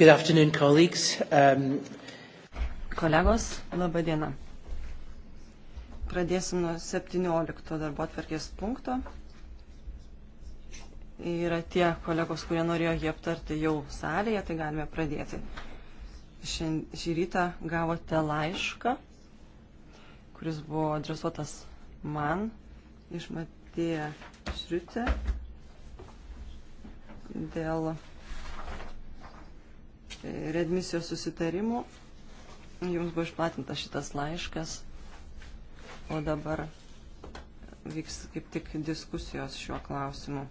Good afternoon, colleagues. Um... Kolegos, laba diena. Pradėsim nuo 17 darbo atverkės punkto. Yra tie kolegos, kurie norėjo jį aptarti jau salėje, tai galime pradėti. Šiandien, šį rytą gavote laišką, kuris buvo adresuotas man iš Matėja Šriutė dėl redmisijos susitarimų. Jums buvo išplatintas šitas laiškas, o dabar vyks kaip tik diskusijos šiuo klausimu.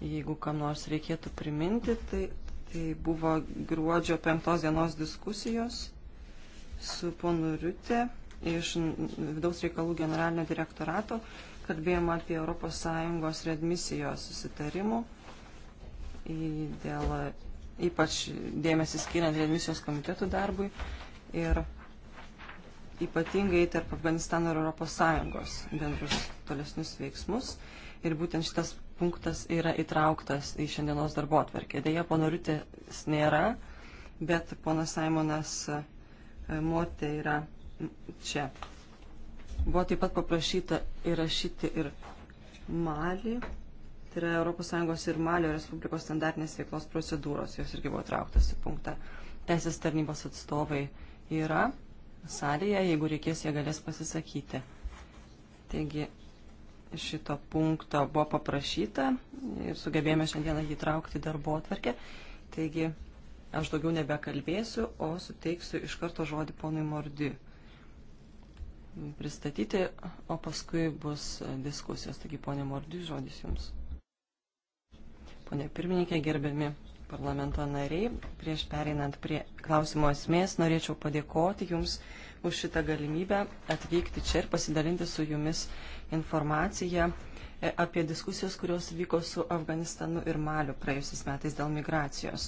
Jeigu kam nors reikėtų priminti, tai, tai buvo gruodžio penktos dienos diskusijos su ponu Riutė iš vidaus reikalų generalinio direktorato. Kalbėjom apie ES redmisijos susitarimų dėl ypač dėmesį skiriant readmisijos komitetų darbui ir ypatingai tarp Afganistano ir ES bendrus tolesnius veiksmus. Ir būtent šitas punktas yra įtrauktas į šiandienos darbo atverkę. Deja, pono Riutės nėra, bet ponas Simonas e, Motė yra čia. Buvo taip pat paprašyta įrašyti ir Mali Tai yra ES ir Malio Respublikos standartinės veiklos procedūros, jos irgi buvo trauktas į punktą. Teisės tarnybos atstovai yra salėje, jeigu reikės, jie galės pasisakyti. Taigi šito punkto buvo paprašyta ir sugebėjome šiandieną jį traukti darbo atvarkę. Taigi aš daugiau nebekalbėsiu, o suteiksiu iš karto žodį ponui Mordi pristatyti, o paskui bus diskusijos. Taigi, ponė Mordi, žodis jums. Pone pirmininkė, gerbiami parlamento nariai, prieš pereinant prie klausimo esmės, norėčiau padėkoti Jums už šitą galimybę atvykti čia ir pasidalinti su Jumis informaciją e, apie diskusijas, kurios vyko su Afganistanu ir Maliu praėjusiais metais dėl migracijos.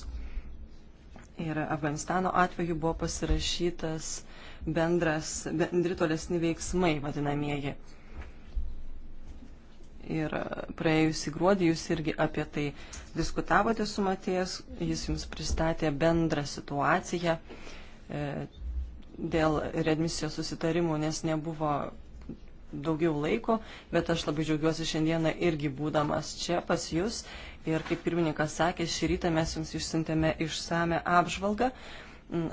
Ir Afganistano atveju buvo pasirašytas bendras, bendri tolesni veiksmai vadinamieji. Ir praėjusį gruodį jūs irgi apie tai diskutavote su Matėjas, jis jums pristatė bendrą situaciją e, dėl redmisijos susitarimų, nes nebuvo daugiau laiko, bet aš labai džiaugiuosi šiandieną irgi būdamas čia pas jūs. Ir kaip pirmininkas sakė, šį rytą mes jums išsintėme išsame apžvalgą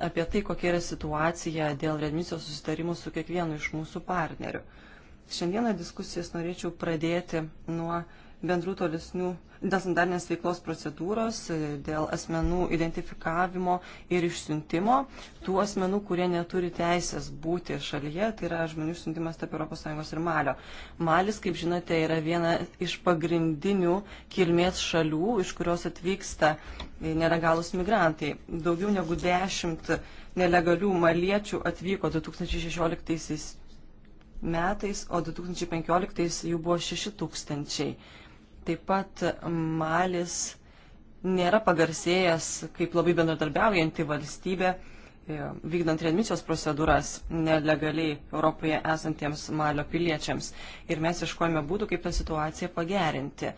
apie tai, kokia yra situacija dėl redmisijos susitarimų su kiekvienu iš mūsų partnerių. Šiandieną diskusijas norėčiau pradėti nuo bendrų tolesnių desandarnės veiklos procedūros e, dėl asmenų identifikavimo ir išsiuntimo tų asmenų, kurie neturi teisės būti šalyje, tai yra žmonių išsiuntimas tarp ES ir Malio. Malis, kaip žinote, yra viena iš pagrindinių kilmės šalių, iš kurios atvyksta nelegalus migrantai. Daugiau negu dešimt nelegalių maliečių atvyko 2016 metais, o 2015 jų buvo 6 tūkstančiai. Taip pat Malis nėra pagarsėjęs kaip labai bendradarbiaujanti valstybė, e, vykdant readmisijos procedūras nelegaliai Europoje esantiems Malio piliečiams. Ir mes iškojame būdų, kaip tą situaciją pagerinti.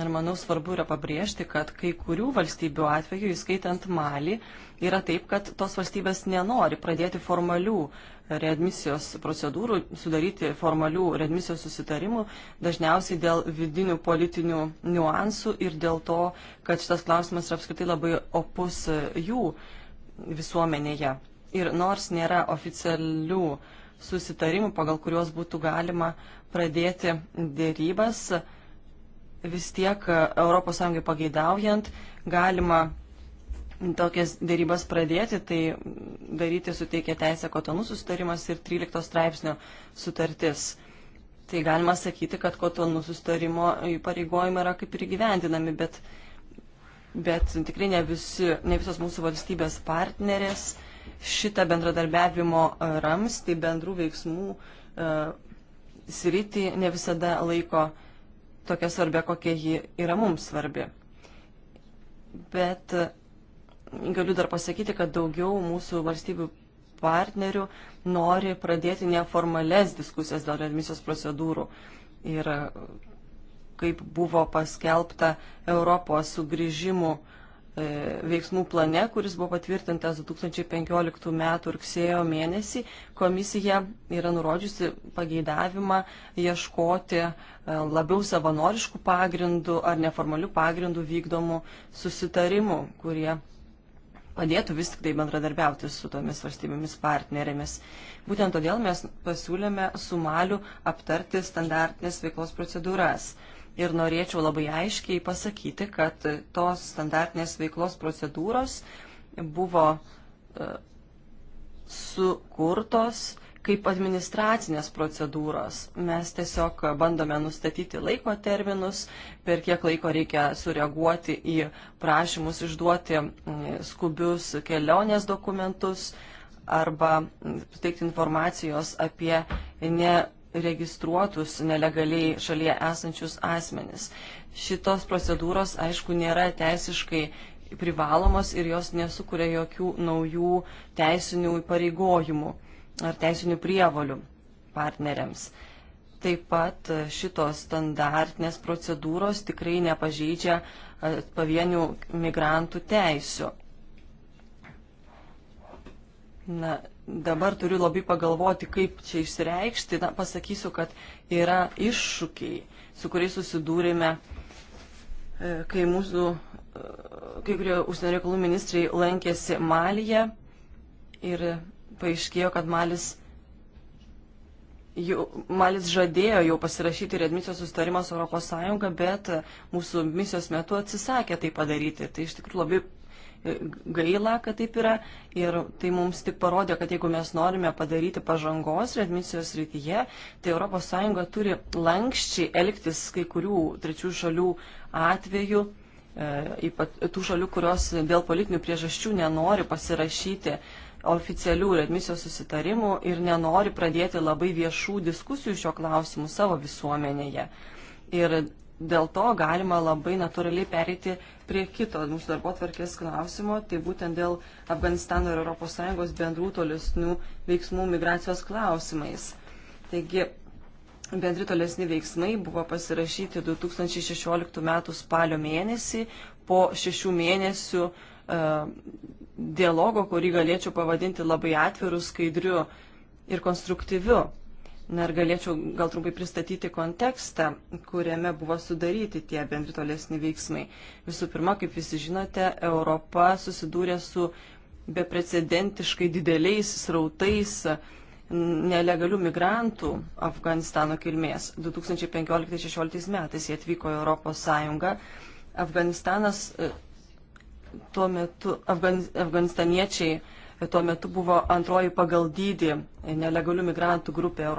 Ir manau svarbu yra pabrėžti, kad kai kurių valstybių atveju, įskaitant Mali, yra taip, kad tos valstybės nenori pradėti formalių readmisijos procedūrų, sudaryti formalių readmisijos susitarimų, dažniausiai dėl vidinių politinių niuansų ir dėl to, kad šitas klausimas yra apskritai labai opus jų visuomenėje. Ir nors nėra oficialių susitarimų, pagal kuriuos būtų galima pradėti dėrybas, vis tiek ES pageidaujant galima tokias dėrybas pradėti, tai daryti suteikia teisę kotonų sustarimas ir 13 straipsnio sutartis. Tai galima sakyti, kad kotonų sustarimo įpareigojimai yra kaip ir gyvendinami, bet, bet tikrai ne, visi, ne visos mūsų valstybės partnerės šitą bendradarbiavimo e, ramstį, bendrų veiksmų e, sritį ne visada laiko e, tokia svarbia, kokia ji yra mums svarbi. Bet e, galiu dar pasakyti, kad daugiau mūsų valstybių partnerių nori pradėti neformales diskusijas dėl admisijos procedūrų. Ir e, kaip buvo paskelbta Europos sugrįžimų uh, E, veiksmų plane, kuris buvo patvirtintas 2015 m. rugsėjo mėnesį, komisija yra nurodžiusi pageidavimą ieškoti e, labiau savanoriškų pagrindų ar neformalių pagrindų vykdomų susitarimų, kurie padėtų vis tik tai bendradarbiauti su tomis valstybėmis partnerėmis. Būtent todėl mes pasiūlėme su Maliu aptarti standartinės veiklos procedūras ir norėčiau labai aiškiai pasakyti, kad tos standartinės veiklos procedūros buvo e, sukurtos kaip administracinės procedūros. Mes tiesiog bandome nustatyti laiko terminus, per kiek laiko reikia sureaguoti į prašymus išduoti skubius kelionės dokumentus arba suteikti informacijos apie ne registruotus nelegaliai šalyje esančius asmenis. Šitos procedūros, aišku, nėra teisiškai privalomos ir jos nesukuria jokių naujų teisinių įpareigojimų ar teisinių prievolių partneriams. Taip pat šitos standartinės procedūros tikrai nepažeidžia pavienių migrantų teisių. Na, dabar turiu labai pagalvoti, kaip čia išsireikšti. Na, pasakysiu, kad yra iššūkiai, su kuriais susidūrėme, e, kai mūsų, e, kai kurie užsienio reikalų ministrai lankėsi Malyje ir paaiškėjo, kad Malis. Jau, Malis žadėjo jau pasirašyti redmisijos sustarimą su ES, bet mūsų misijos metu atsisakė tai padaryti. Tai iš tikrųjų labai gaila, kad taip yra. Ir tai mums tik parodė, kad jeigu mes norime padaryti pažangos readmisijos rytyje, tai ES turi lankščiai elgtis kai kurių trečių šalių atveju, e, ypat tų šalių, kurios dėl politinių priežasčių nenori pasirašyti oficialių readmisijos susitarimų ir nenori pradėti labai viešų diskusijų šio klausimu savo visuomenėje. Ir dėl to galima labai natūraliai pereiti prie kito mūsų darbo tvarkės klausimo, tai būtent dėl Afganistano ir ES bendrų tolesnių veiksmų migracijos klausimais. Taigi, bendri tolesni veiksmai buvo pasirašyti 2016 m. spalio mėnesį po šešių mėnesių uh, dialogo, kurį galėčiau pavadinti labai atvirų, skaidrių ir konstruktyviu. Na ir galėčiau gal trumpai pristatyti kontekstą, kuriame buvo sudaryti tie bendri tolesni veiksmai. Visų pirma, kaip visi žinote, Europa susidūrė su beprecedentiškai dideliais srautais nelegalių migrantų Afganistano kilmės. 2015-2016 metais jie atvyko į Europos Sąjungą. Afganistanas e, tuo metu, Afgan, afganistaniečiai tuo metu buvo antroji pagal dydį nelegalių migrantų grupė ES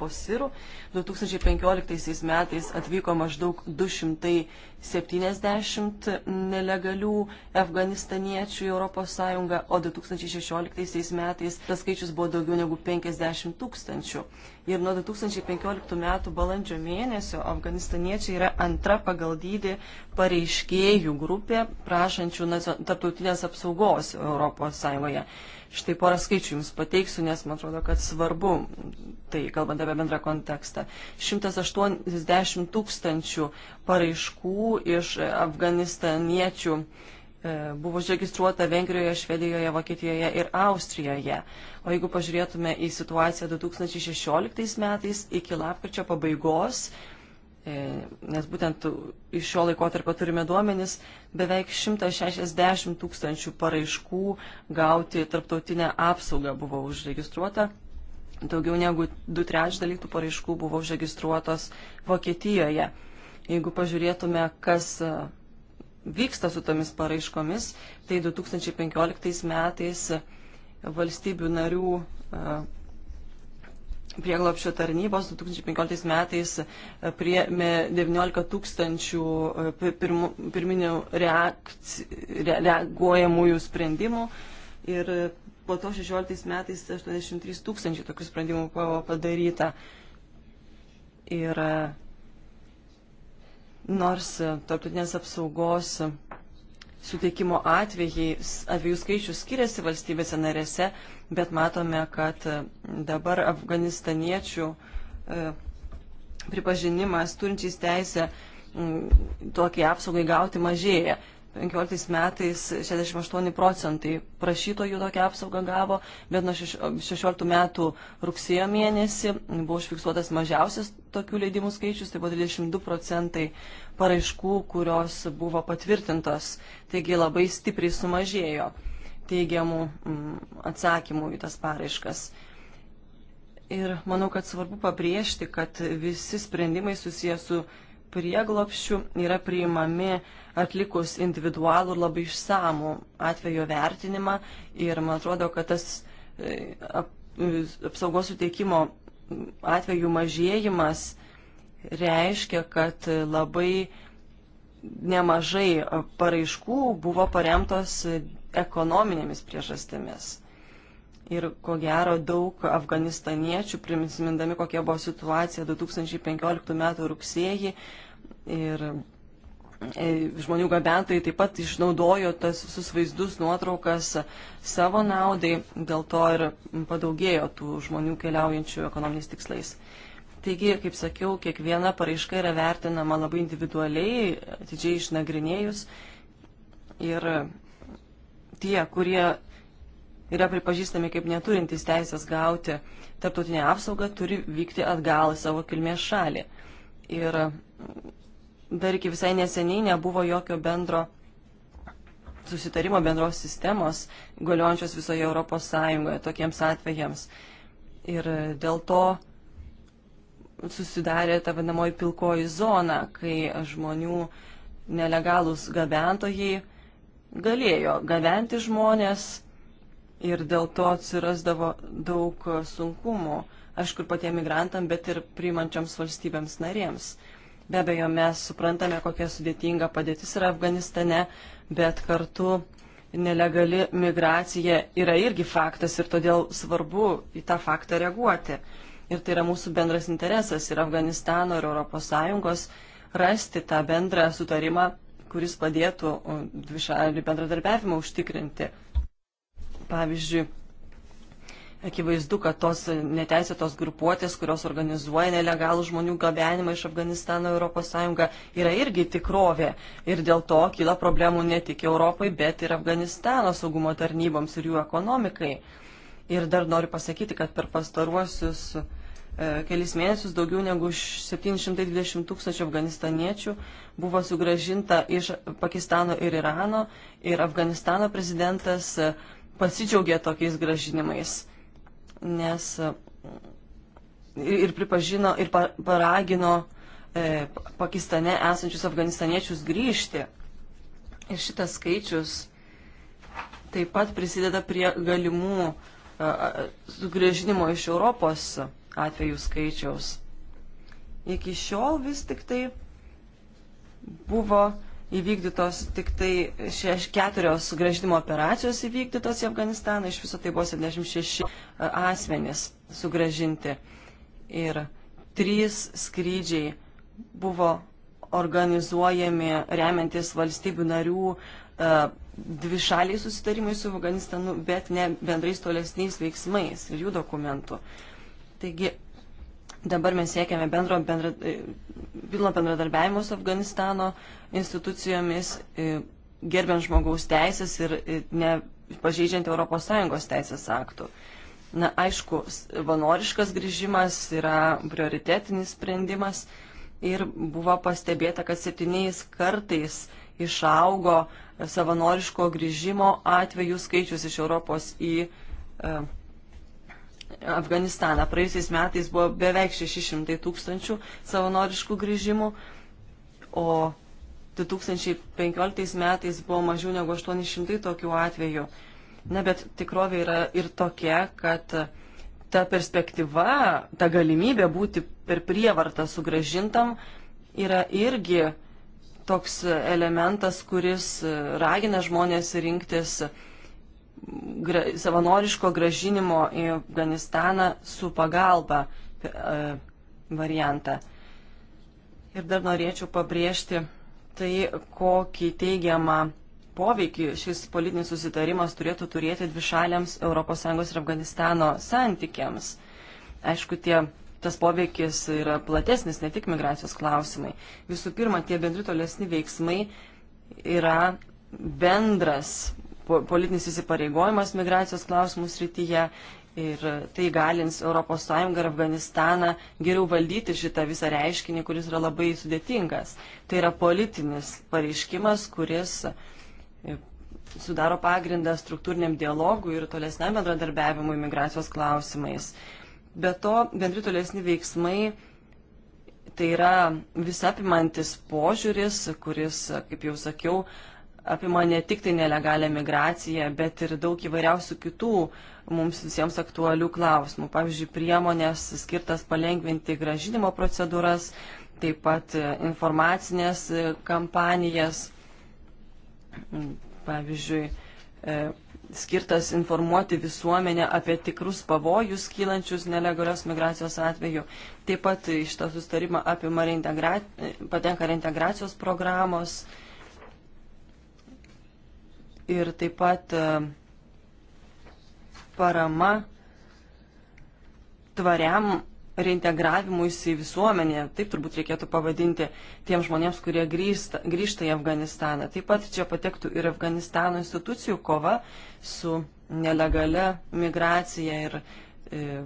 po Sirų. 2015 metais atvyko maždaug 270 nelegalių afganistaniečių į ES, o 2016 metais tas skaičius buvo daugiau negu 50 tūkstančių ir nuo 2015 metų balandžio mėnesio afganistaniečiai yra antra pagal dydį pareiškėjų grupė prašančių tarptautinės apsaugos ES. Štai porą skaičių jums pateiksiu, nes man atrodo, kad svarbu, tai kalbant apie bendrą kontekstą. 180 tūkstančių paraiškų iš afganistaniečių uh, E, buvo užregistruota Vengrijoje, Švedijoje, Vokietijoje ir Austrijoje. O jeigu pažiūrėtume į situaciją 2016 metais iki lapkričio pabaigos, e, nes būtent iš šio laikotarpio turime duomenis, beveik 160 tūkstančių paraiškų gauti tarptautinę apsaugą buvo užregistruota. Daugiau negu du trečdaliai tų paraiškų buvo užregistruotos Vokietijoje. Jeigu pažiūrėtume, kas vyksta su tomis paraiškomis. Tai 2015 metais valstybių narių e, prieglopščio tarnybos 2015 metais e, prieėmė 19 tūkstančių e, pirminių reaguojamųjų sprendimų ir po to 16 metais 83 tūkstančiai tokių sprendimų buvo padaryta. Ir Nors e, tarptautinės apsaugos suteikimo atvejai, aviejų skaičius skiriasi valstybėse narėse, bet matome, kad e, dabar afganistaniečių e, pripažinimas turinčiais teisę tokiai apsaugai gauti mažėja. 15 metais 68 procentai prašytojų tokią apsaugą gavo, bet nuo 16 metų rugsėjo mėnesį buvo užfiksuotas mažiausias tokių leidimų skaičius, tai buvo 22 procentai paraiškų, kurios buvo patvirtintos, taigi labai stipriai sumažėjo teigiamų mm, atsakymų į tas paraiškas. Ir manau, kad svarbu pabrėžti, kad visi sprendimai susijęs su prieglopščių yra priimami atlikus individualų ir labai išsamų atvejo vertinimą ir man atrodo, kad tas e, e, apsaugos suteikimo atveju mažėjimas reiškia, kad labai nemažai paraiškų buvo paremtos ekonominėmis priežastėmis. Ir ko gero daug afganistaniečių, prisimindami, kokia buvo situacija 2015 m. rugsėjį, ir e, žmonių gabentojai taip pat išnaudojo tas visus vaizdus, nuotraukas savo naudai, dėl to ir padaugėjo tų žmonių keliaujančių ekonominiais tikslais. Taigi, kaip sakiau, kiekviena paraiška yra vertinama labai individualiai, atidžiai išnagrinėjus. Ir tie, kurie yra pripažįstami kaip neturintys teisės gauti tarptautinę apsaugą, turi vykti atgal į savo kilmės šalį. Ir dar iki visai neseniai nebuvo jokio bendro susitarimo, bendros sistemos, galiojančios visoje Europos Sąjungoje tokiems atvejams. Ir dėl to susidarė ta vadinamoji pilkoji zona, kai žmonių nelegalūs gabentojai galėjo gabenti žmonės ir dėl to atsirasdavo daug e, sunkumų, aišku, ir patiems migrantam, bet ir priimančioms valstybėms narėms. Be abejo, mes suprantame, kokia sudėtinga padėtis yra Afganistane, bet kartu nelegali migracija yra irgi faktas ir todėl svarbu į tą faktą reaguoti. Ir tai yra mūsų bendras interesas ir Afganistano, ir ES rasti tą bendrą sutarimą, kuris padėtų dvišalį bendradarbiavimą užtikrinti. Pavyzdžiui, akivaizdu, kad tos neteisėtos grupuotės, kurios organizuoja nelegalų žmonių gabenimą iš Afganistano Europos Sąjungą, yra irgi tikrovė. Ir dėl to kyla problemų ne tik Europai, bet ir Afganistano saugumo tarnyboms ir jų ekonomikai. Ir dar noriu pasakyti, kad per pastaruosius e, kelis mėnesius daugiau negu 720 tūkstančių afganistaniečių buvo sugražinta iš Pakistano ir Irano. Ir Afganistano prezidentas e, pasidžiaugė tokiais gražinimais, nes e, ir pripažino, ir paragino e, Pakistane esančius afganistaniečius grįžti. Ir šitas skaičius taip pat prisideda prie galimų e, sugrėžinimo iš Europos atvejų skaičiaus. Iki šiol vis tik tai buvo įvykdytos tik tai šeš, keturios sugražinimo operacijos įvykdytos į Afganistaną, iš viso tai buvo 76 e, asmenys sugražinti. Ir trys skrydžiai buvo organizuojami remiantis valstybių narių e, dvi šaliai susitarimai su Afganistanu, bet ne bendrais tolesniais veiksmais ir jų dokumentų. Taigi Dabar mes siekiame bendro, bendra, e, pilno bendradarbiavimo su Afganistano institucijomis, e, gerbiant žmogaus teisės ir e, nepažeidžiant ES teisės aktų. Na, aišku, vanoriškas grįžimas yra prioritetinis sprendimas ir buvo pastebėta, kad septyniais kartais išaugo savanoriško grįžimo atvejų skaičius iš Europos į uh, Afganistaną. Praėjusiais metais buvo beveik 600 tūkstančių savanoriškų grįžimų, o 2015 metais buvo mažiau negu 800 tokių atvejų. Na, bet tikrovė yra ir tokia, kad ta perspektyva, ta galimybė būti per prievartą sugražintam yra irgi toks elementas, kuris ragina žmonės rinktis uh, gra, savanoriško gražinimo į Afganistaną su pagalba e, variantą. Ir dar norėčiau pabrėžti tai, kokį teigiamą poveikį šis politinis susitarimas turėtų turėti dvišaliams ES ir Afganistano santykiams. Aišku, tie, tas poveikis yra platesnis, ne tik migracijos klausimai. Visų pirma, tie bendri tolesni veiksmai yra bendras politinis įsipareigojimas migracijos klausimų srityje ir tai galins ES ir Afganistaną geriau valdyti šitą visą reiškinį, kuris yra labai sudėtingas. Tai yra politinis pareiškimas, kuris e, sudaro pagrindą struktūriniam dialogui ir tolesniam bendradarbiavimui migracijos klausimais. Be to, bendri tolesni veiksmai tai yra visapimantis požiūris, kuris, kaip jau sakiau, apima ne tik tai nelegalią migraciją, bet ir daug įvairiausių kitų mums visiems aktualių klausimų. Pavyzdžiui, priemonės skirtas palengvinti gražinimo procedūras, taip pat informacinės kampanijas, pavyzdžiui, e, skirtas informuoti visuomenę apie tikrus pavojus kylančius nelegalios migracijos atveju. Taip pat iš tą sustarimą apima reintegra... patenka reintegracijos programos, uh, ir taip pat e, parama tvariam reintegravimuisi į visuomenę, taip turbūt reikėtų pavadinti, tiem žmonėms, kurie grįžta, grįžta į Afganistaną. Taip pat čia patektų ir Afganistano institucijų kova su nelegale migracija ir e,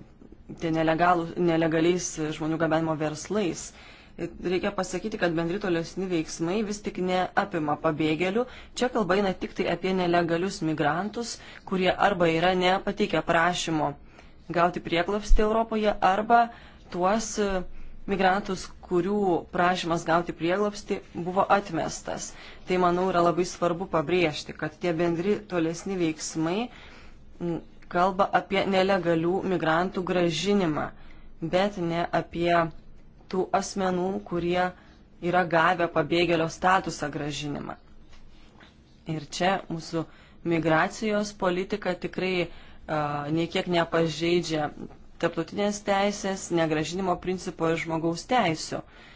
tie nelegalų, nelegaliais žmonių gabenimo verslais. E, reikia pasakyti, kad bendri tolesni veiksmai vis tik neapima pabėgėlių. Čia kalba eina tik tai apie nelegalius migrantus, kurie arba yra nepateikę prašymo gauti prieklapstį Europoje, arba tuos e, migrantus, kurių prašymas gauti prieglopsti buvo atmestas. Tai, manau, yra labai svarbu pabrėžti, kad tie bendri tolesni veiksmai kalba apie nelegalių migrantų gražinimą, bet ne apie tų asmenų, kurie yra gavę pabėgėlio statusą gražinimą. Ir čia mūsų migracijos politika tikrai uh, niekiek nepažeidžia tarptautinės teisės, negražinimo principo ir žmogaus teisų. Uh,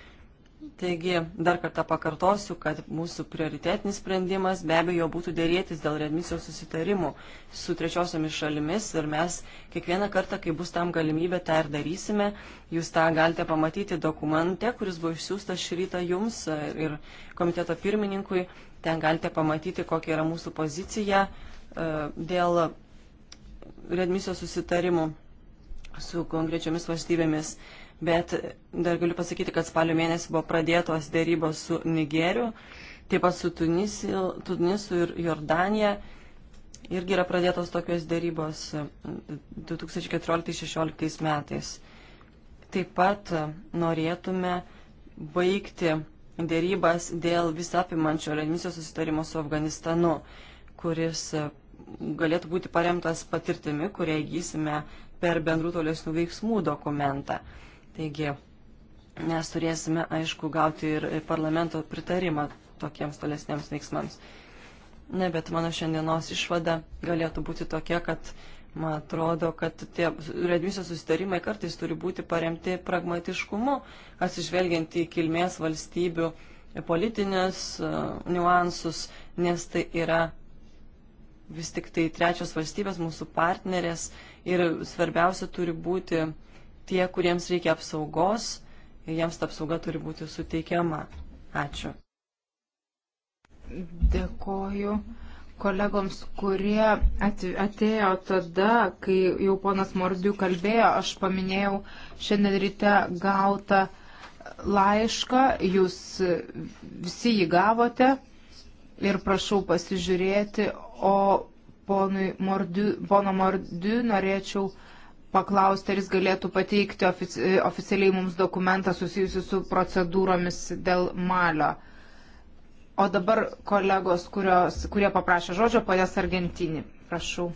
Taigi, dar kartą pakartosiu, kad mūsų prioritetinis sprendimas be abejo būtų dėrėtis dėl readmisijos susitarimų su trečiosiomis šalimis ir mes kiekvieną kartą, kai bus tam galimybė, tą ir darysime. Jūs tą galite pamatyti dokumente, kuris buvo išsiųstas šį rytą jums ir komiteto pirmininkui. Ten galite pamatyti, kokia yra mūsų pozicija e, dėl readmisijos susitarimų su konkrečiomis valstybėmis bet dar galiu pasakyti, kad spalio mėnesį buvo pradėtos dėrybos su Nigeriu, taip pat su Tunisiu, Tunisu ir Jordanija. Irgi yra pradėtos tokios dėrybos 2014-2016 e, metais. Taip pat e, norėtume baigti dėrybas dėl visapimančio readmisijos susitarimo su Afganistanu, kuris e, galėtų būti paremtas patirtimi, kurią įgysime per bendrų tolesnių veiksmų dokumentą. Taigi mes turėsime, aišku, gauti ir parlamento pritarimą tokiems tolesniems veiksmams. Ne, bet mano šiandienos išvada galėtų būti tokia, kad man atrodo, kad tie redmisijos susitarimai kartais turi būti paremti pragmatiškumu, atsižvelgiant į kilmės valstybių politinius e, niuansus, nes tai yra vis tik tai trečios valstybės, mūsų partnerės ir svarbiausia turi būti tie, kuriems reikia apsaugos ir jiems ta apsauga turi būti suteikiama. Ačiū. Dėkoju kolegoms, kurie atėjo tada, kai jau ponas Mordiu kalbėjo, aš paminėjau šiandien ryte gautą laišką, jūs visi jį gavote ir prašau pasižiūrėti, o ponui Mordiu, pono Mordiu norėčiau paklausti, ar jis galėtų pateikti ofici oficialiai mums dokumentą susijusiu su procedūromis dėl malio. O dabar kolegos, kurios, kurie paprašė žodžio, ponės Argentinį. Prašau.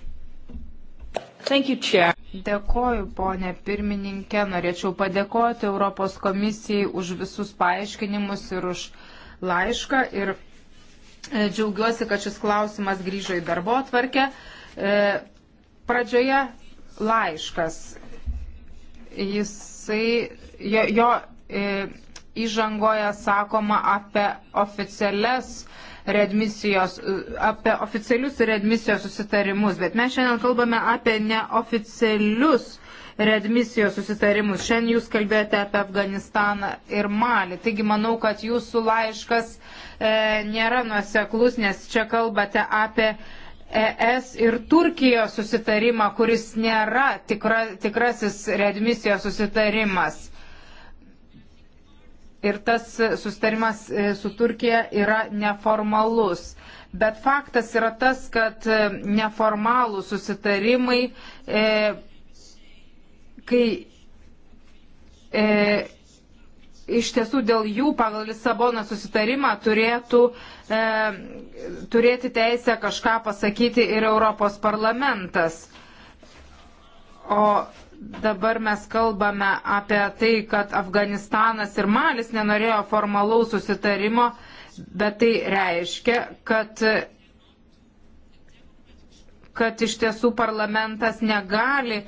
Thank you, Chair. Dėkoju, ponė pirmininkė. Norėčiau padėkoti Europos komisijai už visus paaiškinimus ir už laišką. Ir e, džiaugiuosi, kad šis klausimas grįžo į darbo atvarkę. E, pradžioje laiškas. Jisai, jo, jo e, įžangoje sakoma apie oficialias redmisijos, apie oficialius redmisijos susitarimus, bet mes šiandien kalbame apie neoficialius redmisijos susitarimus. Šiandien jūs kalbėjote apie Afganistaną ir Malį. Taigi manau, kad jūsų laiškas e, nėra nuoseklus, nes čia kalbate apie ES ir Turkijos susitarimą, kuris nėra tikra, tikrasis readmisijos susitarimas. Ir tas susitarimas e, su Turkija yra neformalus. Bet faktas yra tas, kad e, neformalų susitarimai, e, kai e, iš tiesų dėl jų pagal Lisabono susitarimą turėtų e, turėti teisę kažką pasakyti ir Europos parlamentas. O dabar mes kalbame apie tai, kad Afganistanas ir Malis nenorėjo formalaus susitarimo, bet tai reiškia, kad kad iš tiesų parlamentas negali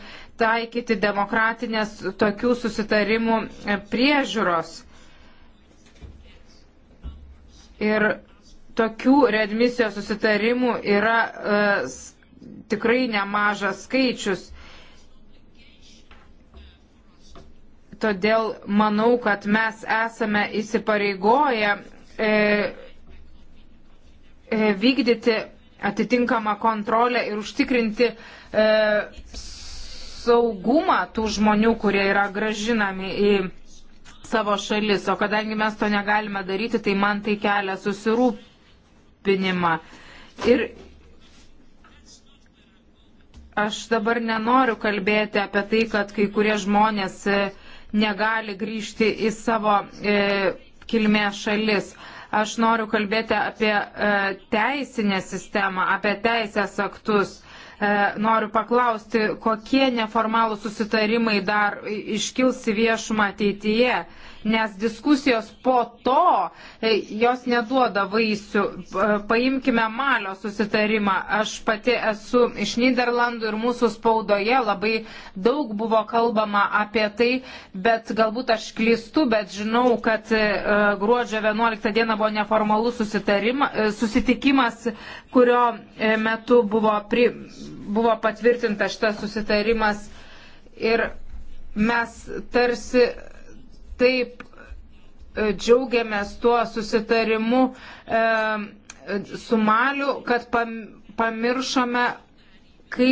taikyti demokratinės tokių susitarimų e, priežiūros. Ir tokių readmisijos susitarimų yra e, tikrai nemažas skaičius. Todėl manau, kad mes esame įsipareigoję e, e, vykdyti atitinkamą kontrolę ir užtikrinti e, saugumą tų žmonių, kurie yra gražinami į savo šalis, o kadangi mes to negalime daryti, tai man tai kelia susirūpinimą. Ir aš dabar nenoriu kalbėti apie tai, kad kai kurie žmonės e, negali grįžti į savo e, kilmės šalis. Aš noriu kalbėti apie e, teisinę sistemą, apie teisės aktus. E, noriu paklausti, kokie neformalų susitarimai dar iškils į viešumą ateityje nes diskusijos po to e, jos neduoda vaisių. Paimkime Malio susitarimą. Aš pati esu iš Niderlandų ir mūsų spaudoje labai daug buvo kalbama apie tai, bet galbūt aš klystu, bet žinau, kad e, gruodžio 11 dieną buvo neformalus e, susitikimas, kurio metu buvo, pri, buvo patvirtintas šitas susitarimas. Ir mes tarsi taip e, džiaugiamės tuo susitarimu e, su Maliu, kad pamiršome, kai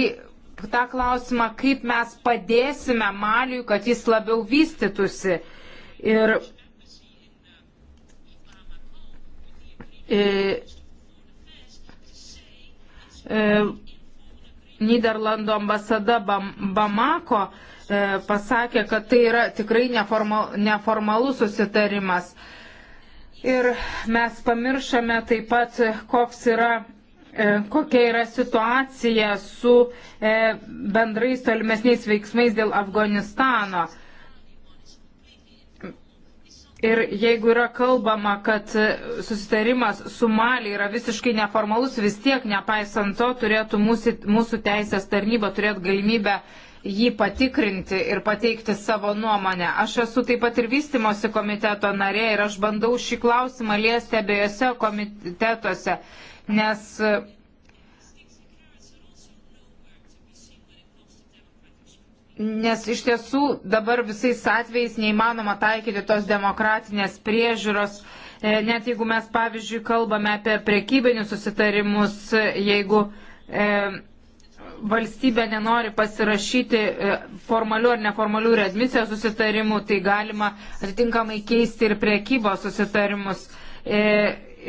tą klausimą, kaip mes padėsime Maliui, kad jis labiau vystytųsi. Ir, ir, e, ir e, Niderlandų ambasada Bamako e, pasakė, kad tai yra tikrai neformal, neformalus susitarimas. Ir mes pamiršame taip pat, koks yra e, kokia yra situacija su e, bendrais tolimesniais veiksmais dėl Afganistano. Ir jeigu yra kalbama, kad susitarimas su Mali yra visiškai neformalus, vis tiek, nepaisant to, turėtų mūsų, mūsų teisės tarnyba turėti galimybę jį patikrinti ir pateikti savo nuomonę. Aš esu taip pat ir vystimosi komiteto narė ir aš bandau šį klausimą liesti abiejose komitetuose, nes Nes iš tiesų dabar visais atvejais neįmanoma taikyti tos demokratinės priežiūros, e, net jeigu mes, pavyzdžiui, kalbame apie prekybinius susitarimus, jeigu e, valstybė nenori pasirašyti e, formalių ar neformalių readmisijos susitarimų, tai galima atitinkamai keisti ir prekybos susitarimus. E,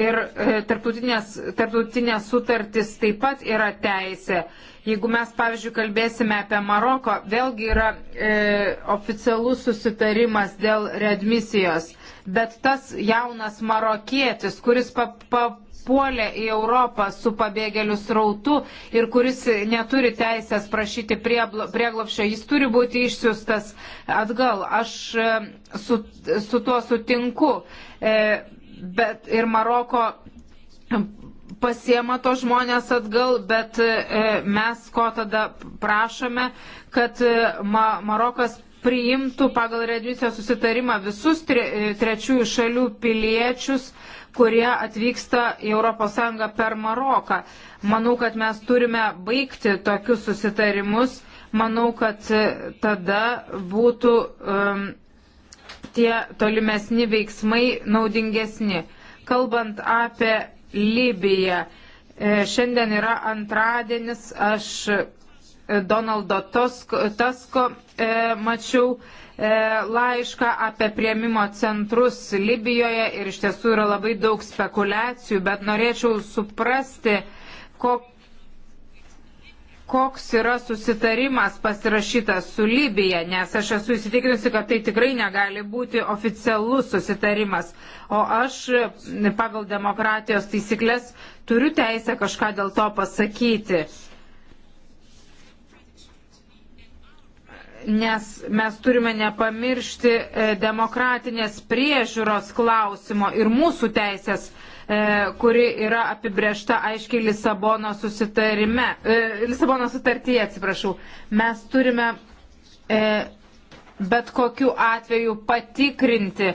ir e, tarptautinės, tarptautinės sutartys taip pat yra teisė. Jeigu mes, pavyzdžiui, kalbėsime apie Maroko, vėlgi yra e, oficialus susitarimas dėl readmisijos, bet tas jaunas marokietis, kuris pa, pa, puolė į Europą su pabėgėlių srautu ir kuris neturi teisės prašyti prieglopščio, jis turi būti išsiųstas atgal. Aš e, su, su tuo sutinku. E, bet ir Maroko pasiema to žmonės atgal, bet e, mes ko tada prašome, kad e, Marokas priimtų pagal redmisijos susitarimą visus tre, e, trečiųjų šalių piliečius, kurie atvyksta į ES per Maroką. Manau, kad mes turime baigti tokius susitarimus. Manau, kad tada būtų um, tie tolimesni veiksmai naudingesni. Kalbant apie Libija. E, šiandien yra antradienis, aš Donaldo Tusko, Tusko e, mačiau e, laišką apie prieimimo centrus Libijoje ir iš tiesų yra labai daug spekulacijų, bet norėčiau suprasti, kok, koks yra susitarimas pasirašytas su Libija, nes aš esu įsitikinusi, kad tai tikrai negali būti oficialus susitarimas. O aš pagal demokratijos taisyklės turiu teisę kažką dėl to pasakyti. nes mes turime nepamiršti e, demokratinės priežiūros klausimo ir mūsų teisės E, kuri yra apibriešta aiškiai Lisabono susitarime, e, Lisabono sutartyje, atsiprašau. Mes turime e, bet kokiu atveju patikrinti,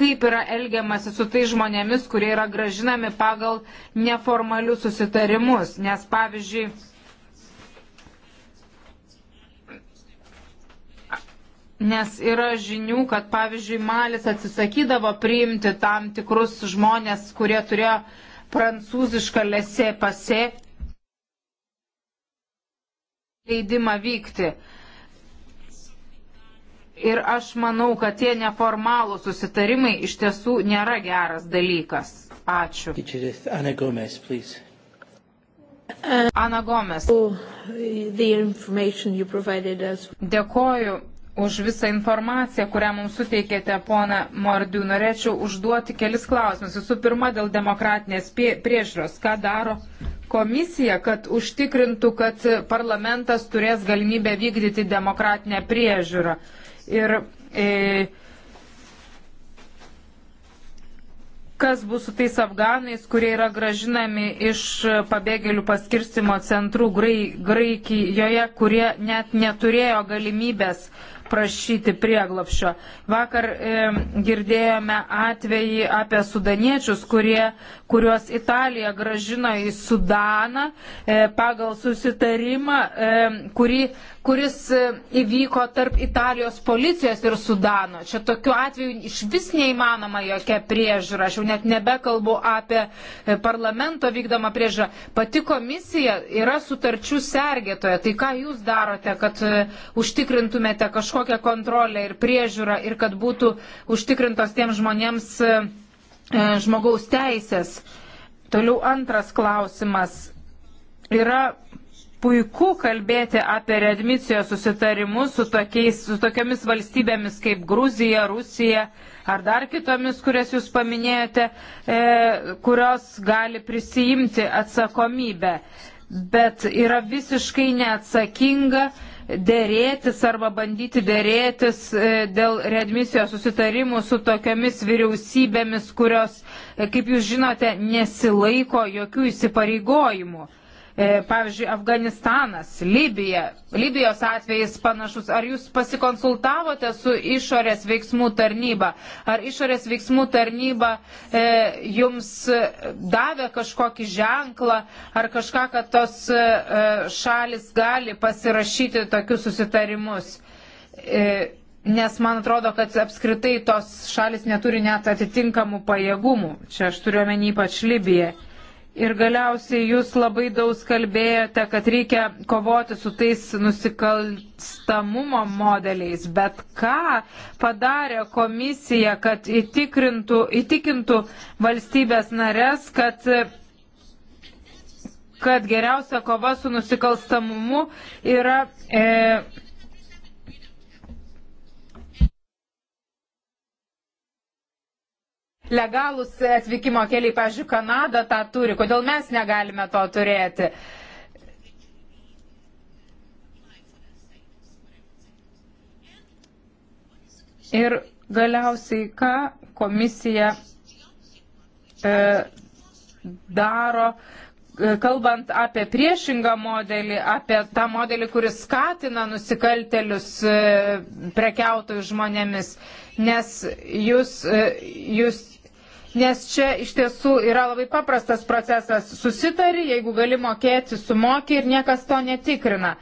kaip yra elgiamasi su tai žmonėmis, kurie yra gražinami pagal neformalius susitarimus. Nes pavyzdžiui, Nes yra žinių, kad pavyzdžiui Malis atsisakydavo priimti tam tikrus žmonės, kurie turėjo prancūzišką lesė pasė leidimą vykti. Ir aš manau, kad tie neformalų susitarimai iš tiesų nėra geras dalykas. Ačiū. Ana Gomes, please. Ana Gomes. Oh, Dėkoju už visą informaciją, kurią mums suteikėte, pona Mordiu. Norėčiau užduoti kelis klausimus. Visų pirma, dėl demokratinės priežiūros. Ką daro komisija, kad užtikrintų, kad parlamentas turės galimybę vykdyti demokratinę priežiūrą? Ir e, kas bus su tais afganais, kurie yra gražinami iš pabėgėlių paskirstimo centrų Graikijoje, kurie net neturėjo galimybės prašyti prieglopšio. Vakar e, girdėjome atvejį apie sudaniečius, kurie, kuriuos Italija gražino į Sudaną e, pagal susitarimą, e, kurį kuris e, įvyko tarp Italijos policijos ir Sudano. Čia tokiu atveju iš vis neįmanoma jokia priežiūra. Aš jau net nebekalbu apie e, parlamento vykdomą priežiūrą. Pati komisija yra sutarčių sergėtoja. Tai ką jūs darote, kad e, užtikrintumėte kažkokią kontrolę ir priežiūrą ir kad būtų užtikrintos tiems žmonėms žmogaus teisės? Toliau antras klausimas. Yra puiku kalbėti apie readmisijos susitarimus su, tokiais, su tokiamis valstybėmis kaip Gruzija, Rusija ar dar kitomis, kurias jūs paminėjote, e, kurios gali prisijimti atsakomybę. Bet yra visiškai neatsakinga dėrėtis arba bandyti dėrėtis e, dėl readmisijos susitarimų su tokiamis vyriausybėmis, kurios, e, kaip jūs žinote, nesilaiko jokių įsipareigojimų. E, pavyzdžiui, Afganistanas, Libija, Libijos atvejais panašus. Ar jūs pasikonsultavote su išorės veiksmų tarnyba? Ar išorės veiksmų tarnyba e, jums davė kažkokį ženklą ar kažką, kad tos e, šalis gali pasirašyti tokius susitarimus? E, nes man atrodo, kad apskritai tos šalis neturi net atitinkamų pajėgumų. Čia aš turiu omeny ypač Libiją. Ir galiausiai jūs labai daug kalbėjote, kad reikia kovoti su tais nusikalstamumo modeliais, bet ką padarė komisija, kad įtikrintų, įtikintų valstybės narės, kad kad geriausia kova su nusikalstamumu yra e, legalūs atvykimo keliai, pažiūrėjau, Kanada tą turi, kodėl mes negalime to turėti. Ir galiausiai, ką komisija e, daro, e, kalbant apie priešingą modelį, apie tą modelį, kuris skatina nusikaltelius e, prekiautojus žmonėmis, nes jūs, e, jūs nes čia iš tiesų yra labai paprastas procesas. Susitari, jeigu gali mokėti, sumoki ir niekas to netikrina.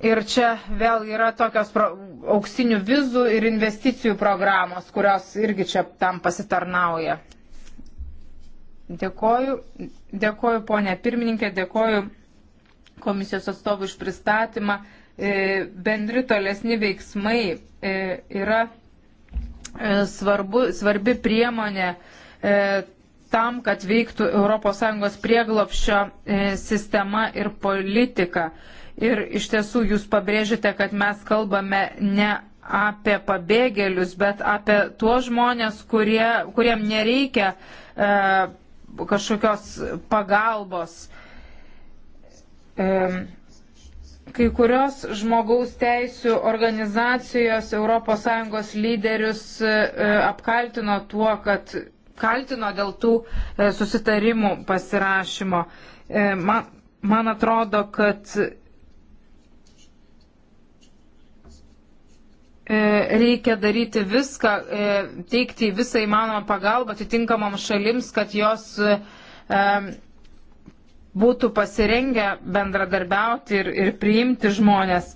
Ir čia vėl yra tokios pro, auksinių vizų ir investicijų programos, kurios irgi čia tam pasitarnauja. Dėkoju, dėkoju ponė pirmininkė, dėkoju komisijos atstovų iš pristatymą. E, bendri tolesni veiksmai e, yra E, svarbu, svarbi priemonė e, tam, kad veiktų ES prieglopščio e, sistema ir politika. Ir iš tiesų jūs pabrėžite, kad mes kalbame ne apie pabėgėlius, bet apie tuos žmonės, kurie, kuriem nereikia e, kažkokios pagalbos. E, kai kurios žmogaus teisų organizacijos ES lyderius e, e, apkaltino tuo, kad kaltino dėl tų e, susitarimų pasirašymo. Man, man atrodo, kad reikia daryti viską, teikti visą įmanomą pagalbą atitinkamam šalims, kad jos būtų pasirengę bendradarbiauti ir, ir priimti žmonės.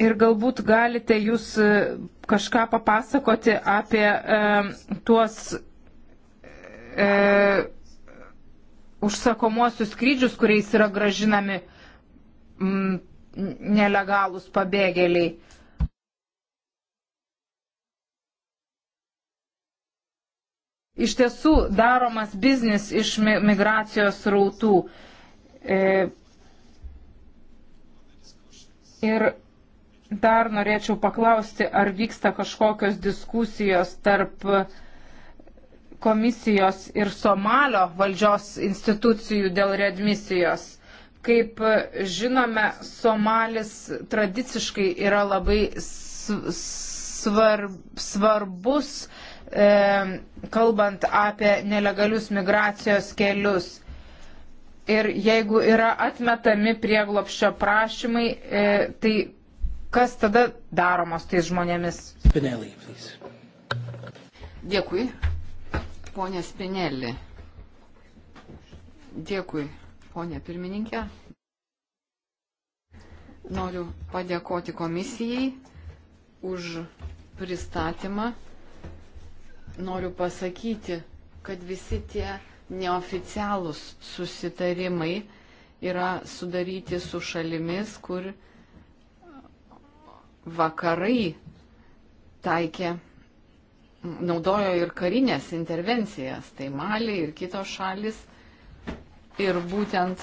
Ir galbūt galite jūs e, kažką papasakoti apie e, tuos e, užsakomuosius skrydžius, kuriais yra gražinami m, nelegalūs pabėgėliai. iš tiesų daromas biznis iš migracijos rautų. E, ir dar norėčiau paklausti, ar vyksta kažkokios diskusijos tarp komisijos ir Somalio valdžios institucijų dėl readmisijos. Kaip žinome, Somalis tradiciškai yra labai svarb, svarbus uh, E, kalbant apie nelegalius migracijos kelius. Ir jeigu yra atmetami prieglopščio prašymai, e, tai kas tada daromos tais žmonėmis? Spinelį, please. Dėkui. Pone Spinelį. Dėkui, ponė pirmininkė. Noriu padėkoti komisijai už pristatymą noriu pasakyti, kad visi tie neoficialūs susitarimai yra sudaryti su šalimis, kur vakarai taikė, naudojo ir karinės intervencijas, tai Mali ir kitos šalis. Ir būtent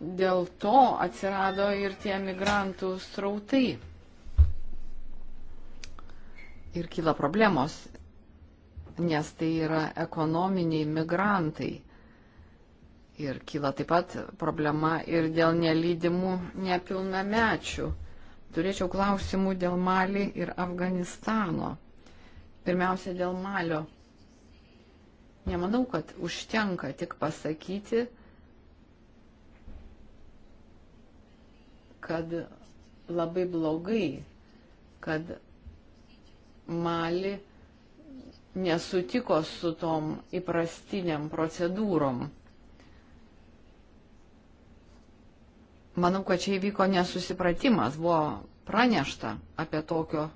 dėl to atsirado ir tie migrantų strautai. Ir kyla problemos nes tai yra ekonominiai migrantai. Ir kyla taip pat problema ir dėl nelydimų nepilnamečių. Turėčiau klausimų dėl Mali ir Afganistano. Pirmiausia, dėl Malio. Nemanau, kad užtenka tik pasakyti, kad labai blogai, kad Mali nesutiko su tom įprastiniam procedūrom. Manau, kad čia įvyko nesusipratimas, buvo pranešta apie tokio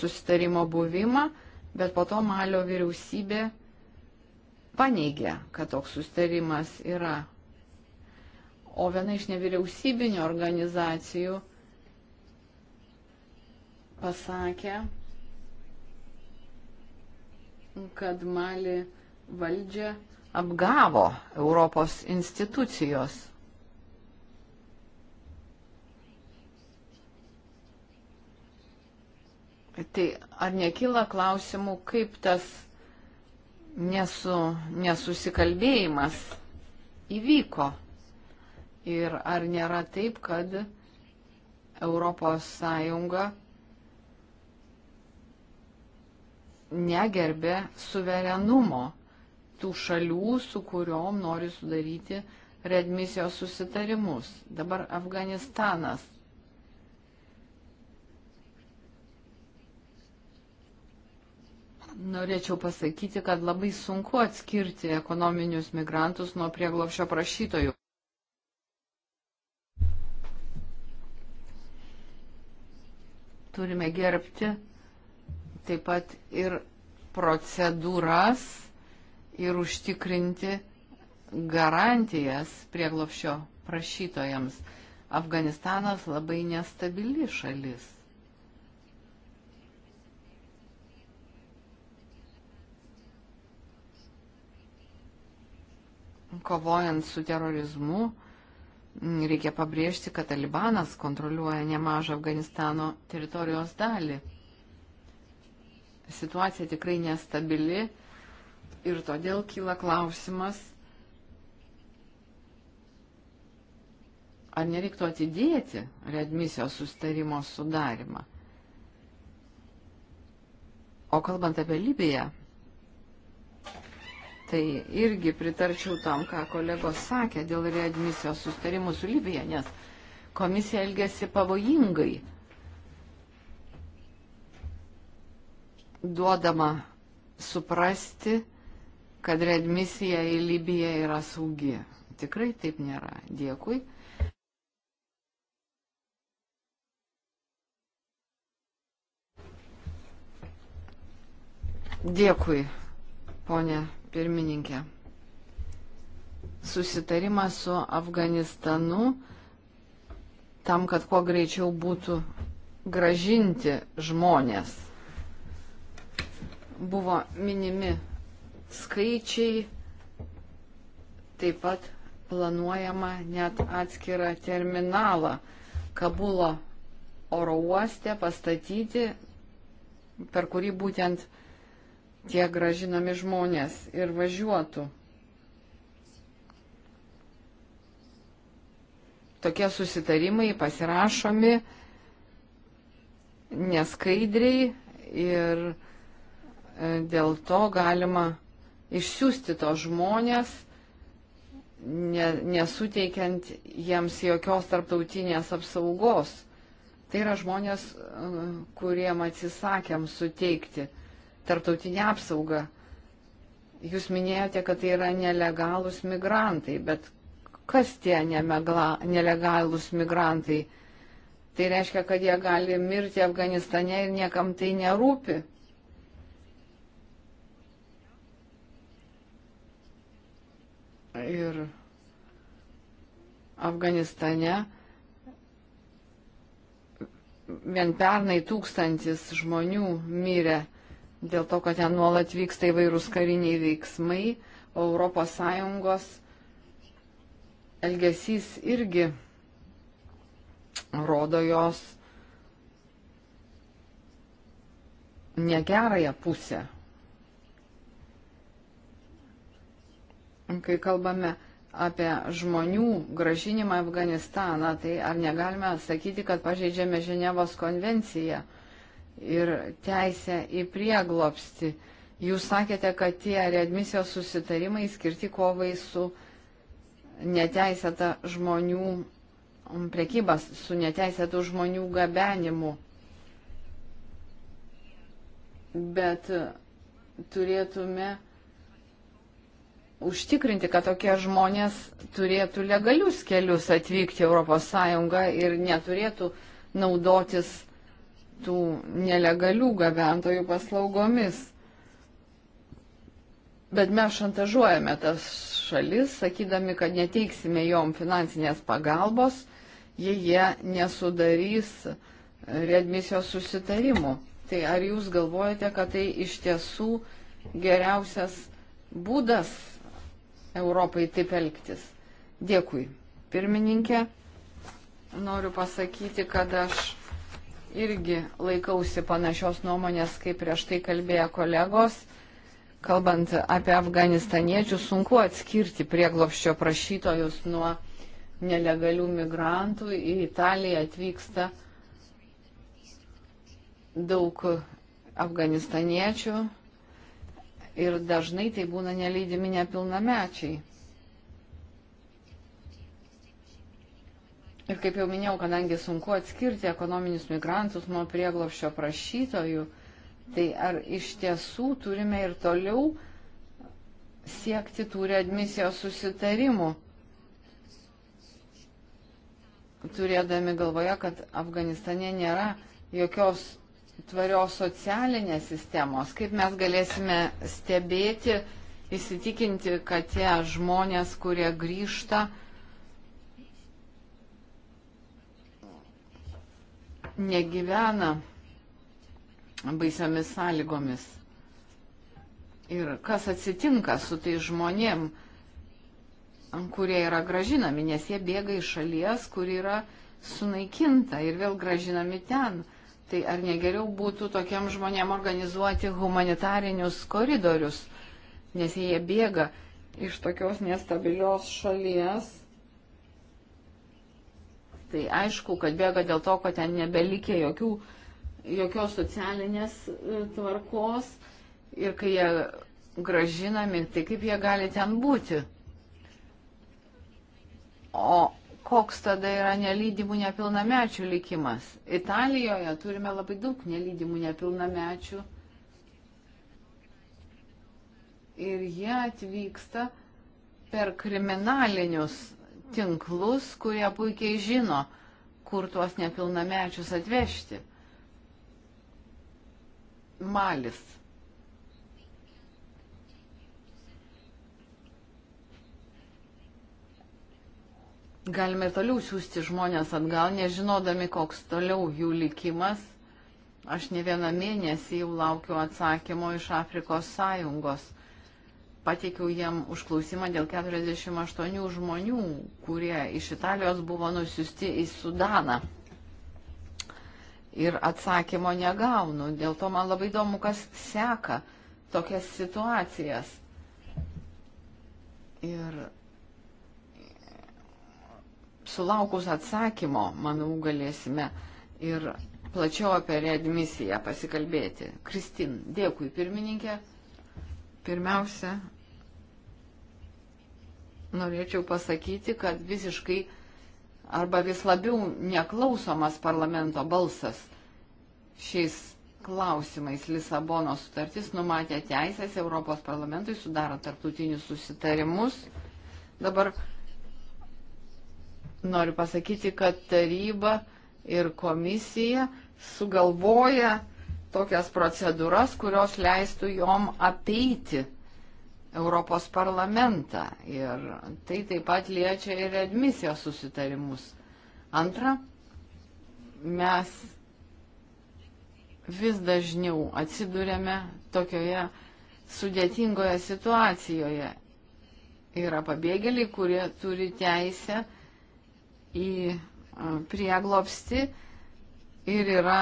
susitarimo buvimą, bet po to Malio vyriausybė paneigė, kad toks susitarimas yra. O viena iš nevyriausybinio organizacijų pasakė, kad Mali valdžia apgavo Europos institucijos. Tai ar nekyla klausimų, kaip tas nesu, nesusikalbėjimas įvyko? Ir ar nėra taip, kad Europos Sąjunga negerbė suverenumo tų šalių, su kuriuom nori sudaryti redmisijos susitarimus. Dabar Afganistanas. Norėčiau pasakyti, kad labai sunku atskirti ekonominius migrantus nuo prieglopšio prašytojų. Turime gerbti taip pat ir procedūras ir užtikrinti garantijas prieglopšio prašytojams. Afganistanas labai nestabili šalis. Kovojant su terorizmu, reikia pabrėžti, kad Talibanas kontroliuoja nemažą Afganistano teritorijos dalį situacija tikrai nestabili ir todėl kyla klausimas, ar nereiktų atidėti readmisijos sustarimo sudarimą. O kalbant apie Libiją, tai irgi pritarčiau tam, ką kolegos sakė dėl readmisijos sustarimų su Libija, nes komisija elgėsi pavojingai duodama suprasti, kad readmisija į Libiją yra saugi. Tikrai taip nėra. Dėkui. Dėkui, ponė pirmininkė. Susitarimas su Afganistanu tam, kad kuo greičiau būtų gražinti žmonės Buvo minimi skaičiai, taip pat planuojama net atskirą terminalą Kabulo oro uoste pastatyti, per kurį būtent tie gražinami žmonės ir važiuotų. Tokie susitarimai pasirašomi neskaidriai ir dėl to galima išsiųsti tos žmonės, ne, nesuteikiant jiems jokios tarptautinės apsaugos. Tai yra žmonės, kuriem atsisakėm suteikti tarptautinę apsaugą. Jūs minėjote, kad tai yra nelegalūs migrantai, bet kas tie nemegla, nelegalūs migrantai? Tai reiškia, kad jie gali mirti Afganistane ir niekam tai nerūpi. ir Afganistane vien pernai tūkstantis žmonių mirė dėl to, kad ten nuolat vyksta įvairūs kariniai veiksmai, ES elgesys irgi rodo jos negerąją pusę. kai kalbame apie žmonių gražinimą į Afganistaną, tai ar negalime sakyti, kad pažeidžiame Ženevos konvenciją ir teisę į prieglopsti. Jūs sakėte, kad tie readmisijos susitarimai skirti kovai su neteisėta žmonių prekybas, su neteisėtų žmonių gabenimu. Bet turėtume užtikrinti, kad tokie žmonės turėtų legalius kelius atvykti ES ir neturėtų naudotis tų nelegalių gabentojų paslaugomis. Bet mes šantažuojame tas šalis, sakydami, kad neteiksime jom finansinės pagalbos, jei jie nesudarys readmisijos susitarimų. Tai ar jūs galvojate, kad tai iš tiesų geriausias būdas Europai taip elgtis. Dėkui, pirmininkė. Noriu pasakyti, kad aš irgi laikausi panašios nuomonės, kaip prieš tai kalbėjo kolegos. Kalbant apie afganistaniečius, sunku atskirti prieglopščio prašytojus nuo nelegalių migrantų. Į Italiją atvyksta daug afganistaniečių, ir dažnai tai būna nelydimi nepilnamečiai. Ir kaip jau minėjau, kadangi sunku atskirti ekonominius migrantus nuo prieglopščio prašytojų, tai ar iš tiesų turime ir toliau siekti tų readmisijos susitarimų, turėdami galvoje, kad Afganistane nėra jokios tvarios socialinės sistemos, kaip mes galėsime stebėti, įsitikinti, kad tie žmonės, kurie grįžta, negyvena baisiomis sąlygomis. Ir kas atsitinka su tai žmonėm, kurie yra gražinami, nes jie bėga iš šalies, kur yra sunaikinta ir vėl gražinami ten. Tai ar negeriau būtų tokiem žmonėm organizuoti humanitarinius koridorius, nes jie bėga iš tokios nestabilios šalies. Tai aišku, kad bėga dėl to, kad ten nebelikė jokių, jokios socialinės e, tvarkos ir kai jie gražinami, tai kaip jie gali ten būti. O koks tada yra nelydimų nepilnamečių likimas. Italijoje turime labai daug nelydimų nepilnamečių ir jie atvyksta per kriminalinius tinklus, kurie puikiai žino, kur tuos nepilnamečius atvežti. Malis. Galime ir toliau siūsti žmonės atgal, nežinodami, koks toliau jų likimas. Aš ne vieną mėnesį jau laukiu atsakymo iš Afrikos sąjungos. Pateikiau jiem užklausimą dėl 48 žmonių, kurie iš Italijos buvo nusiusti į Sudaną. Ir atsakymo negaunu. Dėl to man labai įdomu, kas seka tokias situacijas. Ir sulaukus atsakymo, manau, galėsime ir plačiau apie readmisiją pasikalbėti. Kristin, dėkui pirmininkė. Pirmiausia, norėčiau pasakyti, kad visiškai arba vis labiau neklausomas parlamento balsas šiais klausimais Lisabono sutartis numatė teisės Europos parlamentui sudaro tarptautinius susitarimus. Dabar noriu pasakyti, kad taryba ir komisija sugalvoja tokias procedūras, kurios leistų jom apeiti Europos parlamentą. Ir tai taip pat liečia ir admisijos susitarimus. Antra, mes vis dažniau atsidurėme tokioje sudėtingoje situacijoje. Yra pabėgėliai, kurie turi teisę į prieglopsti ir yra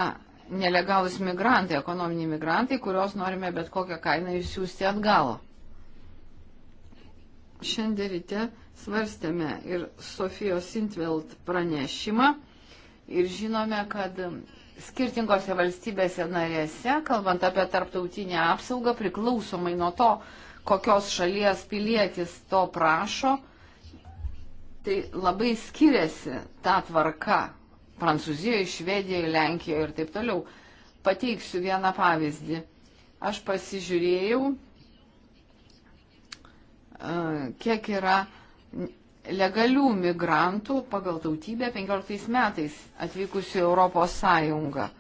nelegalus migrantai, ekonominiai migrantai, kuriuos norime bet kokią kainą išsiųsti atgal. Šiandien ryte svarstėme ir Sofijos Sintveld pranešimą ir žinome, kad skirtingose valstybėse narėse, kalbant apie tarptautinę apsaugą, priklausomai nuo to, kokios šalies pilietis to prašo, tai labai skiriasi ta tvarka Prancūzijoje, Švedijoje, Lenkijoje ir taip toliau. Pateiksiu vieną pavyzdį. Aš pasižiūrėjau, e, kiek yra legalių migrantų pagal tautybę 15 metais atvykusių Europos Sąjungą. E,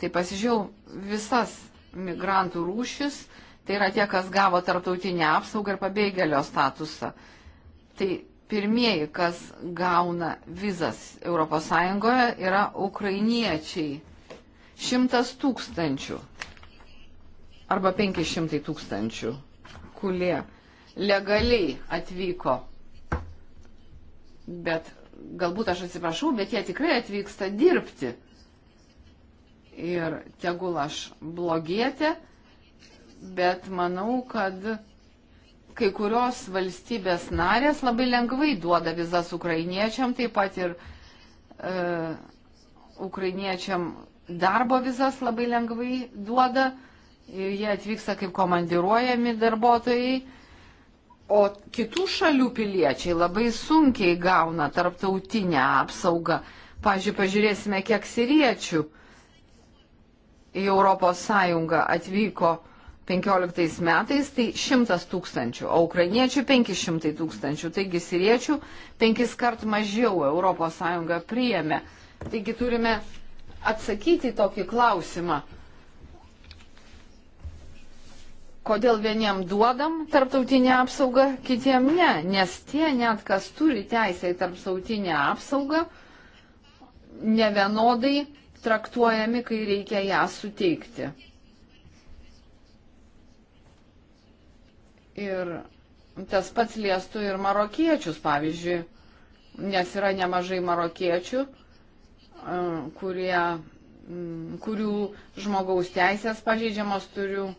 tai pasižiūrėjau visas migrantų rūšis, tai yra tie, kas gavo tarptautinę apsaugą ir pabėgėlio statusą. Tai pirmieji, kas gauna vizas ES, yra ukrainiečiai. Šimtas tūkstančių arba 500 tūkstančių, kurie legaliai atvyko. Bet galbūt aš atsiprašau, bet jie tikrai atvyksta dirbti. Ir tegul aš blogietė, bet manau, kad kai kurios valstybės narės labai lengvai duoda vizas ukrainiečiam, taip pat ir e, ukrainiečiam darbo vizas labai lengvai duoda. Ir jie atvyksta kaip komandiruojami darbuotojai. O kitų šalių piliečiai labai sunkiai gauna tarptautinę apsaugą. Pavyzdžiui, pažiūrėsime, kiek siriečių į ES atvyko 15 metais tai 100 tūkstančių, o ukrainiečių 500 tūkstančių, taigi siriečių penkis kart mažiau ES priėmė. Taigi turime atsakyti į tokį klausimą, kodėl vieniem duodam tarptautinę apsaugą, kitiem ne, nes tie net kas turi teisę į tarptautinę apsaugą, nevienodai traktuojami, kai reikia ją suteikti. Ir tas pats liestų ir marokiečius, pavyzdžiui, nes yra nemažai marokiečių, e, kurie, kurių žmogaus teisės pažeidžiamos turiu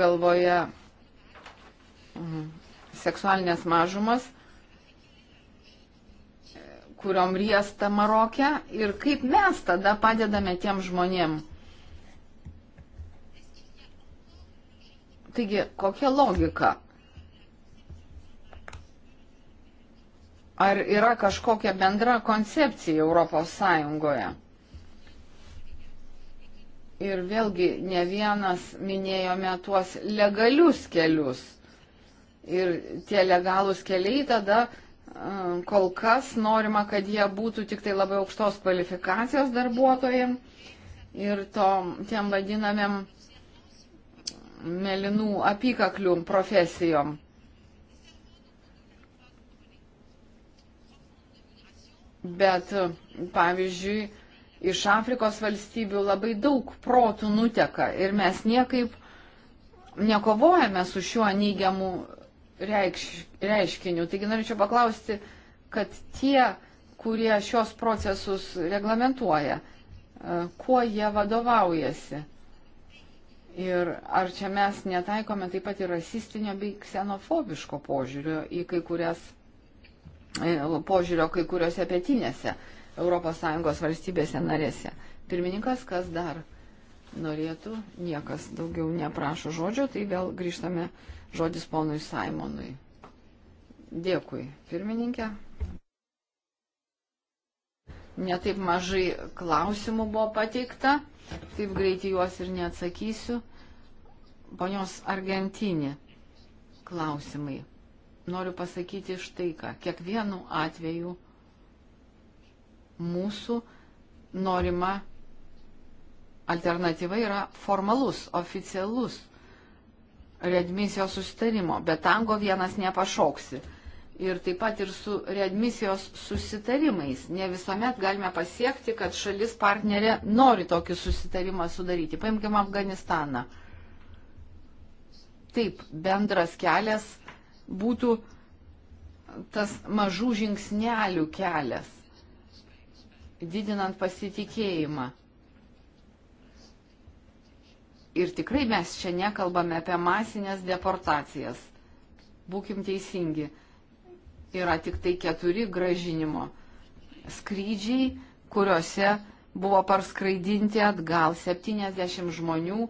galvoje mhm, seksualinės mažumas kuriom riesta Marokė ir kaip mes tada padedame tiem žmonėm. Taigi, kokia logika? Ar yra kažkokia bendra koncepcija Europos Sąjungoje? Ir vėlgi ne vienas minėjome tuos legalius kelius. Ir tie legalūs keliai tada e, kol kas norima, kad jie būtų tik tai labai aukštos kvalifikacijos darbuotojim ir to, tiem vadinamėm melinų apykaklių profesijom. Bet, pavyzdžiui, iš Afrikos valstybių labai daug protų nuteka ir mes niekaip nekovojame su šiuo neigiamu reikš, reiškiniu. Taigi norėčiau paklausti, kad tie, kurie šios procesus reglamentuoja, kuo jie vadovaujasi. Ir ar čia mes netaikome taip pat ir rasistinio bei ksenofobiško požiūrio į kai kurias, e, požiūrio kai kuriuose pietinėse ES valstybėse narėse. Pirmininkas, kas dar norėtų, niekas daugiau neprašo žodžio, tai vėl grįžtame žodis ponui Simonui. Dėkui, pirmininkė. Netaip mažai klausimų buvo pateikta taip greitai juos ir neatsakysiu. Ponios Argentinė klausimai. Noriu pasakyti štai ką. Kiekvienu atveju mūsų norima alternatyva yra formalus, oficialus redmisijos sustarimo, bet tango vienas nepašoksi ir taip pat ir su readmisijos susitarimais. Ne visuomet galime pasiekti, kad šalis partnerė nori tokį susitarimą sudaryti. Paimkime Afganistaną. Taip, bendras kelias būtų tas mažų žingsnelių kelias, didinant pasitikėjimą. Ir tikrai mes čia nekalbame apie masinės deportacijas. Būkim teisingi yra tik tai keturi gražinimo skrydžiai, kuriuose buvo parskraidinti atgal 70 žmonių,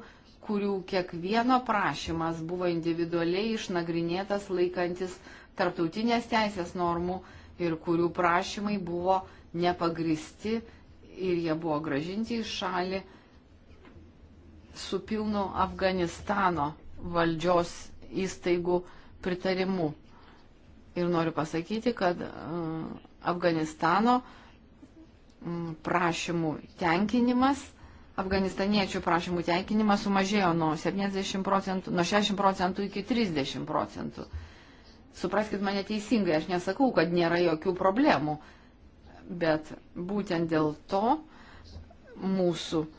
kurių kiekvieno prašymas buvo individualiai išnagrinėtas laikantis tarptautinės teisės normų ir kurių prašymai buvo nepagristi ir jie buvo gražinti į šalį su pilnu Afganistano valdžios įstaigų pritarimu. Ir noriu pasakyti, kad e, Afganistano prašymų tenkinimas, afganistaniečių prašymų tenkinimas sumažėjo nuo 70 procentų, nuo 60 procentų iki 30 procentų. Supraskite mane teisingai, aš nesakau, kad nėra jokių problemų, bet būtent dėl to mūsų e,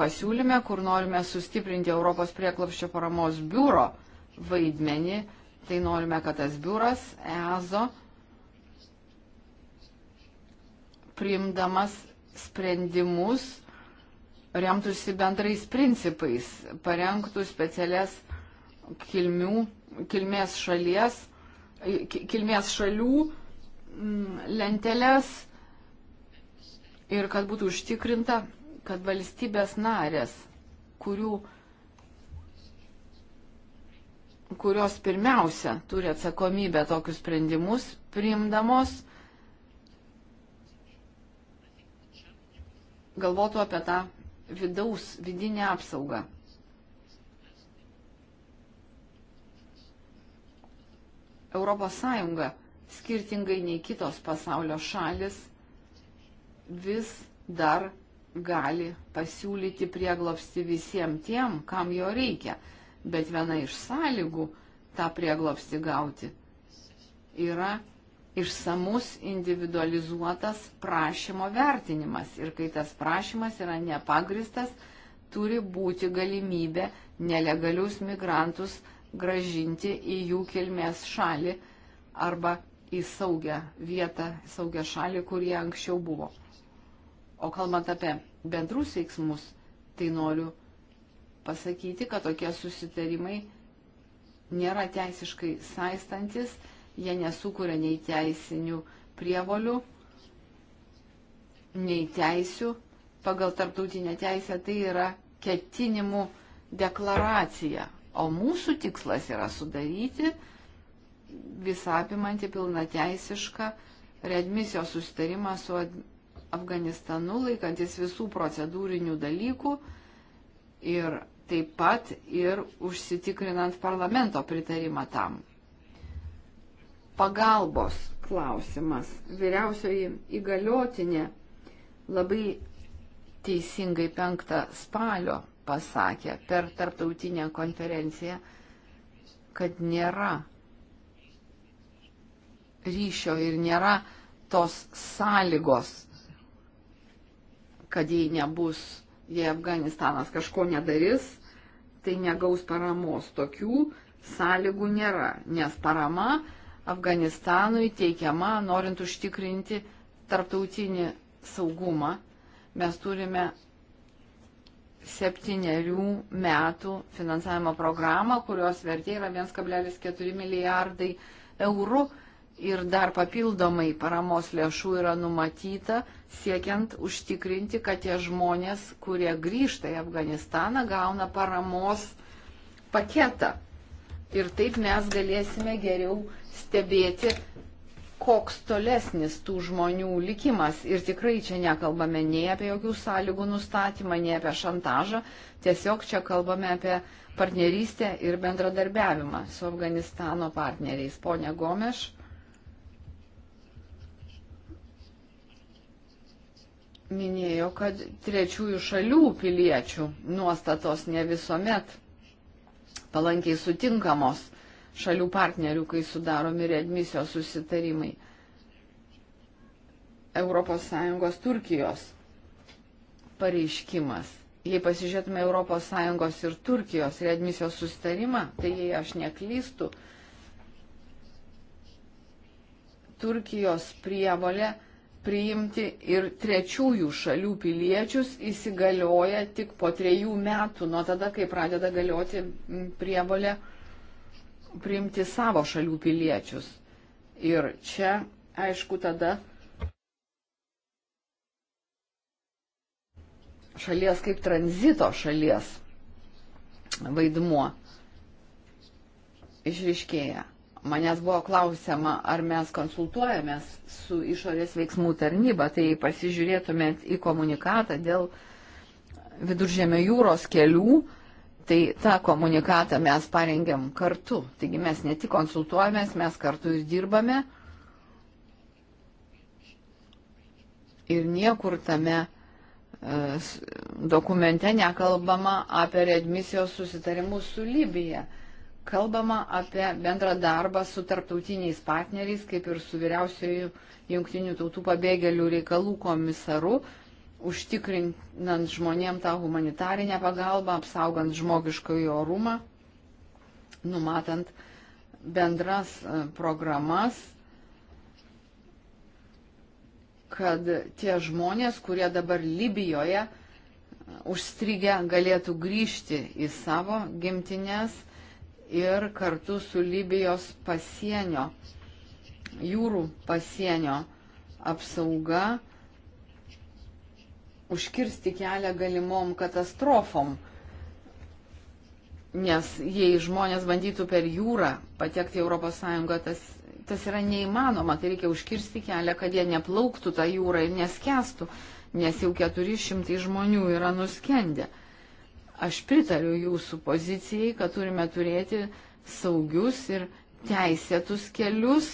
pasiūlyme, kur norime sustiprinti Europos prieklapščio paramos biuro vaidmenį, Tai norime, kad tas biuras EASO priimdamas sprendimus remtųsi bendrais principais, parengtų specialias kilmių, kilmės šalies, kilmės šalių mm, lenteles ir kad būtų užtikrinta, kad valstybės narės, kurių kurios pirmiausia turi atsakomybę tokius sprendimus priimdamos, galvotų apie tą vidaus, vidinę apsaugą. Europos Sąjunga, skirtingai nei kitos pasaulio šalis, vis dar gali pasiūlyti prieglopsti visiems tiem, kam jo reikia bet viena iš sąlygų tą prieglopstį gauti yra išsamus individualizuotas prašymo vertinimas. Ir kai tas prašymas yra nepagristas, turi būti galimybė nelegalius migrantus gražinti į jų kilmės šalį arba į saugią vietą, saugią šalį, kur jie anksčiau buvo. O kalbant apie bendrus veiksmus, tai noriu pasakyti, kad tokie susitarimai nėra teisiškai saistantis, jie nesukuria nei teisinių prievolių, nei teisių. Pagal tarptautinę teisę tai yra ketinimų deklaracija, o mūsų tikslas yra sudaryti visapimantį pilnateisišką readmisijos sustarimą su Afganistanu, laikantis visų procedūrinių dalykų ir taip pat ir užsitikrinant parlamento pritarimą tam. Pagalbos klausimas. Vyriausioji įgaliotinė labai teisingai 5 spalio pasakė per tarptautinę konferenciją, kad nėra ryšio ir nėra tos sąlygos, kad jei nebus jei Afganistanas kažko nedarys, tai negaus paramos. Tokių sąlygų nėra, nes parama Afganistanui teikiama, norint užtikrinti tarptautinį saugumą. Mes turime septyniarių metų finansavimo programą, kurios vertė yra 1,4 milijardai eurų ir dar papildomai paramos lėšų yra numatyta, siekiant užtikrinti, kad tie žmonės, kurie grįžta į Afganistaną, gauna paramos paketą. Ir taip mes galėsime geriau stebėti, koks tolesnis tų žmonių likimas. Ir tikrai čia nekalbame nei apie jokių sąlygų nustatymą, nei apie šantažą, tiesiog čia kalbame apie partnerystę ir bendradarbiavimą su Afganistano partneriais. Pone Gomeš. minėjo, kad trečiųjų šalių piliečių nuostatos ne visuomet palankiai sutinkamos šalių partnerių, kai sudaromi readmisijos susitarimai. ES Turkijos pareiškimas. Jei pasižiūrėtume ES ir Turkijos readmisijos susitarimą, tai jei aš neklystu, Turkijos prievolė priimti ir trečiųjų šalių piliečius įsigalioja tik po trejų metų, nuo tada, kai pradeda galioti prievalė priimti savo šalių piliečius. Ir čia, aišku, tada šalies kaip tranzito šalies vaidmuo išriškėja. Manęs buvo klausima, ar mes konsultuojamės su išorės veiksmų tarnyba, tai pasižiūrėtumėt į komunikatą dėl viduržėmio jūros kelių, tai tą komunikatą mes parengėm kartu. Taigi mes ne tik konsultuojamės, mes kartu ir dirbame. Ir niekur tame e, dokumente nekalbama apie redmisijos susitarimus su Libija kalbama apie bendrą darbą su tarptautiniais partneriais, kaip ir su vyriausiojų jungtinių tautų pabėgėlių reikalų komisaru, užtikrinant žmonėm tą humanitarinę pagalbą, apsaugant žmogiškąjį orumą, numatant bendras e, programas, kad tie žmonės, kurie dabar Libijoje e, užstrigę, galėtų grįžti į savo gimtinės ir kartu su Libijos pasienio, jūrų pasienio apsauga užkirsti kelią galimom katastrofom. Nes jei žmonės bandytų per jūrą patekti į ES, tas, tas yra neįmanoma, tai reikia užkirsti kelią, kad jie neplauktų tą jūrą ir neskestų, nes jau 400 žmonių yra nuskendę. Aš pritariu jūsų pozicijai, kad turime turėti saugius ir teisėtus kelius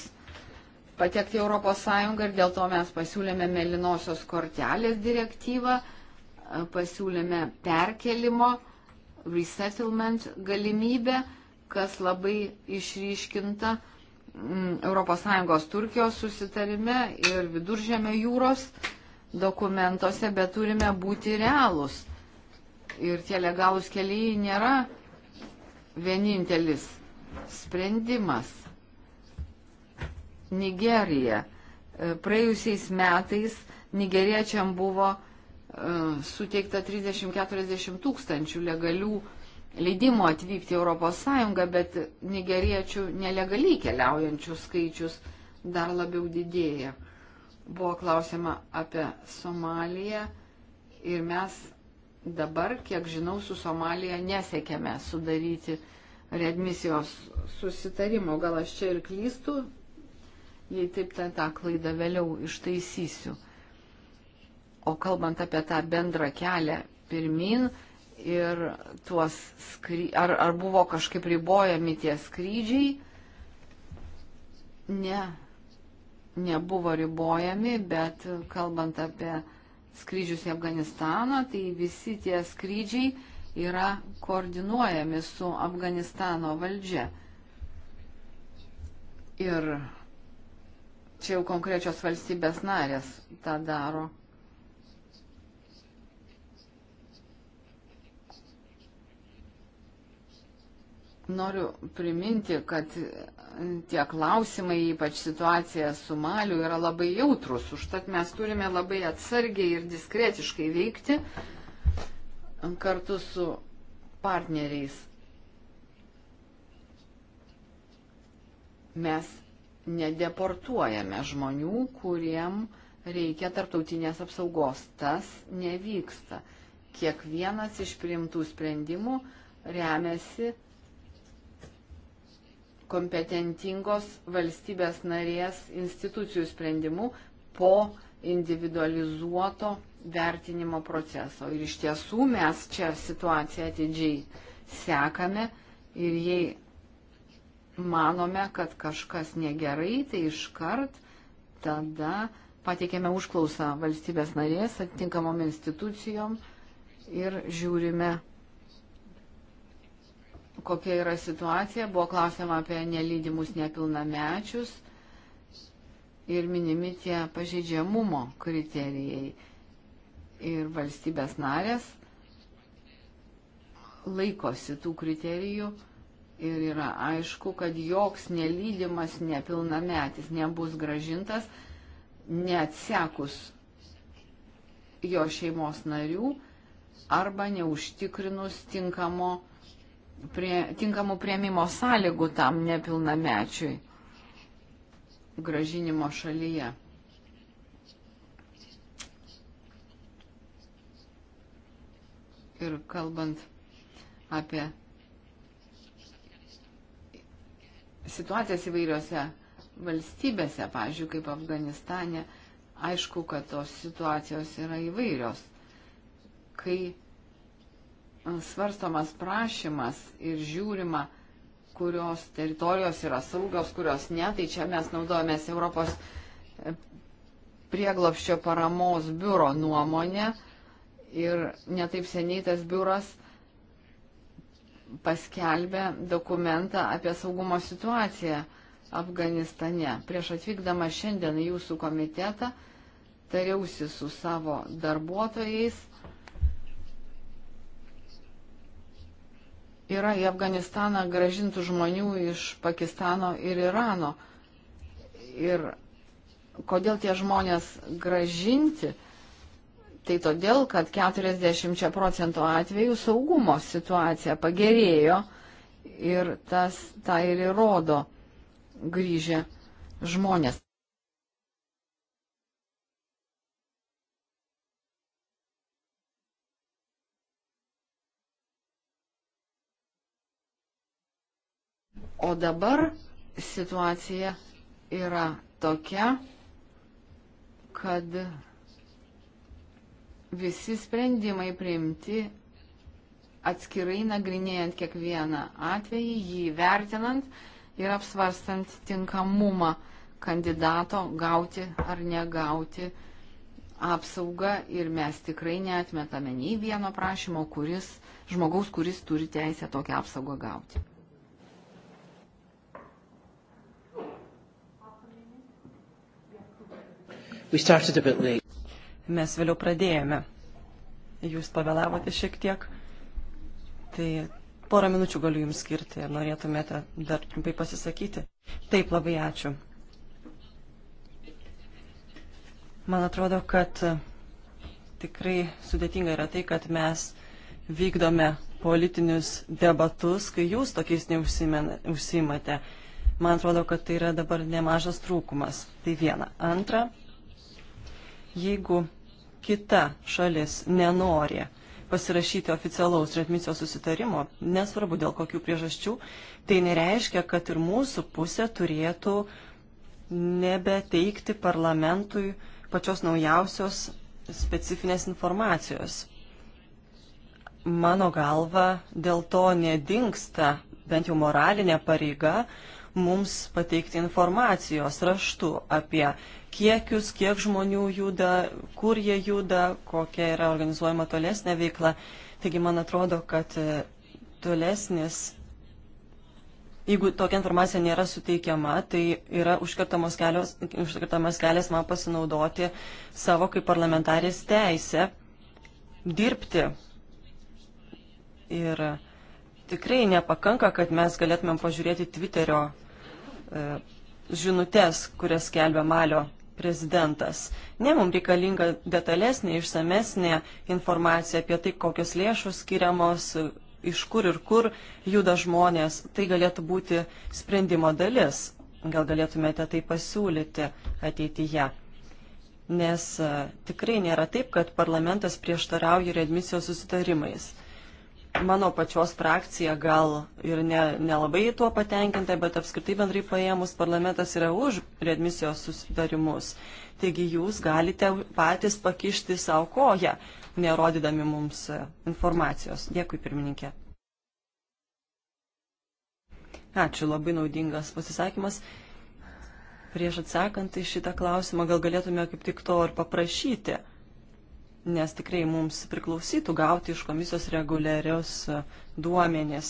patekti Europos Sąjungą ir dėl to mes pasiūlėme Melinosios kortelės direktyvą, pasiūlėme perkelimo, resettlement galimybę, kas labai išryškinta mm, ES Turkijos susitarime ir viduržėme jūros dokumentuose, bet turime būti realūs ir tie legalūs keliai nėra vienintelis sprendimas. Nigerija. E, praėjusiais metais nigeriečiam buvo e, suteikta 30-40 tūkstančių legalių leidimų atvykti ES, bet nigeriečių nelegaliai keliaujančių skaičius dar labiau didėja. Buvo klausima apie Somaliją ir mes dabar, kiek žinau, su Somalija nesiekėme sudaryti readmisijos susitarimo. Gal aš čia ir klystu, jei taip tą, tą klaidą vėliau ištaisysiu. O kalbant apie tą bendrą kelią pirmin ir tuos skrydžius, ar, ar buvo kažkaip ribojami tie skrydžiai? Ne, nebuvo ribojami, bet kalbant apie skrydžius į Afganistaną, tai visi tie skrydžiai yra koordinuojami su Afganistano valdžia. Ir čia jau konkrečios valstybės narės tą daro. Noriu priminti, kad e, tie klausimai, ypač situacija su Maliu, yra labai jautrus, užtat mes turime labai atsargiai ir diskretiškai veikti kartu su partneriais. Mes nedeportuojame žmonių, kuriem reikia tartautinės apsaugos. Tas nevyksta. Kiekvienas iš priimtų sprendimų remiasi kompetentingos valstybės narės institucijų sprendimu po individualizuoto vertinimo proceso. Ir iš tiesų mes čia situaciją atidžiai sekame ir jei manome, kad kažkas negerai, tai iškart tada pateikėme užklausą valstybės narės atitinkamom institucijom ir žiūrime, kokia yra situacija. Buvo klausima apie nelydimus nepilnamečius ir minimi tie pažeidžiamumo kriterijai. Ir valstybės narės laikosi tų kriterijų ir yra aišku, kad joks nelydimas nepilnametis nebus gražintas, neatsekus jo šeimos narių arba neužtikrinus tinkamo prie, tinkamų prieimimo sąlygų tam nepilnamečiui gražinimo šalyje. Ir kalbant apie situacijas įvairiose valstybėse, pavyzdžiui, kaip Afganistane, aišku, kad tos situacijos yra įvairios. Kai svarstomas prašymas ir žiūrima, kurios teritorijos yra saugios, kurios ne, tai čia mes naudojamės Europos e, prieglopščio paramos biuro nuomonė ir netaip seniai tas biuras paskelbė dokumentą apie saugumo situaciją Afganistane. Prieš atvykdama šiandien į jūsų komitetą tariausi su savo darbuotojais yra į Afganistaną gražintų žmonių iš Pakistano ir Irano. Ir kodėl tie žmonės gražinti? Tai todėl, kad 40 procentų atvejų saugumo situacija pagerėjo ir tas tą tai ir įrodo grįžę žmonės. O dabar situacija yra tokia, kad visi sprendimai priimti atskirai nagrinėjant kiekvieną atvejį, jį vertinant ir apsvarstant tinkamumą kandidato gauti ar negauti apsaugą ir mes tikrai neatmetame nei vieno prašymo, kuris, žmogaus, kuris turi teisę tokią apsaugą gauti. Mes vėliau pradėjome. Jūs pavėlavote šiek tiek. Tai porą minučių galiu Jums skirti, ar norėtumėte dar trumpai pasisakyti. Taip, labai ačiū. Man atrodo, kad tikrai sudėtinga yra tai, kad mes vykdome politinius debatus, kai jūs tokiais neužsimate. Man atrodo, kad tai yra dabar nemažas trūkumas. Tai viena. Antra, Jeigu kita šalis nenori pasirašyti oficialaus readmisijos susitarimo, nesvarbu dėl kokių priežasčių, tai nereiškia, kad ir mūsų pusė turėtų nebeteikti parlamentui pačios naujausios specifinės informacijos. Mano galva, dėl to nedingsta bent jau moralinė pareiga mums pateikti informacijos raštu apie kiekius, kiek žmonių juda, kur jie juda, kokia yra organizuojama tolesnė veikla. Taigi man atrodo, kad e, tolesnis Jeigu tokia informacija nėra suteikiama, tai yra užkartamas kelias, užkartamas kelias man pasinaudoti savo kaip parlamentarės teisę dirbti. Ir tikrai nepakanka, kad mes galėtumėm pažiūrėti Twitterio E, žinutės, kurias kelbė Malio prezidentas. Ne, mums reikalinga detalesnė, išsamesnė informacija apie tai, kokios lėšos skiriamos, iš kur ir kur juda žmonės. Tai galėtų būti sprendimo dalis. Gal galėtumėte tai pasiūlyti ateityje. Nes e, tikrai nėra taip, kad parlamentas prieštarauja readmisijos susitarimais mano pačios frakcija gal ir nelabai ne tuo patenkinta, bet apskritai bendrai paėmus parlamentas yra už readmisijos susitarimus. Taigi jūs galite patys pakišti savo koją, nerodydami mums e, informacijos. Dėkui, pirmininkė. Ačiū, labai naudingas pasisakymas. Prieš atsakant į šitą klausimą gal galėtume kaip tik to ir paprašyti nes tikrai mums priklausytų gauti iš komisijos reguliarius e, duomenis.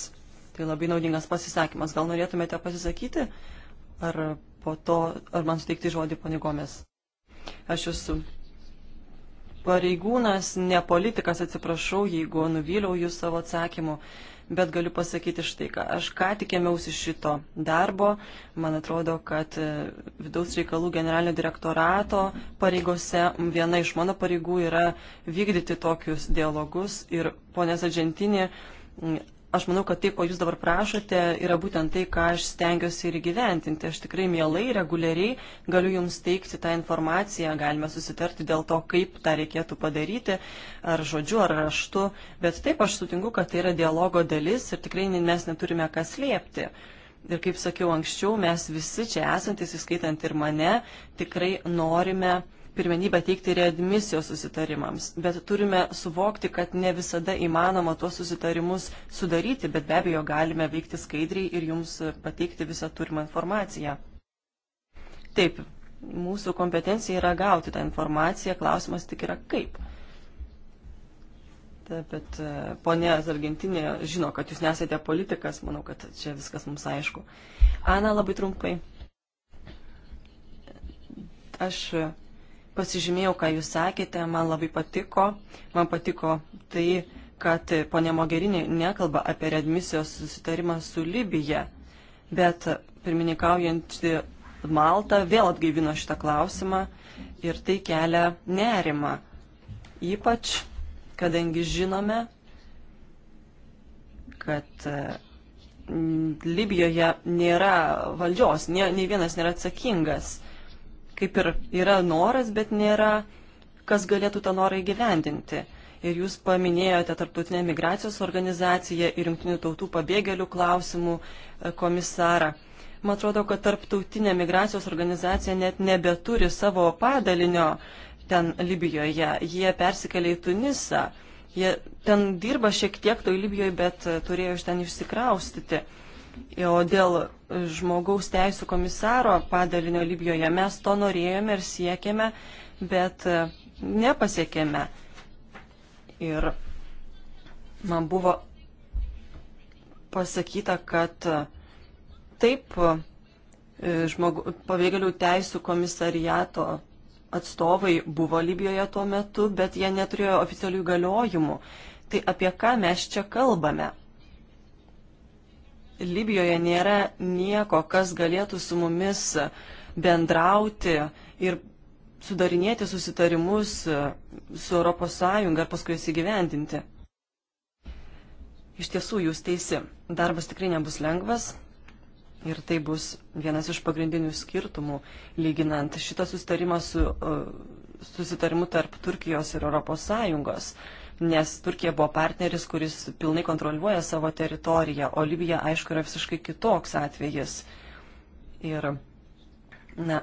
Tai labai naudingas pasisakymas. Gal norėtumėte pasisakyti, ar po to, ar man suteikti žodį panigomės? Aš esu pareigūnas, ne politikas, atsiprašau, jeigu nuvyliau jūs savo atsakymu. Uh, bet galiu pasakyti štai ką. Aš ką tik ėmiausi šito darbo. Man atrodo, kad e, vidaus reikalų generalinio direktorato pareigose viena iš mano pareigų yra vykdyti tokius dialogus ir ponės Adžentinė aš manau, kad tai, ko jūs dabar prašote, yra būtent tai, ką aš stengiuosi ir įgyventinti. Aš tikrai mielai, reguliariai galiu jums teikti tą informaciją, galime susitarti dėl to, kaip tą reikėtų padaryti, ar žodžiu, ar raštu, bet taip aš sutinku, kad tai yra dialogo dalis ir tikrai mes neturime ką slėpti. Ir kaip sakiau anksčiau, mes visi čia esantis, įskaitant ir mane, tikrai norime pirmenybę teikti readmisijos susitarimams, bet turime suvokti, kad ne visada įmanoma tuos susitarimus sudaryti, bet be abejo galime veikti skaidriai ir jums pateikti visą turimą informaciją. Taip, mūsų kompetencija yra gauti tą informaciją, klausimas tik yra kaip. Taip, bet e, ponė Argentinė žino, kad jūs nesate politikas, manau, kad čia viskas mums aišku. Ana, labai trumpai. Aš pasižymėjau, ką jūs sakėte, man labai patiko. Man patiko tai, kad ponė Mogerinė nekalba apie redmisijos susitarimą su Libija, bet pirmininkaujanti Malta vėl atgaivino šitą klausimą ir tai kelia nerimą. Ypač, kadangi žinome, kad e, Libijoje nėra valdžios, nei, nei vienas nėra atsakingas kaip ir yra noras, bet nėra, kas galėtų tą norą įgyvendinti. Ir jūs paminėjote Tarptautinę migracijos organizaciją ir Junktinių tautų pabėgėlių klausimų e, komisarą. Man atrodo, kad Tarptautinė migracijos organizacija net nebeturi savo padalinio ten Libijoje. Jie persikelia į Tunisą. Jie ten dirba šiek tiek toj Libijoje, bet e, turėjo iš ten išsikraustyti. Uh, O dėl žmogaus teisų komisaro padalinio Libijoje mes to norėjome ir siekėme, bet e, nepasiekėme. Ir man buvo pasakyta, kad e, taip e, žmogu, pabėgėlių teisų komisariato atstovai buvo Libijoje tuo metu, bet jie neturėjo oficialių įgaliojimų. Tai apie ką mes čia kalbame? Libijoje nėra nieko, kas galėtų su mumis bendrauti ir sudarinėti susitarimus su ES ir paskui juos įgyvendinti. Iš tiesų, jūs teisi, darbas tikrai nebus lengvas ir tai bus vienas iš pagrindinių skirtumų, lyginant šitą susitarimą su uh, susitarimu tarp Turkijos ir ES nes Turkija buvo partneris, kuris pilnai kontroliuoja savo teritoriją, o Libija, aišku, yra visiškai kitoks atvejis. Ir, na,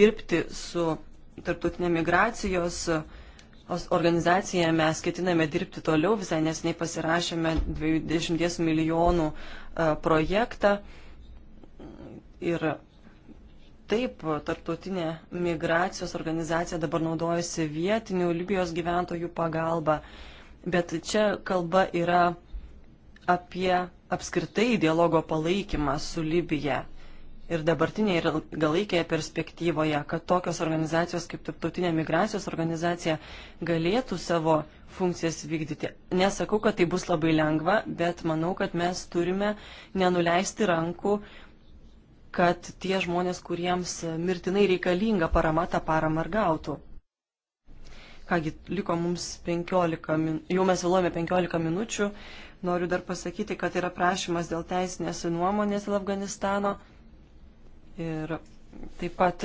dirbti su tarptautinė migracijos organizacija mes ketiname dirbti toliau, visai nesiniai pasirašėme 20 milijonų e, projektą. Ir Taip, tarptautinė migracijos organizacija dabar naudojasi vietinių Libijos gyventojų pagalba, bet čia kalba yra apie apskritai dialogo palaikymą su Libija ir dabartinėje ir ilgalaikėje perspektyvoje, kad tokios organizacijos kaip Tarptautinė migracijos organizacija galėtų savo funkcijas vykdyti. Nesakau, kad tai bus labai lengva, bet manau, kad mes turime nenuleisti rankų kad tie žmonės, kuriems mirtinai reikalinga parama, tą paramą ir gautų. Kągi, liko mums 15 min... jau mes vėluojame 15 minučių. Noriu dar pasakyti, kad yra prašymas dėl teisinės nuomonės dėl Afganistano. Ir taip pat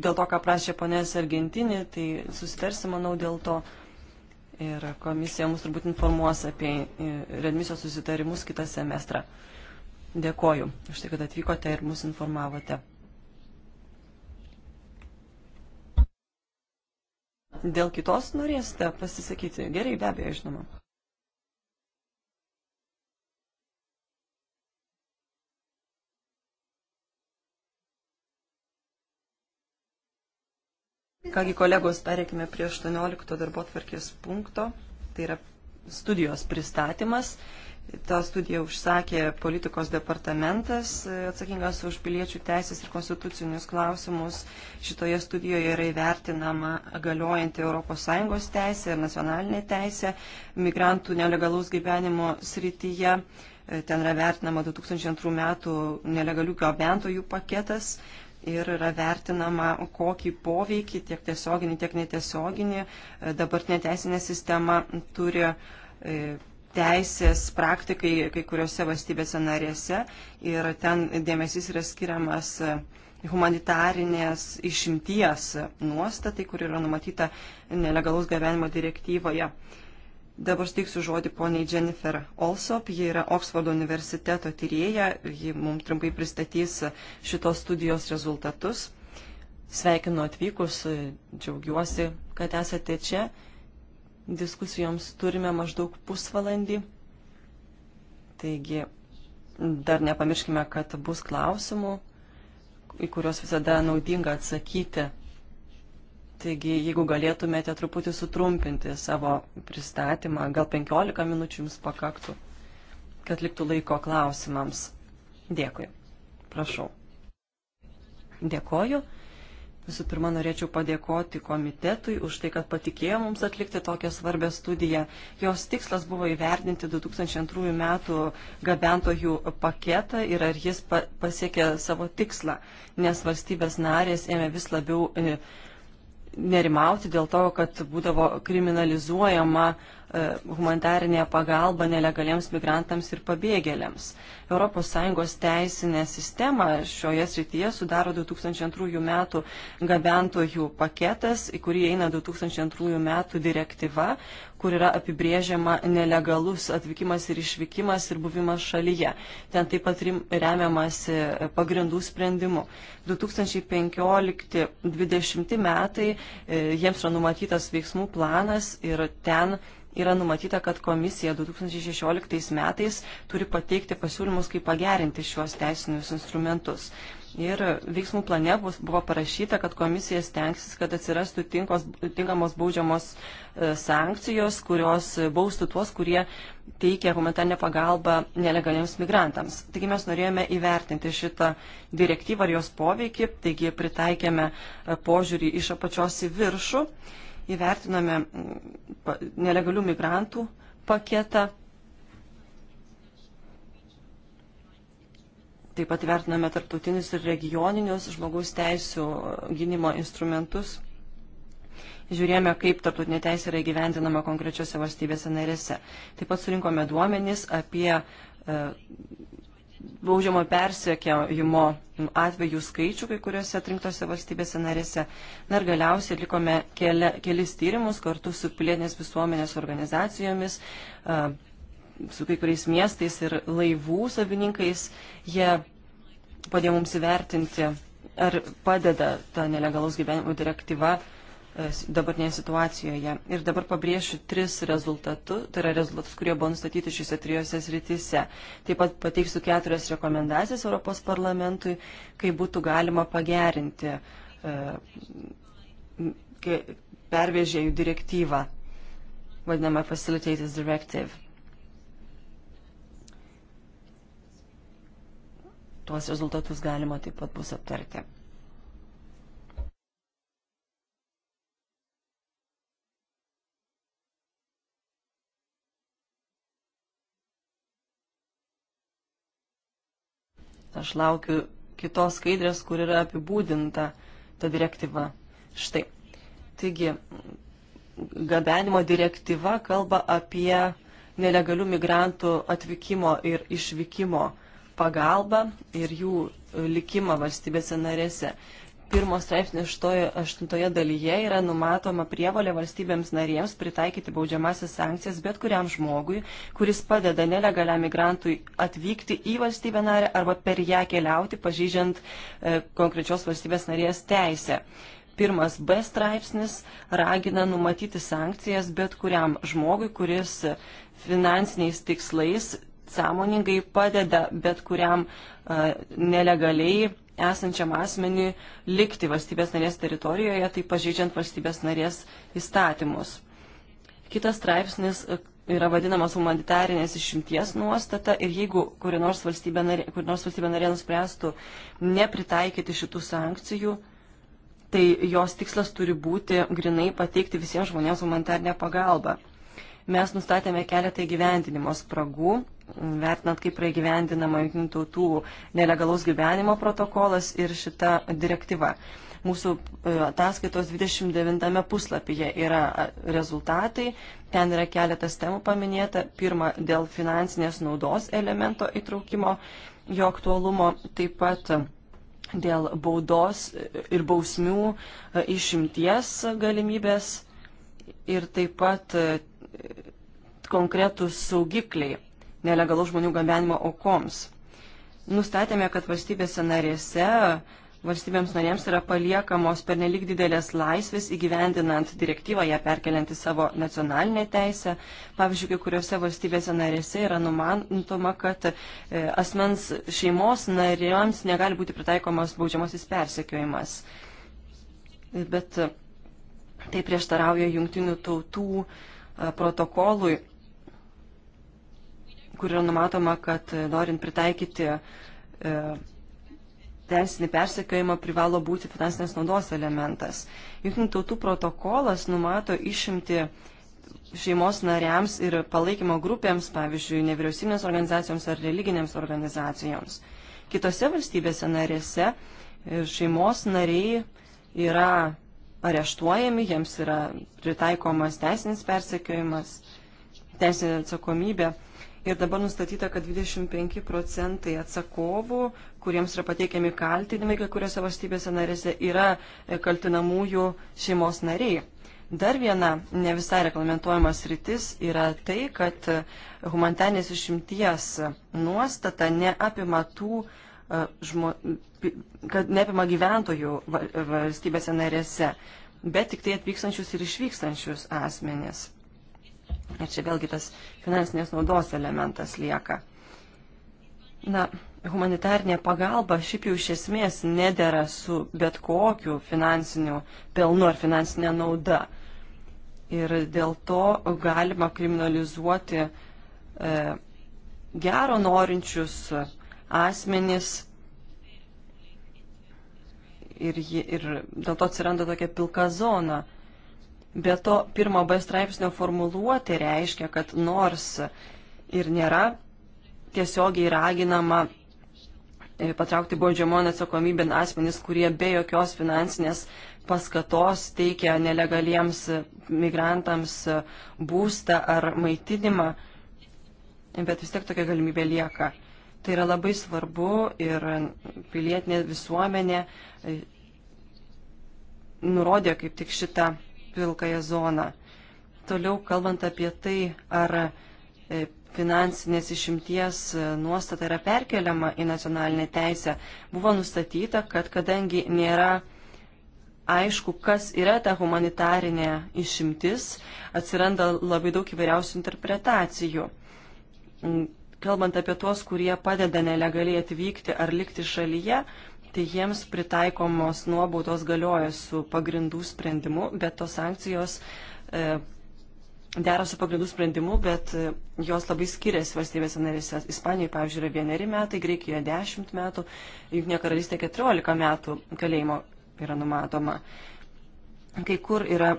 dėl to, ką prašė ponės Argentinė, tai susitarsi, manau, dėl to. Ir komisija mus turbūt informuos apie e, redmisijos susitarimus kitą semestrą. Dėkoju už tai, kad atvykote ir mus informavote. Dėl kitos norėsite pasisakyti? Gerai, be abejo, žinoma. Kągi kolegos, pereikime prie 18 darbo tvarkės punkto, tai yra studijos pristatymas tą studiją užsakė politikos departamentas e, atsakingas už piliečių teisės ir konstitucinius klausimus. Šitoje studijoje yra įvertinama galiojanti ES teisė ir nacionalinė teisė migrantų nelegalaus gyvenimo srityje. E, ten yra vertinama 2002 metų nelegalių gabentojų paketas ir yra vertinama, kokį poveikį tiek tiesioginį, tiek netiesioginį e, dabartinė teisinė sistema turi teisės praktikai kai kuriuose valstybėse narėse ir ten dėmesys yra skiriamas e, humanitarinės išimties nuostatai, kur yra numatyta nelegalus gabenimo direktyvoje. Dabar steiksiu žodį poniai Jennifer Olsop, ji yra Oksfordo universiteto tyrėja, ji mums trumpai pristatys šitos studijos rezultatus. Sveikinu atvykus, džiaugiuosi, kad esate čia. Diskusijoms turime maždaug pusvalandį. Taigi dar nepamirškime, kad bus klausimų, į kuriuos visada naudinga atsakyti. Taigi, jeigu galėtumėte truputį sutrumpinti savo pristatymą, gal 15 minučių jums pakaktų, kad liktų laiko klausimams. Dėkui. Prašau. Dėkoju. Visų pirma, norėčiau padėkoti komitetui už tai, kad patikėjo mums atlikti tokią svarbę studiją. Jos tikslas buvo įvertinti 2002 metų gabentojų paketą ir ar jis pasiekė savo tikslą, nes valstybės narės ėmė vis labiau e, nerimauti dėl to, kad būdavo kriminalizuojama E, humanitarinė pagalba nelegaliems migrantams ir pabėgėliams. ES teisinę sistemą šioje srityje sudaro 2002 metų gabentojų paketas, į kurį eina 2002 metų direktyva, kur yra apibrėžiama nelegalus atvykimas ir išvykimas ir buvimas šalyje. Ten taip pat remiamasi pagrindų sprendimu. 2015-2020 metai e, jiems yra numatytas veiksmų planas ir ten yra numatyta, kad komisija 2016 metais turi pateikti pasiūlymus, kaip pagerinti šiuos teisinius instrumentus. Ir veiksmų plane bus, buvo parašyta, kad komisija stengsis, kad atsirastų tinkos, tinkamos baudžiamos e, sankcijos, kurios baustų tuos, kurie teikia humanitarinę pagalbą nelegaliems migrantams. Taigi mes norėjome įvertinti šitą direktyvą ir jos poveikį, taigi pritaikėme e, požiūrį iš apačios į viršų. Uh, įvertiname mm, nelegalių migrantų paketą. Taip pat vertiname tarptautinius ir regioninius žmogaus teisų gynimo instrumentus. Žiūrėjome, kaip tarptautinė teisė yra įgyvendinama konkrečiose valstybėse narėse. Taip pat surinkome duomenys apie e, baudžiamo persiekiajimo atvejų skaičių kai kuriuose atrinktose valstybėse narėse. Na ir galiausiai atlikome keli, kelis tyrimus kartu su pilietinės visuomenės organizacijomis, su kai kuriais miestais ir laivų savininkais. Jie padėjo mums įvertinti, ar padeda ta nelegalaus gyvenimo direktyva E, dabartinėje situacijoje. Ir dabar pabrėšiu tris rezultatus, tai yra rezultatus, kurie buvo nustatyti šiuose trijose srityse. Taip pat pateiksiu keturias rekomendacijas Europos parlamentui, kaip būtų galima pagerinti e, pervežėjų direktyvą, vadinamą Facilitators Directive. Tuos rezultatus galima taip pat bus aptarti. Aš laukiu kitos skaidrės, kur yra apibūdinta ta direktyva. Štai. Taigi, gabenimo direktyva kalba apie nelegalių migrantų atvykimo ir išvykimo pagalbą ir jų likimą valstybėse narėse pirmo straipsnio aštuntoje dalyje yra numatoma prievalė valstybėms narėms pritaikyti baudžiamasias sankcijas bet kuriam žmogui, kuris padeda nelegaliam migrantui atvykti į valstybę narę arba per ją keliauti, pažydžiant e, konkrečios valstybės narės teisę. Pirmas B straipsnis ragina numatyti sankcijas bet kuriam žmogui, kuris finansiniais tikslais sąmoningai padeda bet kuriam e, nelegaliai esančiam asmenį likti valstybės narės teritorijoje, tai pažeidžiant valstybės narės įstatymus. Kitas straipsnis e, yra vadinamas humanitarinės išimties nuostata ir jeigu kuri nors valstybė narė, kuri nors valstybė narė nuspręstų nepritaikyti šitų sankcijų, tai jos tikslas turi būti grinai pateikti visiems žmonėms humanitarinę pagalbą mes nustatėme keletą įgyvendinimo spragų, vertinant kaip yra įgyvendinama jungtinių tautų nelegalaus gyvenimo protokolas ir šita direktyva. Mūsų e, ataskaitos 29 puslapyje yra e, rezultatai, ten yra keletas temų paminėta. Pirma, dėl finansinės naudos elemento įtraukimo, jo aktualumo, taip pat e, dėl baudos ir bausmių išimties galimybės ir taip pat konkretūs saugikliai nelegalų žmonių gabenimo aukoms. Nustatėme, kad valstybėse narėse valstybėms narėms yra paliekamos pernelyg didelės laisvės įgyvendinant direktyvą, ją perkeliant į savo nacionalinę teisę. Pavyzdžiui, kai kuriuose valstybėse narėse yra numantoma, kad e, asmens šeimos narėms negali būti pritaikomas baudžiamasis persekiojimas. Bet e, tai prieštarauja jungtinių tautų uh, protokolui, kur yra numatoma, kad e, norint pritaikyti e, teisinį persekiojimą privalo būti finansinės naudos elementas. Junktinių tautų protokolas numato išimti šeimos nariams ir palaikymo grupėms, pavyzdžiui, nevyriausybinės organizacijoms ar religinėms organizacijoms. Kitose valstybėse narėse e, šeimos nariai yra areštuojami, jiems yra pritaikomas teisinis persekiojimas, teisinė atsakomybė. Ir dabar nustatyta, kad 25 procentai atsakovų, kuriems yra pateikiami kaltinimai, kai kuriuose valstybėse narėse yra e, kaltinamųjų šeimos nariai. Dar viena ne visai reglamentuojamas rytis yra tai, kad e, humanitarnės išimties nuostata neapima tų e, žmo, kad neapima gyventojų valstybėse narėse, bet tik tai atvykstančius ir išvykstančius asmenis. Ir čia vėlgi tas finansinės naudos elementas lieka. Na, humanitarnė pagalba šiaip jau iš esmės nedėra su bet kokiu finansiniu pelnu ar finansinė nauda. Ir dėl to galima kriminalizuoti e, gero norinčius asmenis ir, ir dėl to atsiranda tokia pilka zona. Be to, pirmo B straipsnio formuluoti reiškia, kad nors ir nėra tiesiogiai raginama e, patraukti baudžiamon atsakomybėn asmenys, kurie be jokios finansinės paskatos teikia nelegaliems migrantams būstą ar maitinimą, bet vis tiek tokia galimybė lieka. Tai yra labai svarbu ir pilietinė visuomenė nurodė kaip tik šitą pilkąją zoną. Toliau kalbant apie tai, ar e, finansinės išimties e, nuostata yra perkeliama į nacionalinę teisę, buvo nustatyta, kad kadangi nėra aišku, kas yra ta humanitarinė išimtis, atsiranda labai daug įvairiausių interpretacijų. Mm, kalbant apie tuos, kurie padeda nelegaliai atvykti ar likti šalyje, tai jiems pritaikomos nuobaudos galioja su pagrindų sprendimu, bet tos sankcijos e, dera su pagrindų sprendimu, bet e, jos labai skiriasi valstybėse narėse. Ispanijoje, pavyzdžiui, yra vieneri metai, Graikijoje 10 metų, Junktinė karalystė 14 metų kalėjimo yra numatoma. Kai kur yra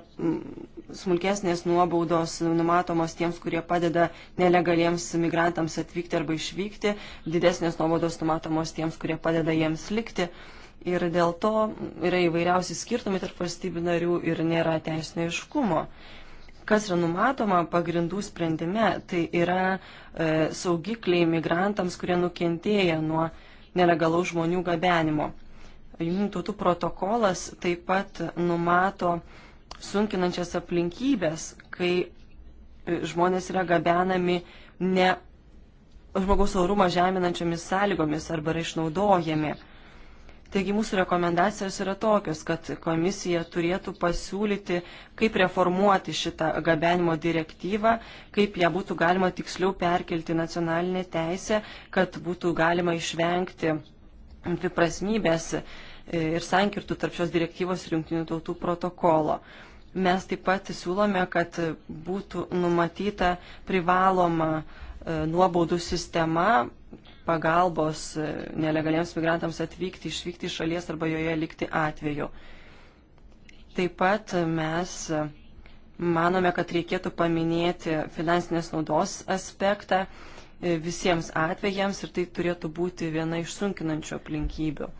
smulkesnės nuobaudos numatomos tiems, kurie padeda nelegaliems migrantams atvykti arba išvykti, didesnės nuobaudos numatomos tiems, kurie padeda jiems likti. Ir dėl to yra įvairiausi skirtumai tarp valstybių narių ir nėra teisinio iškumo. Kas yra numatoma pagrindų sprendime, tai yra e, saugikliai migrantams, kurie nukentėja nuo nelegalaus žmonių gabenimo. Junktinių tautų protokolas taip pat numato e, sunkinančias aplinkybės, kai e, žmonės yra gabenami ne žmogaus orumą žeminančiomis sąlygomis arba yra išnaudojami. Taigi mūsų rekomendacijos yra tokios, kad komisija turėtų pasiūlyti, kaip reformuoti šitą gabenimo direktyvą, kaip ją būtų galima tiksliau perkelti nacionalinę teisę, kad būtų galima išvengti dviprasmybės ir sankirtų tarp šios direktyvos ir jungtinių tautų protokolo. Mes taip pat siūlome, kad būtų numatyta privaloma e, nuobaudų sistema pagalbos e, nelegaliems migrantams atvykti, išvykti iš šalies arba joje likti atveju. Taip pat mes manome, kad reikėtų paminėti finansinės naudos aspektą e, visiems atvejams ir tai turėtų būti viena iš sunkinančių aplinkybių.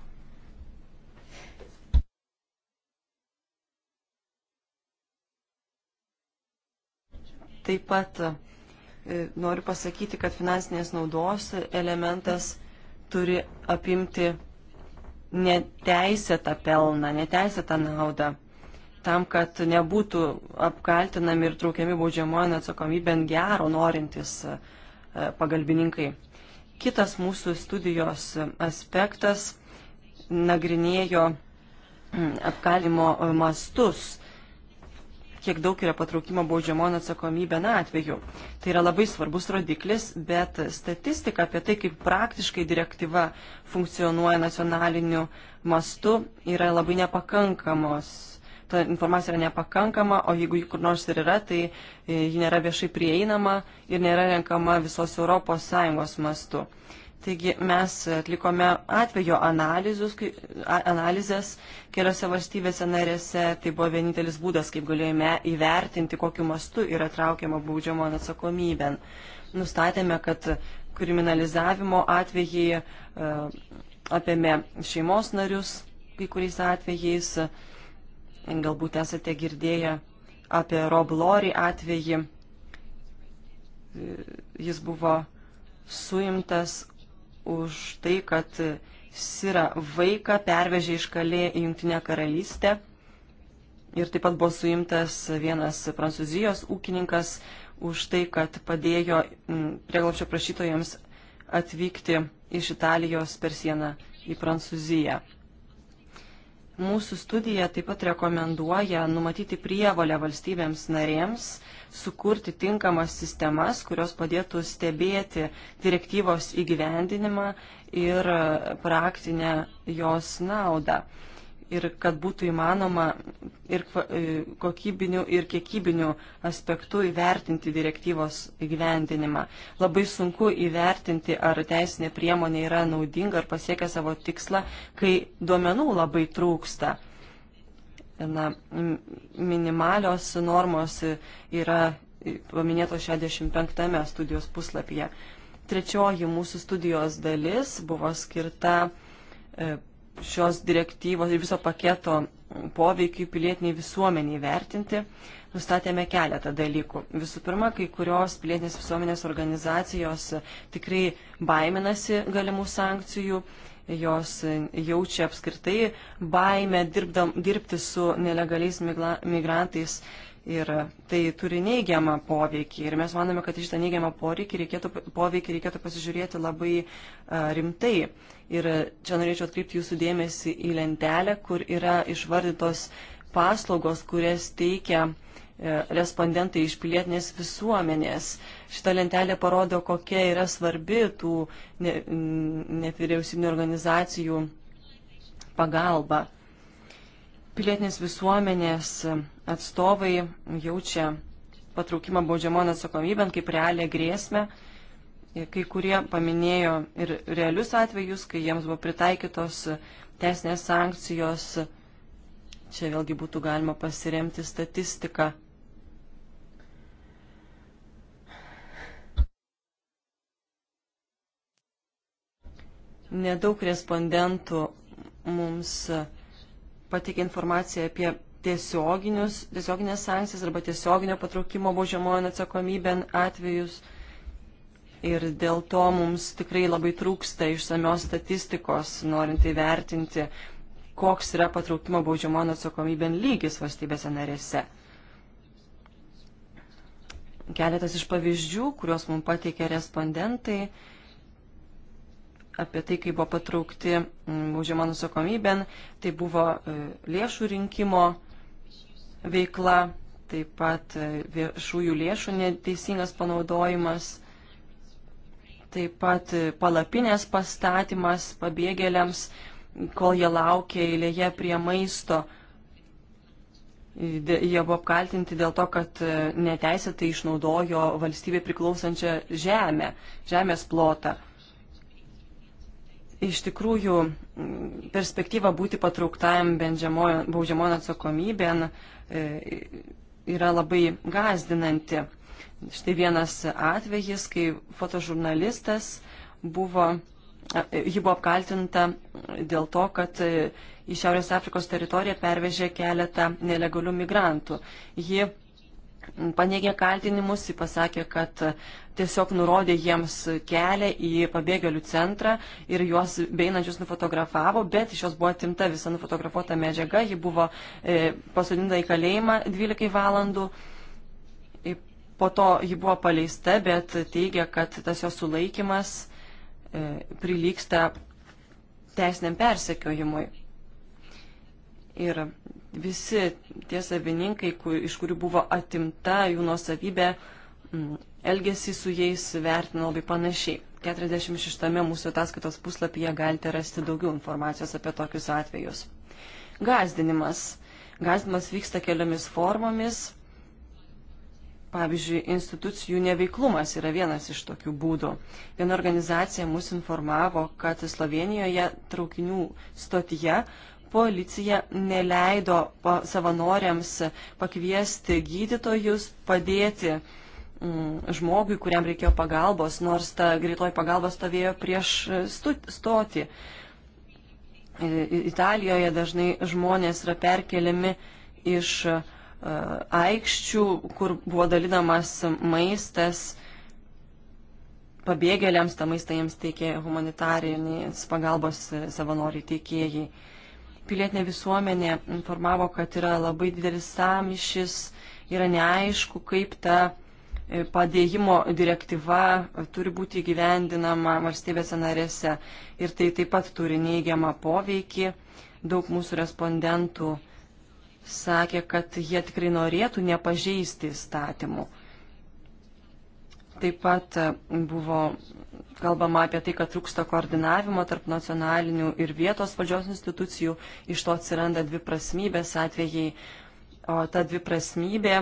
Taip pat e, noriu pasakyti, kad finansinės naudos elementas turi apimti neteisėtą pelną, neteisėtą naudą, tam, kad nebūtų apkaltinami ir traukiami baudžiamojo atsakomybę ant gero norintys e, pagalbininkai. Kitas mūsų studijos aspektas nagrinėjo mm, apkalimo mastus kiek daug yra patraukimo baudžiamon atsakomybė na atveju. Tai yra labai svarbus rodiklis, bet statistika apie tai, kaip praktiškai direktyva funkcionuoja nacionaliniu mastu, yra labai nepakankamos. Ta informacija yra nepakankama, o jeigu ji kur nors ir yra, tai e, ji nėra viešai prieinama ir nėra renkama visos ES mastu. Taigi mes atlikome atvejo analizus, analizės keliose valstybėse narėse. Tai buvo vienintelis būdas, kaip galėjome įvertinti, kokiu mastu yra traukiama baudžiamo atsakomybėn. Nustatėme, kad kriminalizavimo atvejai e, apėmė šeimos narius, kai kuriais atvejais. Galbūt esate girdėję apie Rob Lori atvejį. E, jis buvo suimtas už tai, kad Sira vaiką pervežė iš kalė į Junktinę karalystę. Ir taip pat buvo suimtas vienas prancūzijos ūkininkas už tai, kad padėjo mm, prieglapščio prašytojams atvykti iš Italijos per sieną į Prancūziją. Mūsų studija taip pat rekomenduoja numatyti prievalę valstybėms narėms sukurti tinkamas sistemas, kurios padėtų stebėti direktyvos įgyvendinimą ir praktinę jos naudą ir kad būtų įmanoma ir e, kokybinių, ir kiekybinių aspektų įvertinti direktyvos įgyvendinimą. Labai sunku įvertinti, ar teisinė priemonė yra naudinga ar pasiekia savo tikslą, kai duomenų labai trūksta. Na, minimalios normos yra paminėtos 65 studijos puslapyje. Trečioji mūsų studijos dalis buvo skirta e, šios direktyvos ir viso paketo poveikiai pilietiniai visuomeniai vertinti, nustatėme keletą dalykų. Visų pirma, kai kurios pilietinės visuomenės organizacijos tikrai baiminasi galimų sankcijų, jos jaučia apskritai baimę dirbdam, dirbti su nelegaliais migla, migrantais ir tai turi neigiamą poveikį. Ir mes manome, kad šitą neigiamą poveikį reikėtų, poveikį reikėtų pasižiūrėti labai e, rimtai. Ir čia norėčiau atkreipti jūsų dėmesį į lentelę, kur yra išvardytos paslaugos, kurias teikia e, respondentai iš pilietinės visuomenės. Šita lentelė parodo, kokia yra svarbi tų nevyriausybinio organizacijų pagalba. Pilietinės visuomenės atstovai jaučia patraukimą baudžiamon atsakomybėn kaip realią grėsmę. Kai kurie paminėjo ir realius atvejus, kai jiems buvo pritaikytos teisinės sankcijos. Čia vėlgi būtų galima pasiremti statistiką. Nedaug respondentų mums pateikė informaciją apie tiesioginės sankcijas arba tiesioginio patraukimo baudžiamojo atsakomybėn atvejus. Ir dėl to mums tikrai labai trūksta išsamios statistikos, norint įvertinti, koks yra patraukimo baudžiamojo atsakomybėn lygis valstybėse narėse. Keletas iš pavyzdžių, kuriuos mums pateikė respondentai apie tai, kaip buvo patraukti mm, baudžiamojo atsakomybėn, tai buvo e, lėšų rinkimo veikla, taip pat viešųjų lėšų neteisingas panaudojimas, taip pat palapinės pastatymas pabėgėliams, kol jie laukia eilėje prie maisto. Jie buvo apkaltinti dėl to, kad neteisėtai išnaudojo valstybė priklausančią žemę, žemės plotą iš tikrųjų mm, perspektyva būti patrauktajam baudžiamojo atsakomybėn e, yra labai gazdinanti. Štai vienas atvejis, kai fotožurnalistas buvo, e, ji buvo apkaltinta dėl to, kad e, į Šiaurės Afrikos teritoriją pervežė keletą nelegalių migrantų. Ji paneigė kaltinimus, jis pasakė, kad tiesiog nurodė jiems kelią į pabėgėlių centrą ir juos beinančius nufotografavo, bet iš jos buvo atimta visa nufotografuota medžiaga, ji buvo e, pasodinta į kalėjimą 12 valandų. Po to ji buvo paleista, bet teigia, kad tas jos sulaikimas e, prilyksta teisiniam persekiojimui. Ir visi tie savininkai, kur, iš kurių buvo atimta jų nuosavybė, mm, elgesi su jais vertino labai panašiai. 46 mūsų ataskaitos puslapyje galite rasti daugiau informacijos apie tokius atvejus. Gazdinimas. Gazdimas vyksta keliomis formomis. Pavyzdžiui, institucijų neveiklumas yra vienas iš tokių būdų. Viena organizacija mus informavo, kad Slovenijoje traukinių stotyje policija neleido savanoriams pakviesti gydytojus, padėti mm, žmogui, kuriam reikėjo pagalbos, nors ta greitoji pagalba stovėjo prieš e, stotį. E, Italijoje dažnai žmonės yra perkeliami iš e, aikščių, kur buvo dalinamas maistas pabėgėliams, tą maistą jiems teikė humanitarinės pagalbos savanoriai teikėjai. Pilietinė visuomenė informavo, kad yra labai didelis samišis, yra neaišku, kaip ta e, padėjimo direktyva turi būti gyvendinama valstybėse narėse ir tai taip pat turi neigiamą poveikį. Daug mūsų respondentų sakė, kad jie tikrai norėtų nepažeisti įstatymų. Taip pat e, buvo kalbama apie tai, kad trūksta koordinavimo tarp nacionalinių ir vietos valdžios institucijų, iš to atsiranda dviprasmybės atvejai, o ta dviprasmybė,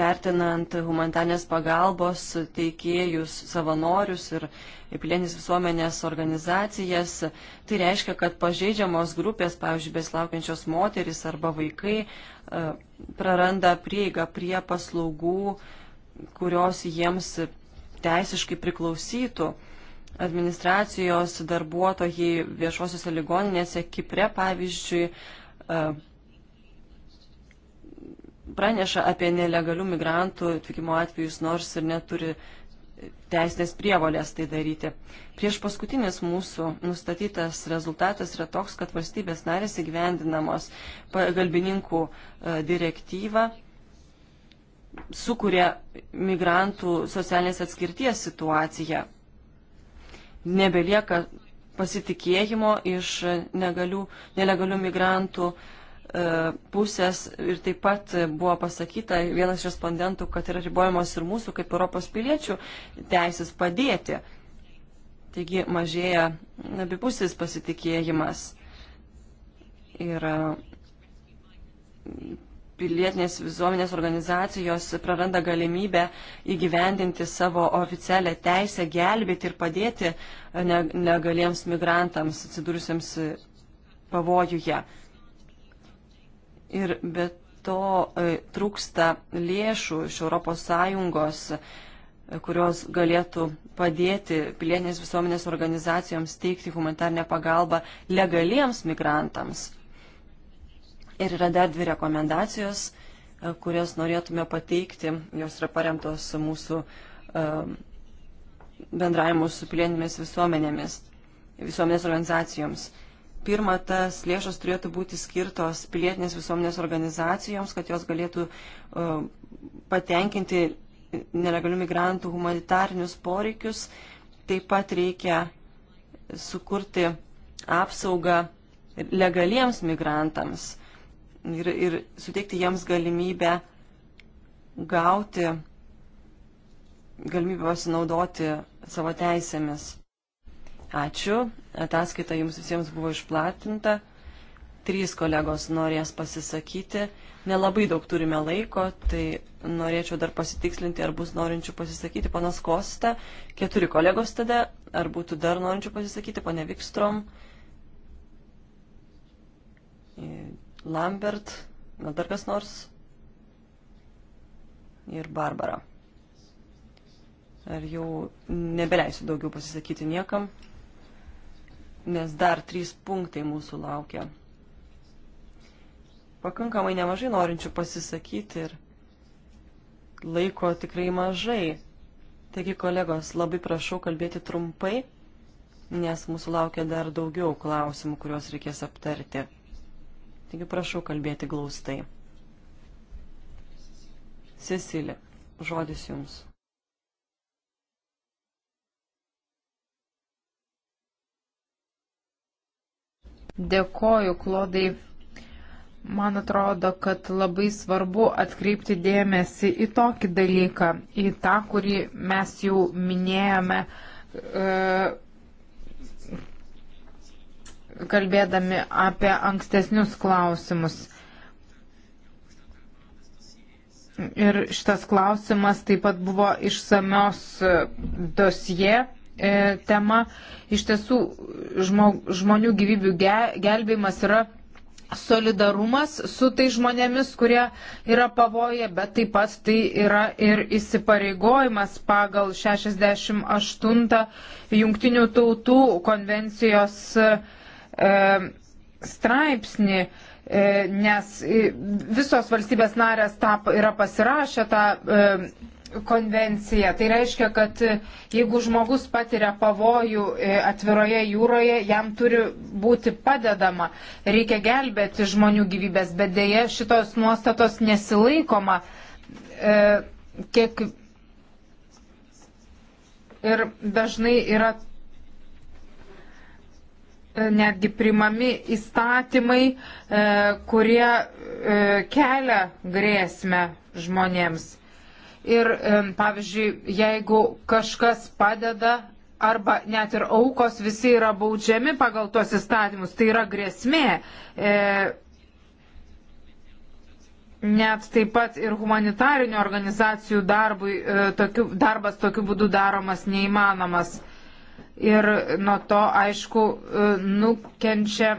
vertinant humanitarnės pagalbos teikėjus, savanorius ir pilietinės visuomenės organizacijas, tai reiškia, kad pažeidžiamos grupės, pavyzdžiui, beslaukiančios moteris arba vaikai, e, praranda prieigą prie paslaugų, kurios jiems teisiškai priklausytų administracijos darbuotojai viešuosiuose ligoninėse Kipre, pavyzdžiui, e, praneša apie nelegalių migrantų atvykimo atvejus, nors ir neturi teisinės prievolės tai daryti. Prieš paskutinis mūsų nustatytas rezultatas yra toks, kad valstybės narės įgyvendinamos galbininkų e, direktyvą sukuria migrantų socialinės atskirties situaciją. Nebelieka pasitikėjimo iš negalių, nelegalių migrantų e, pusės ir taip pat buvo pasakyta vienas iš respondentų, kad yra ribojamos ir mūsų kaip Europos piliečių teisės padėti. Taigi mažėja abipusis pasitikėjimas. Ir pilietinės visuomenės organizacijos praranda galimybę įgyvendinti savo oficialią teisę gelbėti ir padėti negaliems migrantams atsidūrusiems pavojuje. Ir be to e, trūksta lėšų iš ES, e, kurios galėtų padėti pilietinės visuomenės organizacijoms teikti humanitarnę pagalbą legaliems migrantams Ir yra dar dvi rekomendacijos, e, kurias norėtume pateikti. Jos yra paremtos mūsų e, bendravimu su pilietinėmis visuomenėmis, visuomenės organizacijoms. Pirma, tas lėšos turėtų būti skirtos pilietinės visuomenės organizacijoms, kad jos galėtų e, patenkinti nelegalių migrantų humanitarinius poreikius. Taip pat reikia sukurti apsaugą legaliems migrantams ir, ir suteikti jiems galimybę gauti, galimybę pasinaudoti savo teisėmis. Ačiū. Ataskaita jums visiems buvo išplatinta. Trys kolegos norės pasisakyti. Nelabai daug turime laiko, tai norėčiau dar pasitikslinti, ar bus norinčių pasisakyti. Panas Kosta, keturi kolegos tada, ar būtų dar norinčių pasisakyti, pane Vikstrom. Lambert, gal dar kas nors? Ir Barbara. Ar jau nebeleisiu daugiau pasisakyti niekam, nes dar trys punktai mūsų laukia. Pakankamai nemažai norinčių pasisakyti ir laiko tikrai mažai. Taigi, kolegos, labai prašau kalbėti trumpai, nes mūsų laukia dar daugiau klausimų, kuriuos reikės aptarti. Taigi prašau kalbėti glaustai. Cecilė, žodis jums. Dėkoju, Klodai. Man atrodo, kad labai svarbu atkreipti dėmesį į tokį dalyką, į tą, kurį mes jau minėjome. E, kalbėdami apie ankstesnius klausimus. Ir šitas klausimas taip pat buvo išsamios e, dosie e, tema. Iš tiesų, žmonių gyvybių gelbėjimas yra solidarumas su tai žmonėmis, kurie yra pavoje, bet taip pat tai yra ir įsipareigojimas pagal 68 jungtinių tautų konvencijos e, E, straipsnį, e, nes visos valstybės narės tą yra pasirašę tą e, konvenciją. Tai reiškia, kad jeigu žmogus patiria pavojų atviroje jūroje, jam turi būti padedama. Reikia gelbėti žmonių gyvybės, bet dėje šitos nuostatos nesilaikoma. Kiek ir dažnai yra netgi primami įstatymai, e, kurie e, kelia grėsmę žmonėms. Ir e, pavyzdžiui, jeigu kažkas padeda arba net ir aukos visi yra baudžiami pagal tuos įstatymus, tai yra grėsmė. Net taip pat ir humanitarinių organizacijų darbui, tokiu, darbas tokiu būdu daromas neįmanomas ir nuo to, aišku, e, nukenčia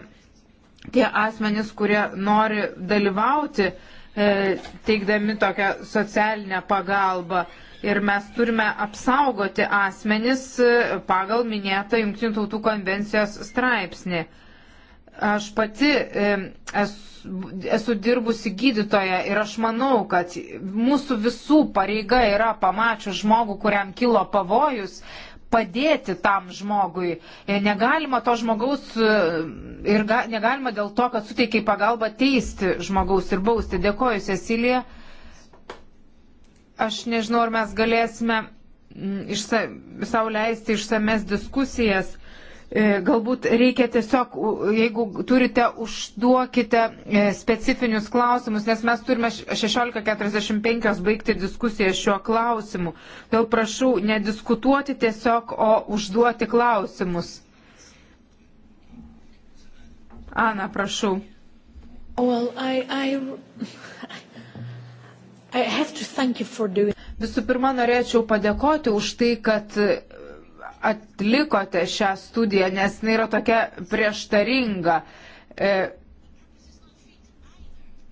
tie asmenys, kurie nori dalyvauti e, teikdami tokią socialinę pagalbą. Ir mes turime apsaugoti asmenis e, pagal minėtą Junktinių tautų konvencijos straipsnį. Aš pati esu dirbusi gydytoja ir aš manau, kad mūsų visų pareiga yra pamačius žmogų, kuriam kilo pavojus, padėti tam žmogui. Negalima to žmogaus e, ir ga, negalima dėl to, kad suteikiai pagalbą teisti žmogaus ir bausti. Dėkoju, Cecilija. Aš nežinau, ar mes galėsime išsa, savo leisti išsames diskusijas E, galbūt reikia tiesiog, jeigu turite, užduokite e, specifinius klausimus, nes mes turime 16.45 baigti diskusiją šiuo klausimu. Todėl prašau nediskutuoti tiesiog, o užduoti klausimus. Ana, prašau. Well, I, I... Doing... Visų pirma, norėčiau padėkoti už tai, kad atlikote šią studiją, nes jinai yra tokia prieštaringa. E,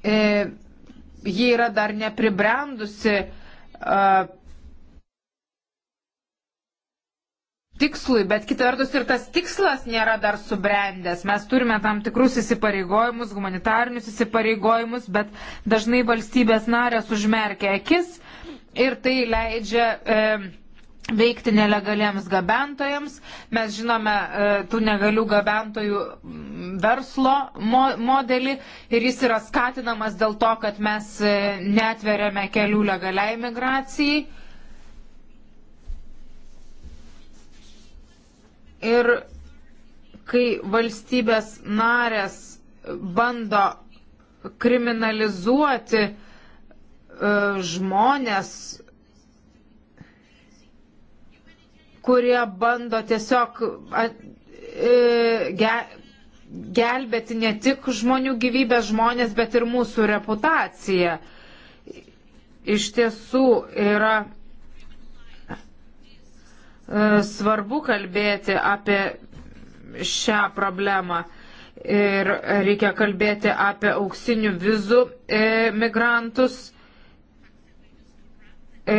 e, ji yra dar nepribrendusi e, tikslui, bet kita vertus ir tas tikslas nėra dar subrendęs. Mes turime tam tikrus įsipareigojimus, humanitarinius įsipareigojimus, bet dažnai valstybės narės užmerkia akis ir tai leidžia. E, veikti nelegaliems gabentojams. Mes žinome e, tų negalių gabentojų verslo mo modelį ir jis yra skatinamas dėl to, kad mes e, netveriame kelių legaliai migracijai. Ir kai valstybės narės bando kriminalizuoti e, žmonės, kurie bando tiesiog e, gelbėti ne tik žmonių gyvybę žmonės, bet ir mūsų reputaciją. Iš tiesų yra e, svarbu kalbėti apie šią problemą. Ir reikia kalbėti apie auksinių vizų e, migrantus E,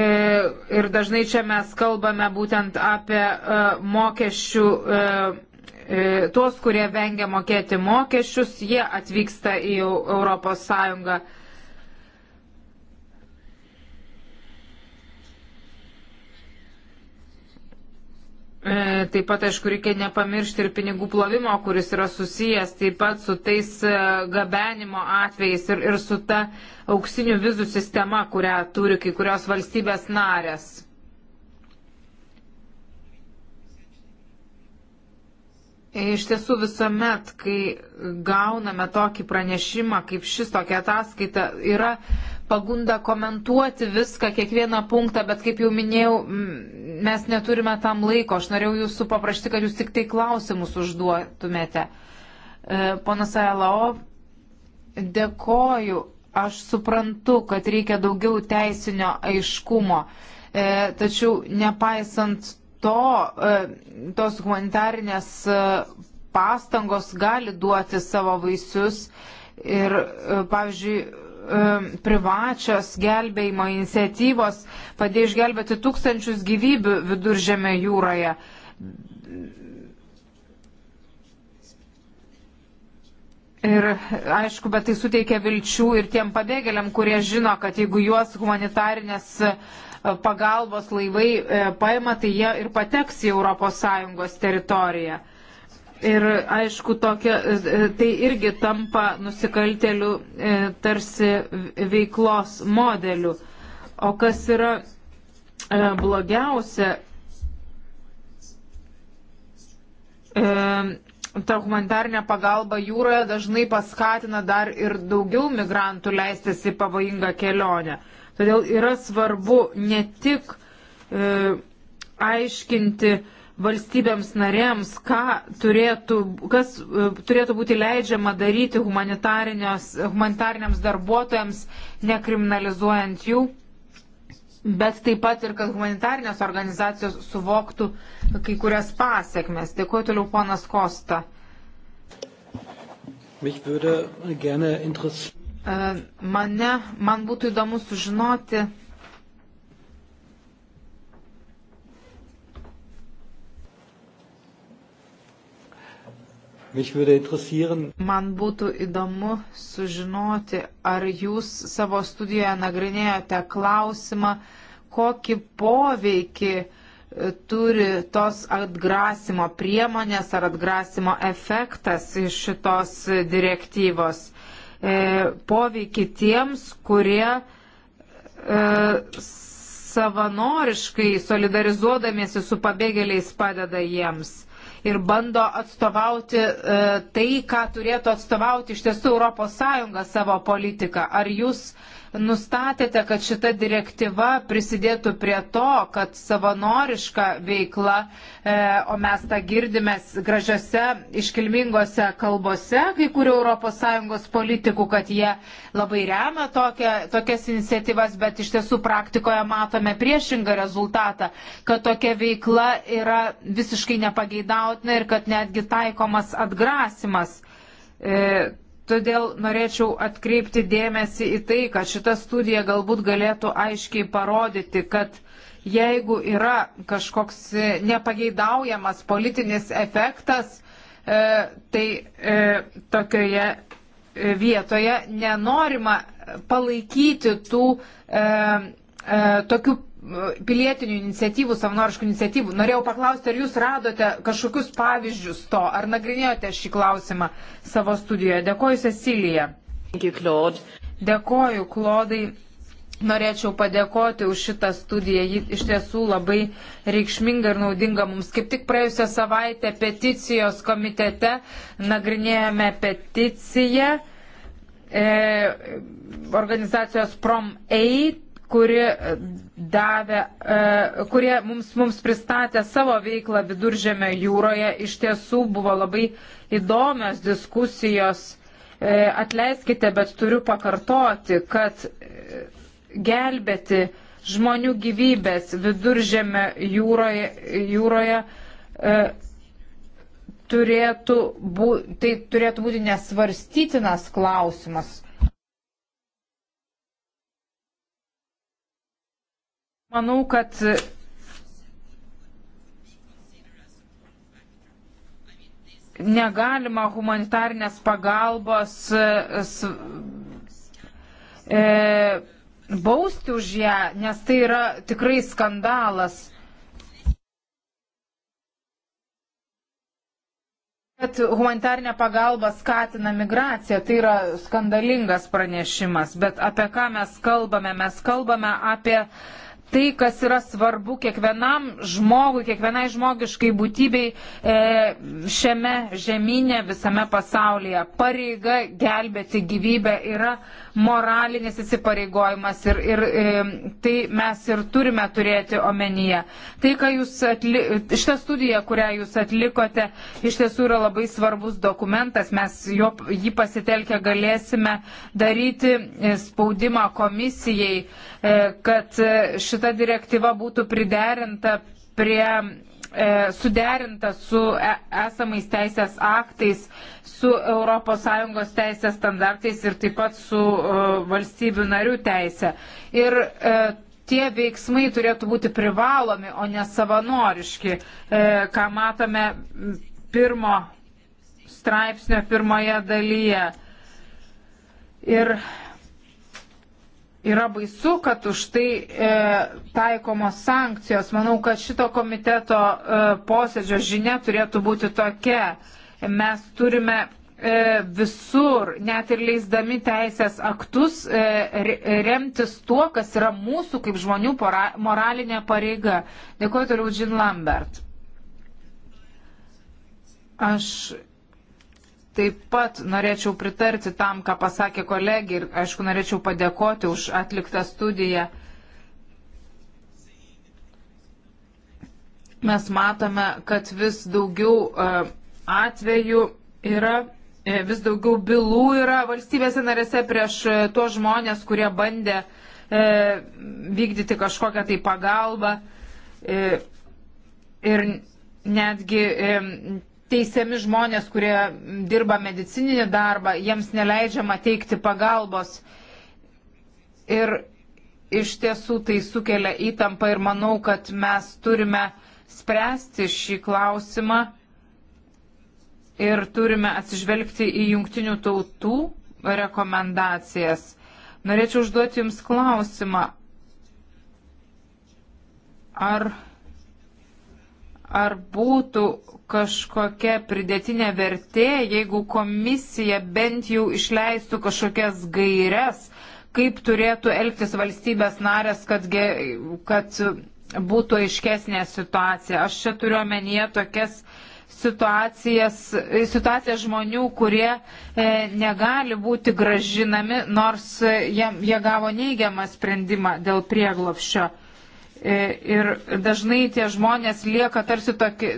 ir dažnai čia mes kalbame būtent apie e, mokesčių, e, tuos, kurie vengia mokėti mokesčius, jie atvyksta į Europos Sąjungą. E, taip pat, aišku, reikia nepamiršti ir pinigų plovimo, kuris yra susijęs taip pat su tais e, gabenimo atvejais ir, ir su ta auksinių vizų sistema, kurią turi kai kurios valstybės narės. Iš tiesų visuomet, kai gauname tokį pranešimą, kaip šis tokia ataskaita, yra pagunda komentuoti viską, kiekvieną punktą, bet kaip jau minėjau, mes neturime tam laiko. Aš norėjau jūsų paprašyti, kad jūs tik tai klausimus užduotumėte. E, ponas Aelao, dėkoju. Aš suprantu, kad reikia daugiau teisinio aiškumo. E, tačiau nepaisant to, e, tos humanitarinės e, pastangos gali duoti savo vaisius. Ir, e, pavyzdžiui, Um, privačios gelbėjimo iniciatyvos padėjo išgelbėti tūkstančius gyvybių viduržėme jūroje. Ir aišku, bet tai suteikia vilčių ir tiem pabėgėliam, kurie žino, kad jeigu juos humanitarinės uh, pagalbos laivai uh, paima, tai jie ir pateks į ES teritoriją. Ir aišku, tokia, e, tai irgi tampa nusikaltelių e, tarsi veiklos modeliu. O kas yra e, blogiausia, ta humanitarnė pagalba jūroje dažnai paskatina dar ir daugiau migrantų leistis į pavojingą kelionę. Todėl yra svarbu ne tik aiškinti, valstybėms narėms, turėtų, kas e, turėtų būti leidžiama daryti humanitariniams darbuotojams, nekriminalizuojant jų, bet taip pat ir, kad humanitarinės organizacijos suvoktų kai kurias pasiekmes. Dėkuoju toliau, ponas Kosta. E, mane, man būtų įdomu sužinoti, Man būtų įdomu sužinoti, ar jūs savo studijoje nagrinėjote klausimą, kokį poveikį e, turi tos atgrasimo priemonės ar atgrasimo efektas iš šitos direktyvos. E, poveikį tiems, kurie e, savanoriškai solidarizuodamiesi su pabėgėliais padeda jiems ir bando atstovauti e, tai, ką turėtų atstovauti iš tiesų ES savo politiką. Ar jūs e, nustatėte, kad šita direktyva prisidėtų prie to, kad savanoriška veikla, e, o mes tą girdime gražiose, iškilmingose kalbose kai kurių ES politikų, kad jie labai remia tokia, tokias iniciatyvas, bet iš tiesų praktikoje matome priešingą rezultatą, kad tokia veikla yra visiškai nepageidautina ir kad netgi taikomas atgrasimas. E, Todėl norėčiau atkreipti dėmesį į tai, kad šita studija galbūt galėtų aiškiai parodyti, kad jeigu yra kažkoks nepageidaujamas politinis efektas, e, tai e, tokioje e, vietoje nenorima palaikyti tų tokių pilietinių iniciatyvų, savanoriškų iniciatyvų. Norėjau paklausti, ar jūs radote kažkokius pavyzdžius to, ar nagrinėjote šį klausimą savo studijoje. Dėkoju, Cecilija. Dėkoju, Klodai. Norėčiau padėkoti už šitą studiją, ji iš tiesų labai reikšminga ir naudinga mums. Kaip tik praėjusią savaitę peticijos komitete nagrinėjome peticiją e, organizacijos Prom 8 kuri e, davė, e, kurie mums, mums pristatė savo veiklą viduržėme jūroje. Iš tiesų buvo labai įdomios diskusijos. E, atleiskite, bet turiu pakartoti, kad gelbėti žmonių gyvybės viduržėme jūroje, jūroje e, turėtų būti, tai turėtų būti nesvarstytinas klausimas. Manau, kad negalima humanitarnės pagalbos e, e, bausti už ją, nes tai yra tikrai skandalas. kad humanitarinė pagalba skatina migraciją, tai yra skandalingas pranešimas, bet apie ką mes kalbame? Mes kalbame apie uh, tai, kas yra svarbu kiekvienam žmogui, kiekvienai žmogiškai būtybei e, šiame žemynė visame pasaulyje. Pareiga gelbėti gyvybę yra moralinis įsipareigojimas ir, ir e, tai mes ir turime turėti omenyje. Tai, ką jūs atli... šitą studiją, kurią jūs atlikote, iš tiesų yra labai svarbus dokumentas. Mes jo, jį pasitelkę galėsime daryti e, spaudimą komisijai E, kad šita direktyva būtų priderinta prie e, suderinta su e, esamais teisės aktais, su ES teisės standartais ir taip pat su valstybių narių teisė. Ir tie veiksmai turėtų būti privalomi, o ne savanoriški, ką matome pirmo straipsnio pirmoje dalyje. Ir yra baisu, kad už tai e, taikomos sankcijos. Manau, kad šito komiteto e, posėdžio žinia turėtų būti tokia. Mes turime e, visur, net ir leisdami teisės aktus, e, remtis tuo, kas yra mūsų kaip žmonių pora, moralinė pareiga. Dėkuoju toliau, Džin Lambert. Aš Taip pat norėčiau pritarti tam, ką pasakė kolegė ir, aišku, norėčiau padėkoti už atliktą studiją. Mes matome, kad vis daugiau e, atvejų yra, e, vis daugiau bylų yra valstybėse narėse prieš e, tuos žmonės, kurie bandė vykdyti kažkokią tai pagalbą. Ir netgi teisiami žmonės, kurie dirba medicininį darbą, jiems neleidžiama teikti pagalbos. Ir iš tiesų tai sukelia įtampą ir manau, kad mes turime spręsti šį klausimą ir turime atsižvelgti į jungtinių tautų rekomendacijas. Norėčiau užduoti Jums klausimą. Ar ar būtų kažkokia pridėtinė vertė, jeigu komisija bent jau išleistų kažkokias gairias, kaip turėtų elgtis valstybės narės, kad, kad būtų aiškesnė situacija. Aš čia turiu omenyje tokias situacijas, situacijas žmonių, kurie e, negali būti gražinami, nors jie, jie gavo neigiamą sprendimą dėl prieglopščio. E, E, ir dažnai tie žmonės lieka tarsi tokie,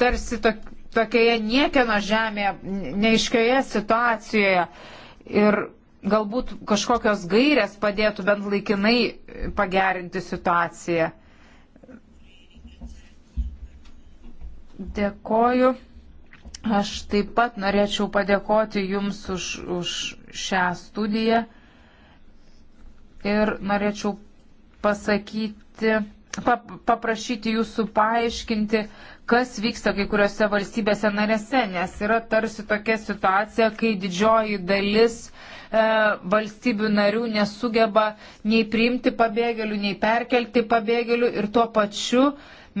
tarsi tokie tokioje niekieno žemėje, neiškioje situacijoje ir galbūt kažkokios gairės padėtų bent laikinai pagerinti situaciją. Dėkoju. Aš taip pat norėčiau padėkoti Jums už, už šią studiją ir norėčiau pasakyti, pap, paprašyti jūsų paaiškinti, kas vyksta kai kuriuose valstybėse narėse, nes yra tarsi tokia situacija, kai didžioji dalis e, valstybių narių nesugeba nei priimti pabėgėlių, nei perkelti pabėgėlių ir tuo pačiu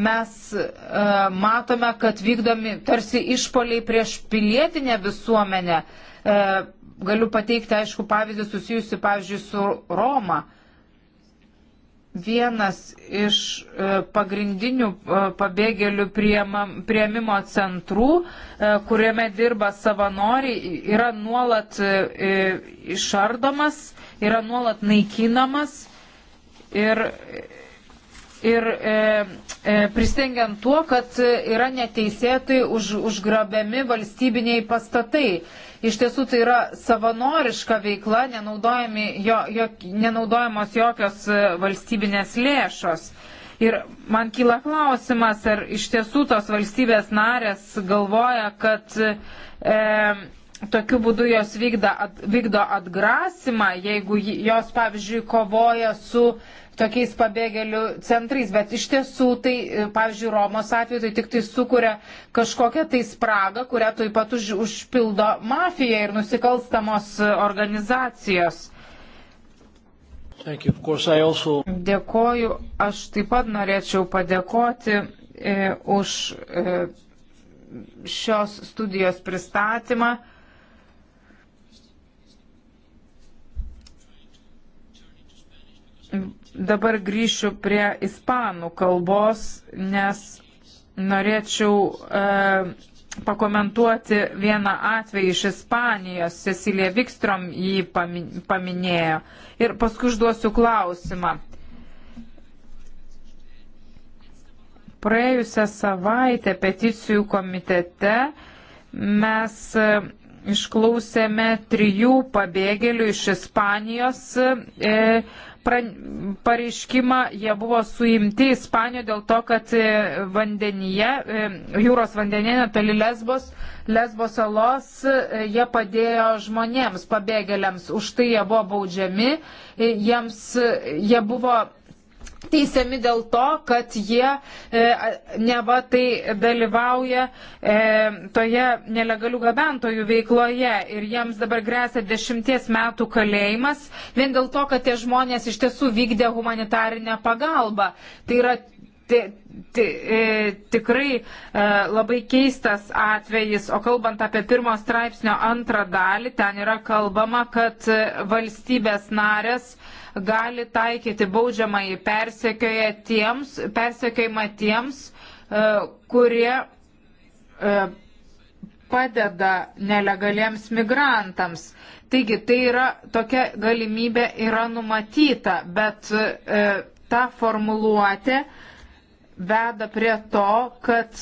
mes e, matome, kad vykdomi tarsi išpoliai prieš pilietinę visuomenę. E, galiu pateikti, aišku, pavyzdį susijusi, pavyzdžiui, su Roma. E, vienas iš e, pagrindinių e, pabėgėlių prieimimo centrų, e, kuriame dirba savanoriai, yra nuolat išardomas, yra nuolat naikinamas ir ir e, e, pristengiant tuo, kad yra neteisėtai už, užgrabiami valstybiniai pastatai. Iš tiesų tai yra savanoriška veikla, jo, jo, nenaudojamos jokios e, valstybinės lėšos. Ir man kyla klausimas, ar iš tiesų tos valstybės narės galvoja, kad e, tokiu būdu jos vykda, at, vykdo atgrasimą, jeigu jos, pavyzdžiui, kovoja su tokiais pabėgėlių centrais, bet iš tiesų tai, pavyzdžiui, Romos atveju tai tik tai sukuria kažkokią tai spragą, kurią taip pat už, užpildo mafija ir nusikalstamos organizacijos. Also... Dėkoju, aš taip pat norėčiau padėkoti e, už e, šios studijos pristatymą. Dabar grįšiu prie ispanų kalbos, nes norėčiau e, pakomentuoti vieną atvejį iš Ispanijos. Cecilija Vikstrom jį paminėjo. Ir paskui užduosiu klausimą. Praėjusią savaitę peticijų komitete mes e, išklausėme trijų pabėgėlių iš Ispanijos. E, pareiškimą, jie buvo suimti Ispanijoje dėl to, kad e, vandenyje, e, jūros vandenyje netoli Lesbos, Lesbos salos, e, jie padėjo žmonėms, pabėgėliams, už tai jie buvo baudžiami, jiems, jie buvo teisiami dėl to, kad jie e, neva tai dalyvauja e, toje nelegalių gabentojų veikloje ir jiems dabar grėsia dešimties metų kalėjimas vien dėl to, kad tie žmonės iš tiesų vykdė humanitarinę pagalbą. Tai yra ti, ti, e, tikrai e, labai keistas atvejis, o kalbant apie pirmo straipsnio antrą dalį, ten yra kalbama, kad e, valstybės narės gali taikyti baudžiamąjį tiems, persekiojimą tiems, e, kurie e, padeda nelegaliems migrantams. Taigi tai yra tokia galimybė yra numatyta, bet e, ta formuluotė veda prie to, kad,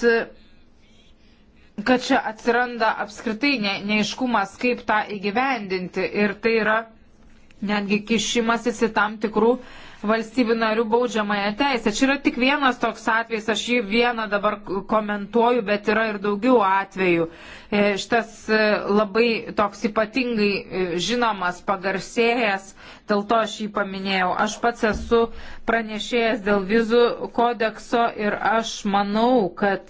kad čia atsiranda apskritai ne, neiškumas, kaip tą įgyvendinti ir tai yra netgi kišimasis į tam tikrų valstybių narių baudžiamąją teisę. Čia yra tik vienas toks atvejis, aš jį vieną dabar komentuoju, bet yra ir daugiau atvejų. E, šitas e, labai toks ypatingai e, žinomas, pagarsėjęs, dėl to aš jį paminėjau. Aš pats esu pranešėjęs dėl vizų kodekso ir aš manau, kad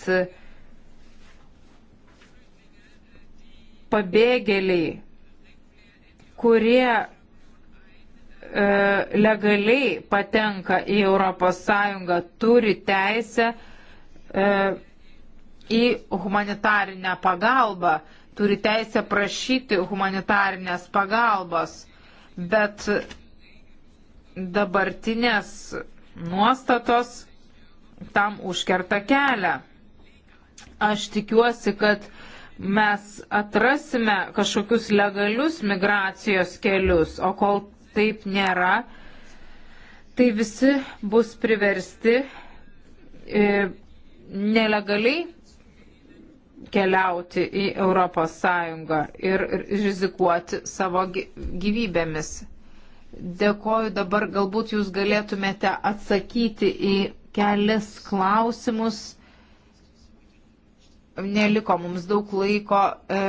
pabėgėliai kurie E, legaliai patenka į ES, turi teisę e, į humanitarinę pagalbą, turi teisę prašyti humanitarinės pagalbos, bet dabartinės nuostatos tam užkerta kelią. Aš tikiuosi, kad mes atrasime kažkokius legalius migracijos kelius, o kol taip nėra, tai visi bus priversti e, nelegaliai keliauti į Europos Sąjungą ir rizikuoti savo gyvybėmis. Dėkoju, dabar galbūt jūs galėtumėte atsakyti į kelis klausimus. Neliko mums daug laiko. E,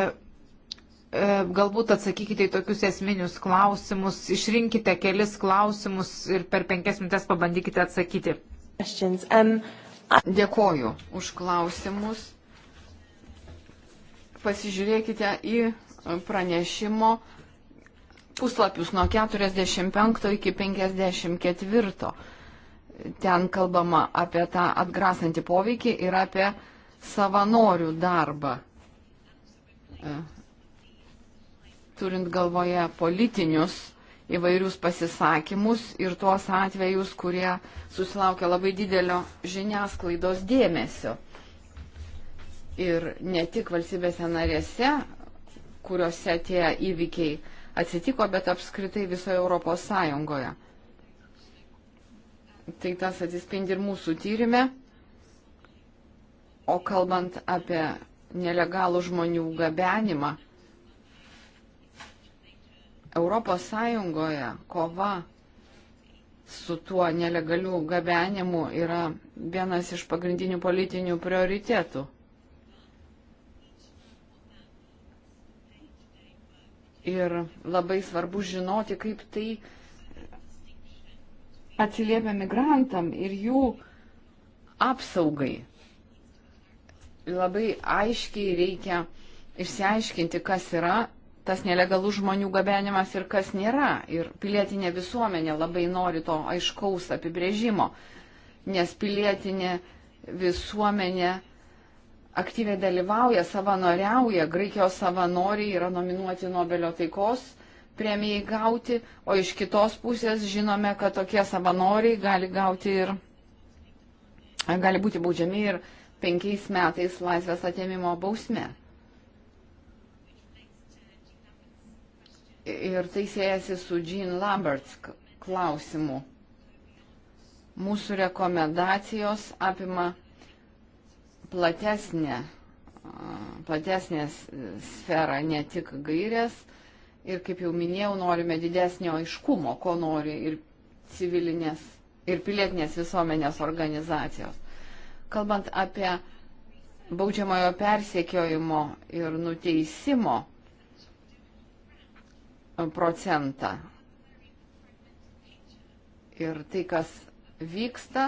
E, galbūt atsakykite į tokius esminius klausimus, išrinkite kelis klausimus ir per penkias mintes pabandykite atsakyti. Um, Dėkoju už klausimus. Pasižiūrėkite į pranešimo puslapius nuo 45 iki 54. Ten kalbama apie tą atgrasantį poveikį ir apie savanorių darbą. E, turint galvoje politinius įvairius pasisakymus ir tuos atvejus, kurie susilaukia labai didelio žiniasklaidos dėmesio. Ir ne tik valstybėse narėse, kuriuose tie įvykiai atsitiko, bet apskritai visoje Europos Sąjungoje. Tai tas atsispindi ir mūsų tyrimė. O kalbant apie nelegalų žmonių gabenimą, Europos Sąjungoje kova su tuo nelegaliu gabenimu yra vienas iš pagrindinių politinių prioritėtų. Ir labai svarbu žinoti, kaip tai atsiliepia migrantam ir jų apsaugai. Labai aiškiai reikia išsiaiškinti, kas yra tas nelegalus žmonių gabenimas ir kas nėra. Ir pilietinė visuomenė labai nori to aiškaus apibrėžimo, nes pilietinė visuomenė aktyviai dalyvauja, savanoriauja, Graikijos savanoriai yra nominuoti Nobelio taikos premijai gauti, o iš kitos pusės žinome, kad tokie savanoriai gali gauti ir gali būti baudžiami ir penkiais metais laisvės atėmimo bausme. Ir tai siejasi su Jean Lamberts klausimu. Mūsų rekomendacijos apima platesnę, platesnę sferą, ne tik gairės. Ir kaip jau minėjau, norime didesnio aiškumo, ko nori ir civilinės, ir pilietinės visuomenės organizacijos. Kalbant apie baudžiamojo persiekiojimo ir nuteisimo procentą. Ir tai, kas vyksta,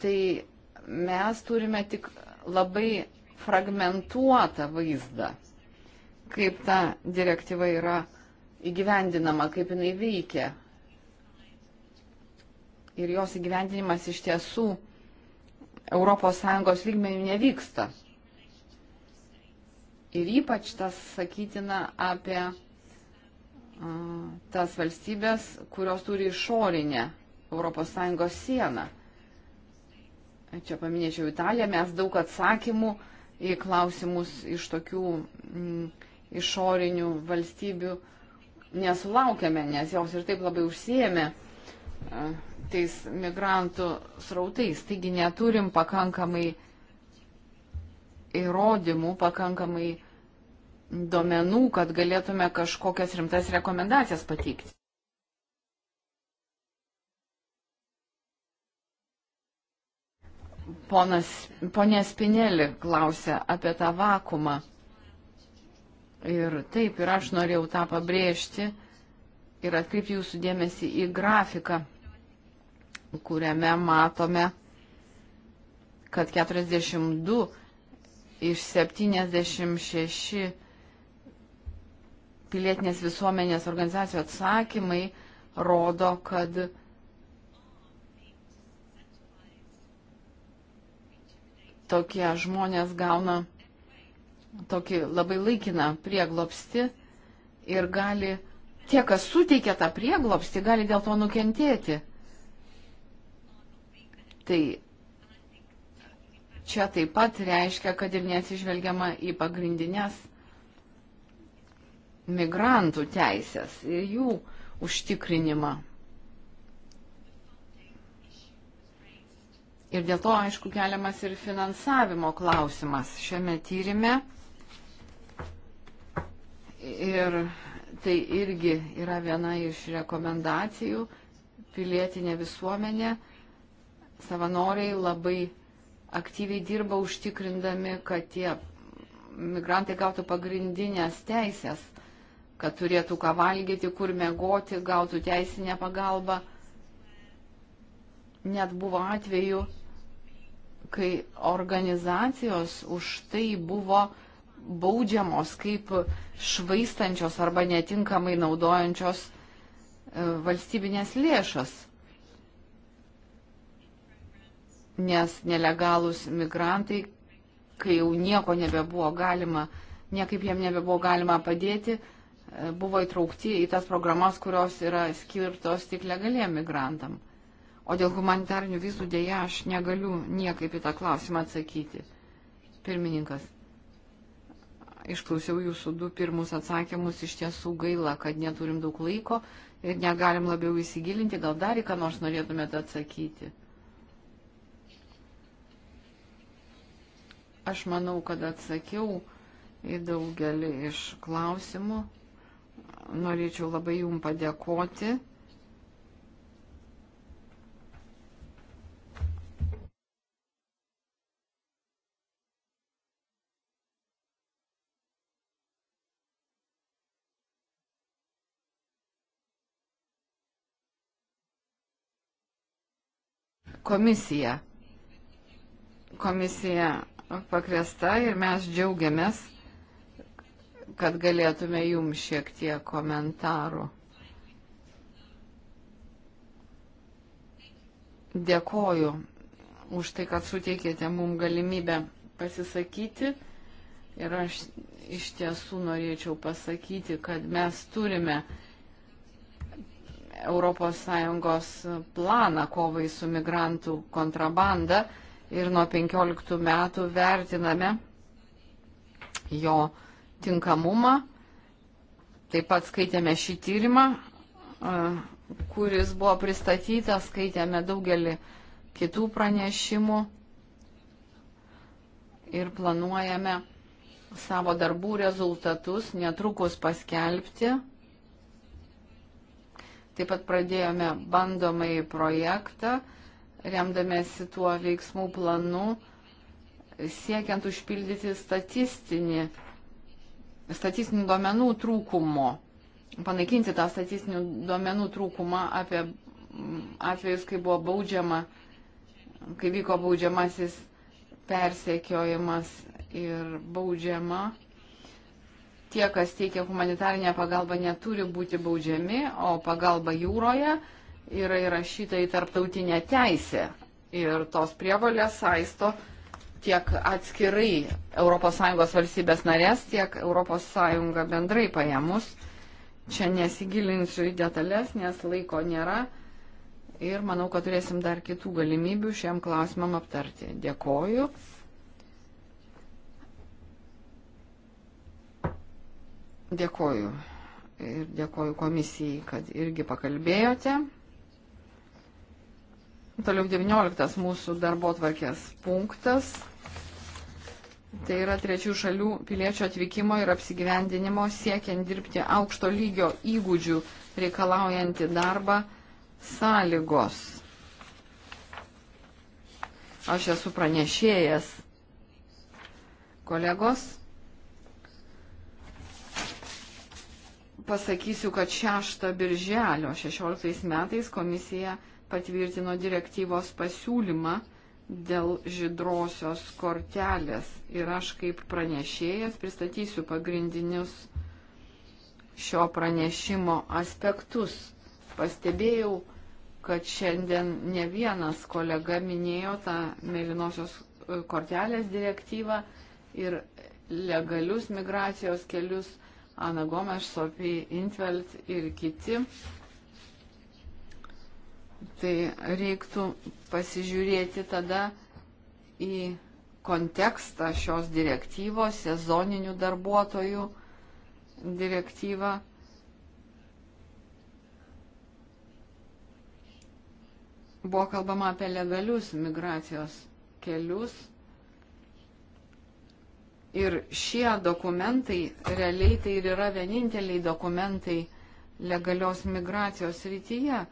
tai mes turime tik labai fragmentuotą vaizdą, kaip ta direktyva yra įgyvendinama, kaip jinai veikia. Ir jos įgyvendinimas iš tiesų ES lygmenių nevyksta. Ir ypač tas sakytina apie tas valstybės, kurios turi išorinę ES sieną. Čia paminėčiau Italiją, mes daug atsakymų į klausimus iš tokių m, išorinių valstybių nesulaukėme, nes jos ir taip labai užsijėmė tais migrantų srautais. Taigi neturim pakankamai įrodymų, pakankamai duomenų, kad galėtume kažkokias rimtas rekomendacijas pateikti. Ponas, ponė Spinelį klausė apie tą vakumą. Ir taip, ir aš norėjau tą pabrėžti ir atkreipti jūsų dėmesį į grafiką, kuriame matome, kad 42 iš 76 pilietinės visuomenės organizacijų atsakymai rodo, kad tokie žmonės gauna tokį labai laikiną prieglopsti ir gali tie, kas suteikia tą prieglopsti, gali dėl to nukentėti. Tai čia taip pat reiškia, kad ir neatsižvelgiama į pagrindinės migrantų teisės ir jų užtikrinimą. Ir dėl to, aišku, keliamas ir finansavimo klausimas šiame tyrimė. Ir tai irgi yra viena iš rekomendacijų. Pilietinė visuomenė, savanoriai labai aktyviai dirba užtikrindami, kad tie migrantai gautų pagrindinės teisės kad turėtų ką valgyti, kur mėgoti, gautų teisinę pagalbą. Net buvo atveju, kai organizacijos už tai buvo baudžiamos kaip švaistančios arba netinkamai naudojančios e, valstybinės lėšas. Nes nelegalūs migrantai, kai jau nieko nebebuvo galima, niekaip jiem nebebuvo galima padėti, buvo įtraukti į tas programas, kurios yra skirtos tik legaliem migrantam. O dėl humanitarinių vizų dėja aš negaliu niekaip į tą klausimą atsakyti. Pirmininkas, išklausiau jūsų du pirmus atsakymus, iš tiesų gaila, kad neturim daug laiko ir negalim labiau įsigilinti, gal dar į ką nors norėtumėte atsakyti. Aš manau, kad atsakiau į daugelį iš klausimų norėčiau labai Jums padėkoti. Komisija. Komisija pakviesta ir mes džiaugiamės kad galėtume jums šiek tiek komentarų. Dėkoju už tai, kad suteikėte mums galimybę pasisakyti. Ir aš iš tiesų norėčiau pasakyti, kad mes turime ES planą kovai su migrantų kontrabanda ir nuo 15 metų vertiname jo uh, tinkamumą. Taip pat skaitėme šį tyrimą, kuris buvo pristatytas, skaitėme daugelį kitų pranešimų ir planuojame savo darbų rezultatus netrukus paskelbti. Taip pat pradėjome bandomai projektą, remdamėsi tuo veiksmų planu, siekiant užpildyti statistinį statistinių duomenų trūkumo, panaikinti tą statistinių duomenų trūkumą apie mm, atvejus, kai buvo baudžiama, kai vyko baudžiamasis persekiojimas ir baudžiama. Tie, kas teikia humanitarinę pagalbą, neturi būti baudžiami, o pagalba jūroje yra įrašyta į tarptautinę teisę. Ir tos prievalės saisto tiek atskirai ES valstybės narės, tiek ES bendrai paėmus. Čia nesigilinsiu į detalės, nes laiko nėra ir manau, kad turėsim dar kitų galimybių šiam klausimam aptarti. Dėkoju. Dėkoju. Ir dėkoju komisijai, kad irgi pakalbėjote. Toliau 19 mūsų darbo tvarkės punktas. Tai yra trečių šalių piliečių atvykimo ir apsigyvendinimo siekiant dirbti aukšto lygio įgūdžių reikalaujantį darbą sąlygos. Aš esu pranešėjas. Kolegos, pasakysiu, kad 6 birželio 16 metais komisija patvirtino direktyvos pasiūlymą dėl žydrosios kortelės ir aš kaip pranešėjas pristatysiu pagrindinius šio pranešimo aspektus. Pastebėjau, kad šiandien ne vienas kolega minėjo tą mėlynosios e, kortelės direktyvą ir legalius migracijos kelius Ana Gomes, Sofija Intvelt ir kiti Tai reiktų pasižiūrėti tada į kontekstą šios direktyvos, sezoninių darbuotojų direktyvą. Buvo kalbama apie legalius migracijos kelius. Ir šie dokumentai, realiai tai ir yra vieninteliai dokumentai legalios migracijos rytyje.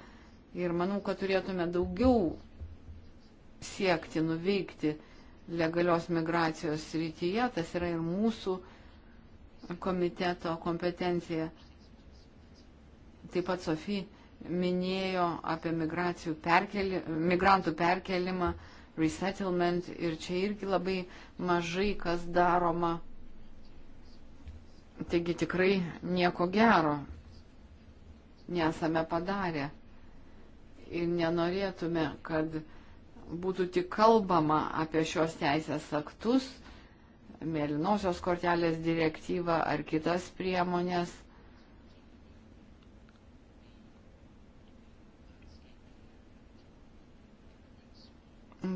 Ir manau, kad turėtume daugiau siekti, nuveikti legalios migracijos rytyje, tas yra ir mūsų komiteto kompetencija. Taip pat Sofija minėjo apie perkeli, migrantų perkelimą, resettlement ir čia irgi labai mažai kas daroma. Taigi tikrai nieko gero nesame padarę ir nenorėtume, kad būtų tik kalbama apie šios teisės aktus, mėlynosios kortelės direktyvą ar kitas priemonės.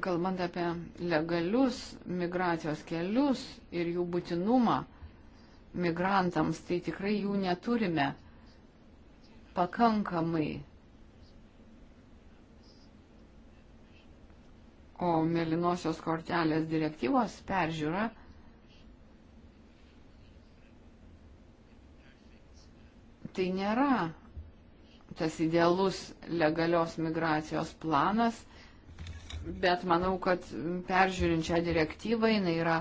Kalbant apie legalius migracijos kelius ir jų būtinumą migrantams, tai tikrai jų neturime pakankamai O mėlynosios kortelės direktyvos peržiūra tai nėra tas idealus legalios migracijos planas, bet manau, kad peržiūrint šią direktyvą jinai yra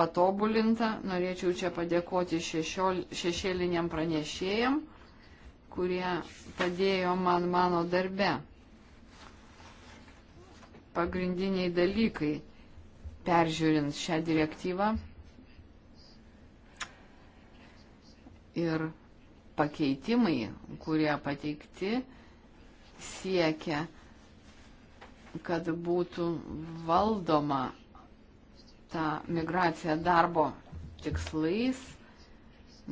patobulinta. Norėčiau čia padėkoti šešiol, šešėliniam pranešėjam, kurie padėjo man mano darbe pagrindiniai dalykai peržiūrint šią direktyvą ir pakeitimai, kurie pateikti, siekia, kad būtų valdoma ta migracija darbo tikslais,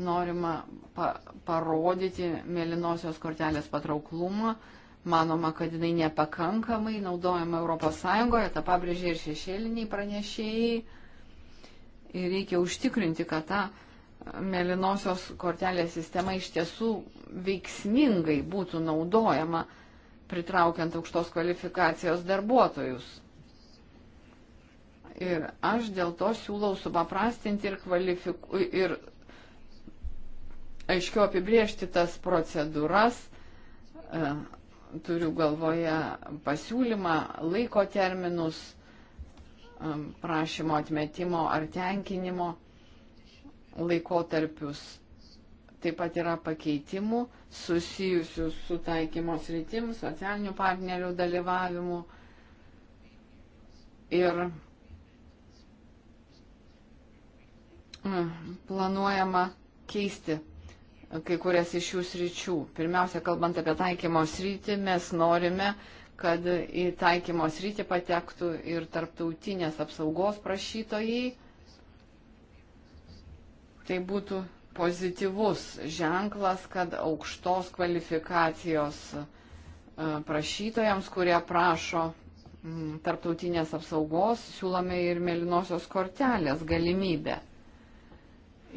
norima pa parodyti mėlynosios kortelės patrauklumą, manoma, kad jinai nepakankamai naudojama ES, tą pabrėžė ir šešėliniai pranešėjai. Ir reikia užtikrinti, kad ta mėlynosios kortelės sistema iš tiesų veiksmingai būtų naudojama, pritraukiant aukštos kvalifikacijos darbuotojus. Ir aš dėl to siūlau supaprastinti ir, kvalifiku... ir aiškiau apibriežti tas procedūras, e, turiu galvoje pasiūlymą, laiko terminus, prašymo atmetimo ar tenkinimo laikotarpius. Taip pat yra pakeitimų susijusių su taikymo sritim, socialinių partnerių dalyvavimu. Ir planuojama keisti kai kurias iš jų sričių. Pirmiausia, kalbant apie taikymo sritį, mes norime, kad į taikymo sritį patektų ir tarptautinės apsaugos prašytojai. Tai būtų pozityvus ženklas, kad aukštos kvalifikacijos e, prašytojams, kurie prašo tarptautinės apsaugos, siūlome ir mėlynosios kortelės galimybę.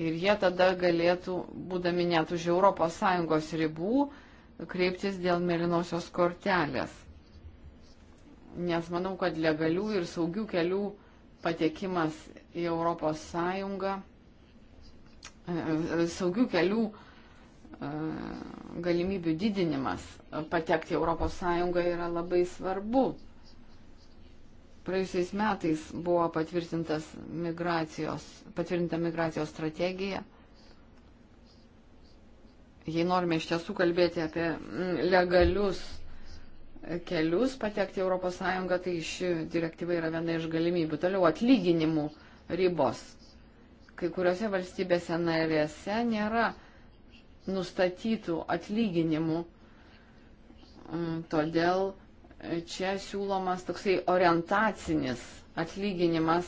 Ir jie tada galėtų, būdami net už ES ribų, kreiptis dėl mėlynosios kortelės. Nes manau, kad legalių ir saugių kelių patekimas į ES, e, e, saugių kelių e, galimybių didinimas patekti į ES yra labai svarbu. Praėjusiais metais buvo patvirtintas migracijos, patvirtinta migracijos strategija. Jei norime iš tiesų kalbėti apie mm, legalius kelius patekti ES, tai ši direktyva yra viena iš galimybių. Toliau atlyginimų ribos. Kai kuriuose valstybėse narėse nėra nustatytų atlyginimų, mm, todėl čia siūlomas toksai orientacinis atlyginimas,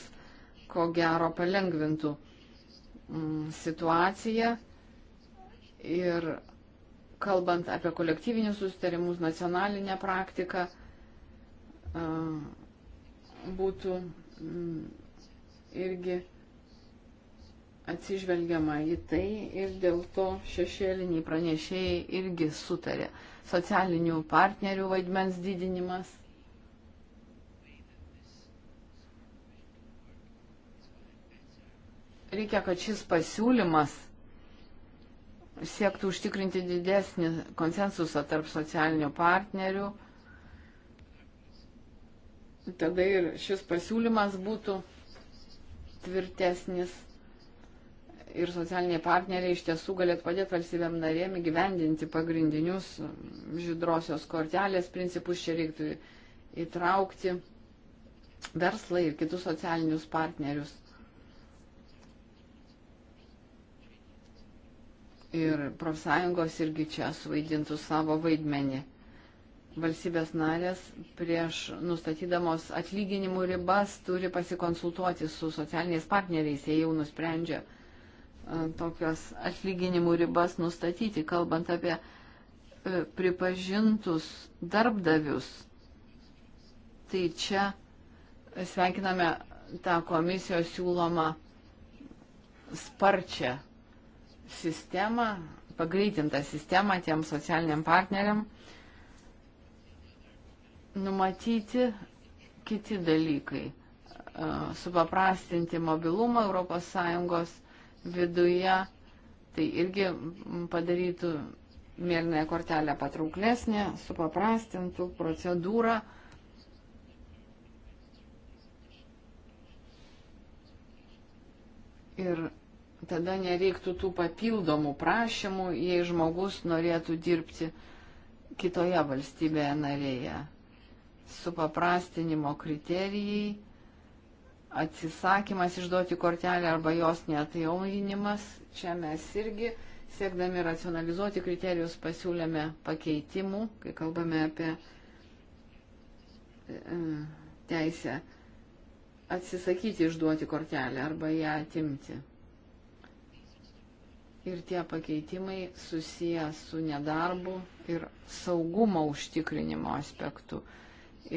ko gero palengvintų mm, situaciją. Ir kalbant apie kolektyvinius sustarimus, nacionalinę praktiką, būtų mm, irgi atsižvelgiama į tai ir dėl to šešėliniai pranešėjai irgi sutarė socialinių partnerių vaidmens didinimas. Reikia, kad šis pasiūlymas siektų užtikrinti didesnį konsensusą tarp socialinių partnerių. Tada ir šis pasiūlymas būtų tvirtesnis ir socialiniai partneriai iš tiesų galėtų padėti valstybėm narėm įgyvendinti pagrindinius žydrosios kortelės principus, čia reiktų įtraukti verslą ir kitus socialinius partnerius. Ir profsąjungos irgi čia suvaidintų savo vaidmenį. Valstybės narės prieš nustatydamos atlyginimų ribas turi pasikonsultuoti su socialiniais partneriais, jie jau nusprendžia, tokias atlyginimų ribas nustatyti, kalbant apie e, pripažintus darbdavius. Tai čia sveikiname tą komisijos siūlomą sparčią sistemą, pagreitintą sistemą tiem socialiniam partneriam numatyti kiti dalykai, supaprastinti mobilumą ES viduje, tai irgi padarytų mėlynąją kortelę patrauklesnė, supaprastintų procedūrą. Ir tada nereiktų tų papildomų prašymų, jei žmogus norėtų dirbti kitoje valstybėje narėje. Supaprastinimo kriterijai atsisakymas išduoti kortelę arba jos netaujinimas. Čia mes irgi, siekdami racionalizuoti kriterijus, pasiūlėme pakeitimų, kai kalbame apie e, teisę atsisakyti išduoti kortelę arba ją atimti. Ir tie pakeitimai susiję su nedarbu ir saugumo užtikrinimo aspektu.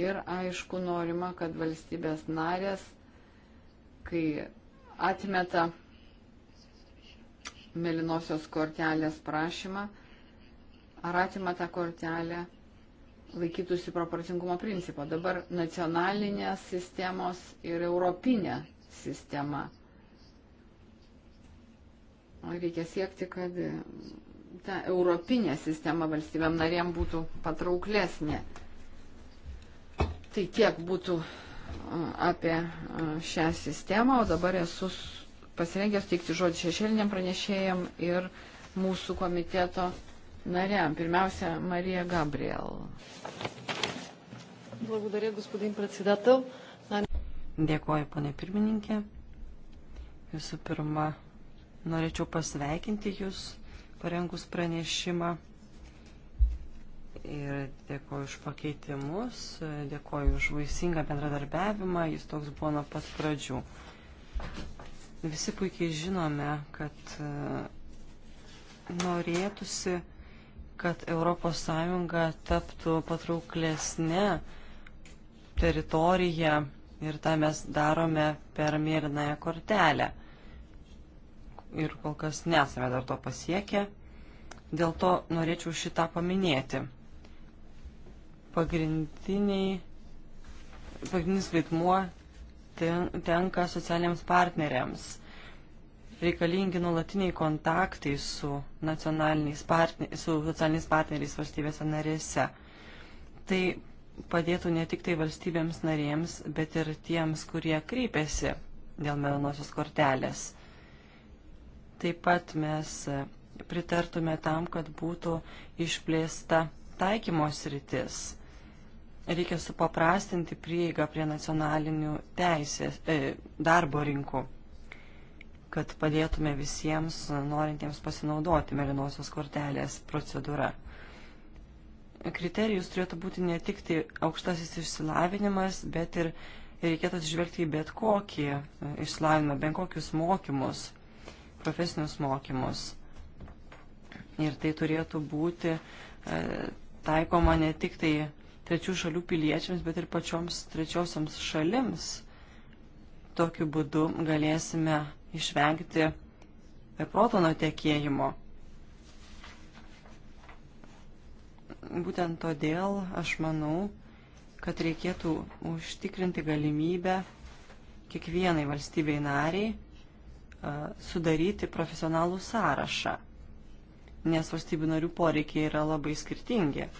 Ir aišku, norima, kad valstybės narės kai atmeta mėlynosios kortelės prašymą, ar atima tą kortelę laikytųsi proporcingumo principo. Dabar nacionalinės sistemos ir europinė sistema. Reikia siekti, kad ta europinė sistema valstybėm narėm būtų patrauklesnė. Tai kiek būtų apie šią sistemą, o dabar esu pasirengęs teikti žodį šešėliniam pranešėjam ir mūsų komiteto нарям. Pirmiausia, Мария Габриел. Благодаря, господин председател. Dėkuoju, ponė pirmininkė. Visų pirma, norėčiau pasveikinti Jūs parengus pranešimą ir dėkoju už pakeitimus, dėkoju už vaisingą bendradarbiavimą, jis toks buvo nuo pat pradžių. Visi puikiai žinome, kad e, norėtųsi, kad ES taptų patrauklesnė teritorija ir tą mes darome per mėlynąją kortelę. Ir kol kas nesame dar to pasiekę, dėl to norėčiau šitą paminėti pagrindinis vaidmuo ten, tenka socialiniams partneriams. Reikalingi nuolatiniai kontaktai su, partner, su socialiniais partneriais valstybėse narėse. Tai padėtų ne tik tai valstybėms narėms, bet ir tiems, kurie kreipiasi dėl melanosios kortelės. Taip pat mes pritartume tam, kad būtų išplėsta taikymos rytis reikia supaprastinti prieigą prie nacionalinių teisės e, darbo rinkų, kad padėtume visiems norintiems pasinaudoti mėlynosios kortelės procedūra. Kriterijus turėtų būti ne tik tai aukštasis išsilavinimas, bet ir reikėtų atsižvelgti į bet kokį e, išsilavinimą, bent kokius mokymus, profesinius mokymus. Ir tai turėtų būti e, taikoma ne tik tai trečių šalių piliečiams, bet ir pačioms trečiosiams šalims. Tokiu būdu galėsime išvengti protono tekėjimo. Būtent todėl aš manau, kad reikėtų užtikrinti galimybę kiekvienai valstybei nariai sudaryti profesionalų sąrašą, nes valstybių narių poreikiai yra labai skirtingi.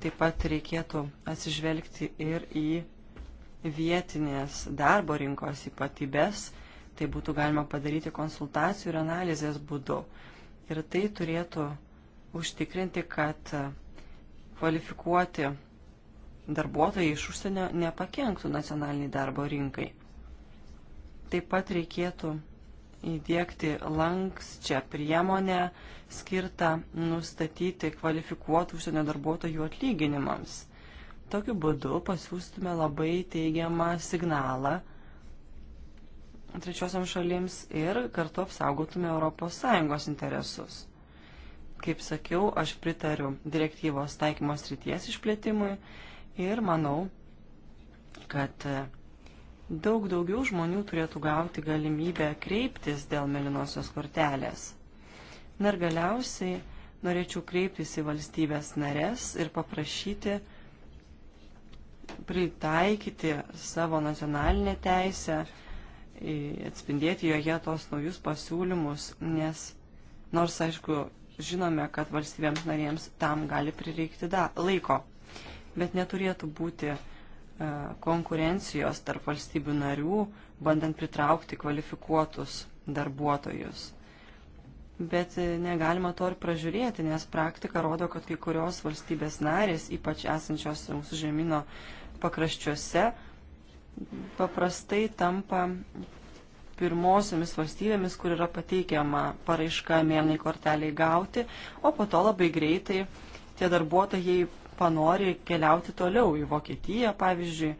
Taip pat reikėtų atsižvelgti ir į vietinės darbo rinkos ypatybės. Tai būtų galima padaryti konsultacijų ir analizės būdu. Ir tai turėtų užtikrinti, kad kvalifikuoti darbuotojai iš užsienio nepakenktų nacionaliniai darbo rinkai. Taip pat reikėtų įdėkti lankščią priemonę skirtą nustatyti kvalifikuotų užsienio darbuotojų atlyginimams. Tokiu būdu pasiūstume labai teigiamą signalą trečiosiam šalims ir kartu apsaugotume ES interesus. Kaip sakiau, aš pritariu direktyvos taikymos ryties išplėtimui ir manau, kad daug daugiau žmonių turėtų gauti galimybę kreiptis dėl melinosios kortelės. Ir galiausiai norėčiau kreiptis į valstybės narės ir paprašyti pritaikyti savo nacionalinę teisę, atspindėti joje tos naujus pasiūlymus, nes nors, aišku, žinome, kad valstybėms narėms tam gali prireikti da, laiko, bet neturėtų būti uh, E, konkurencijos tarp valstybių narių, bandant pritraukti kvalifikuotus darbuotojus. Bet e, negalima to ir pražiūrėti, nes praktika rodo, kad kai kurios valstybės narės, ypač esančios mūsų žemino pakraščiuose, paprastai tampa pirmosiomis valstybėmis, kur yra pateikiama paraiška mėnai korteliai gauti, o po to labai greitai tie darbuotojai panori keliauti toliau į Vokietiją, pavyzdžiui,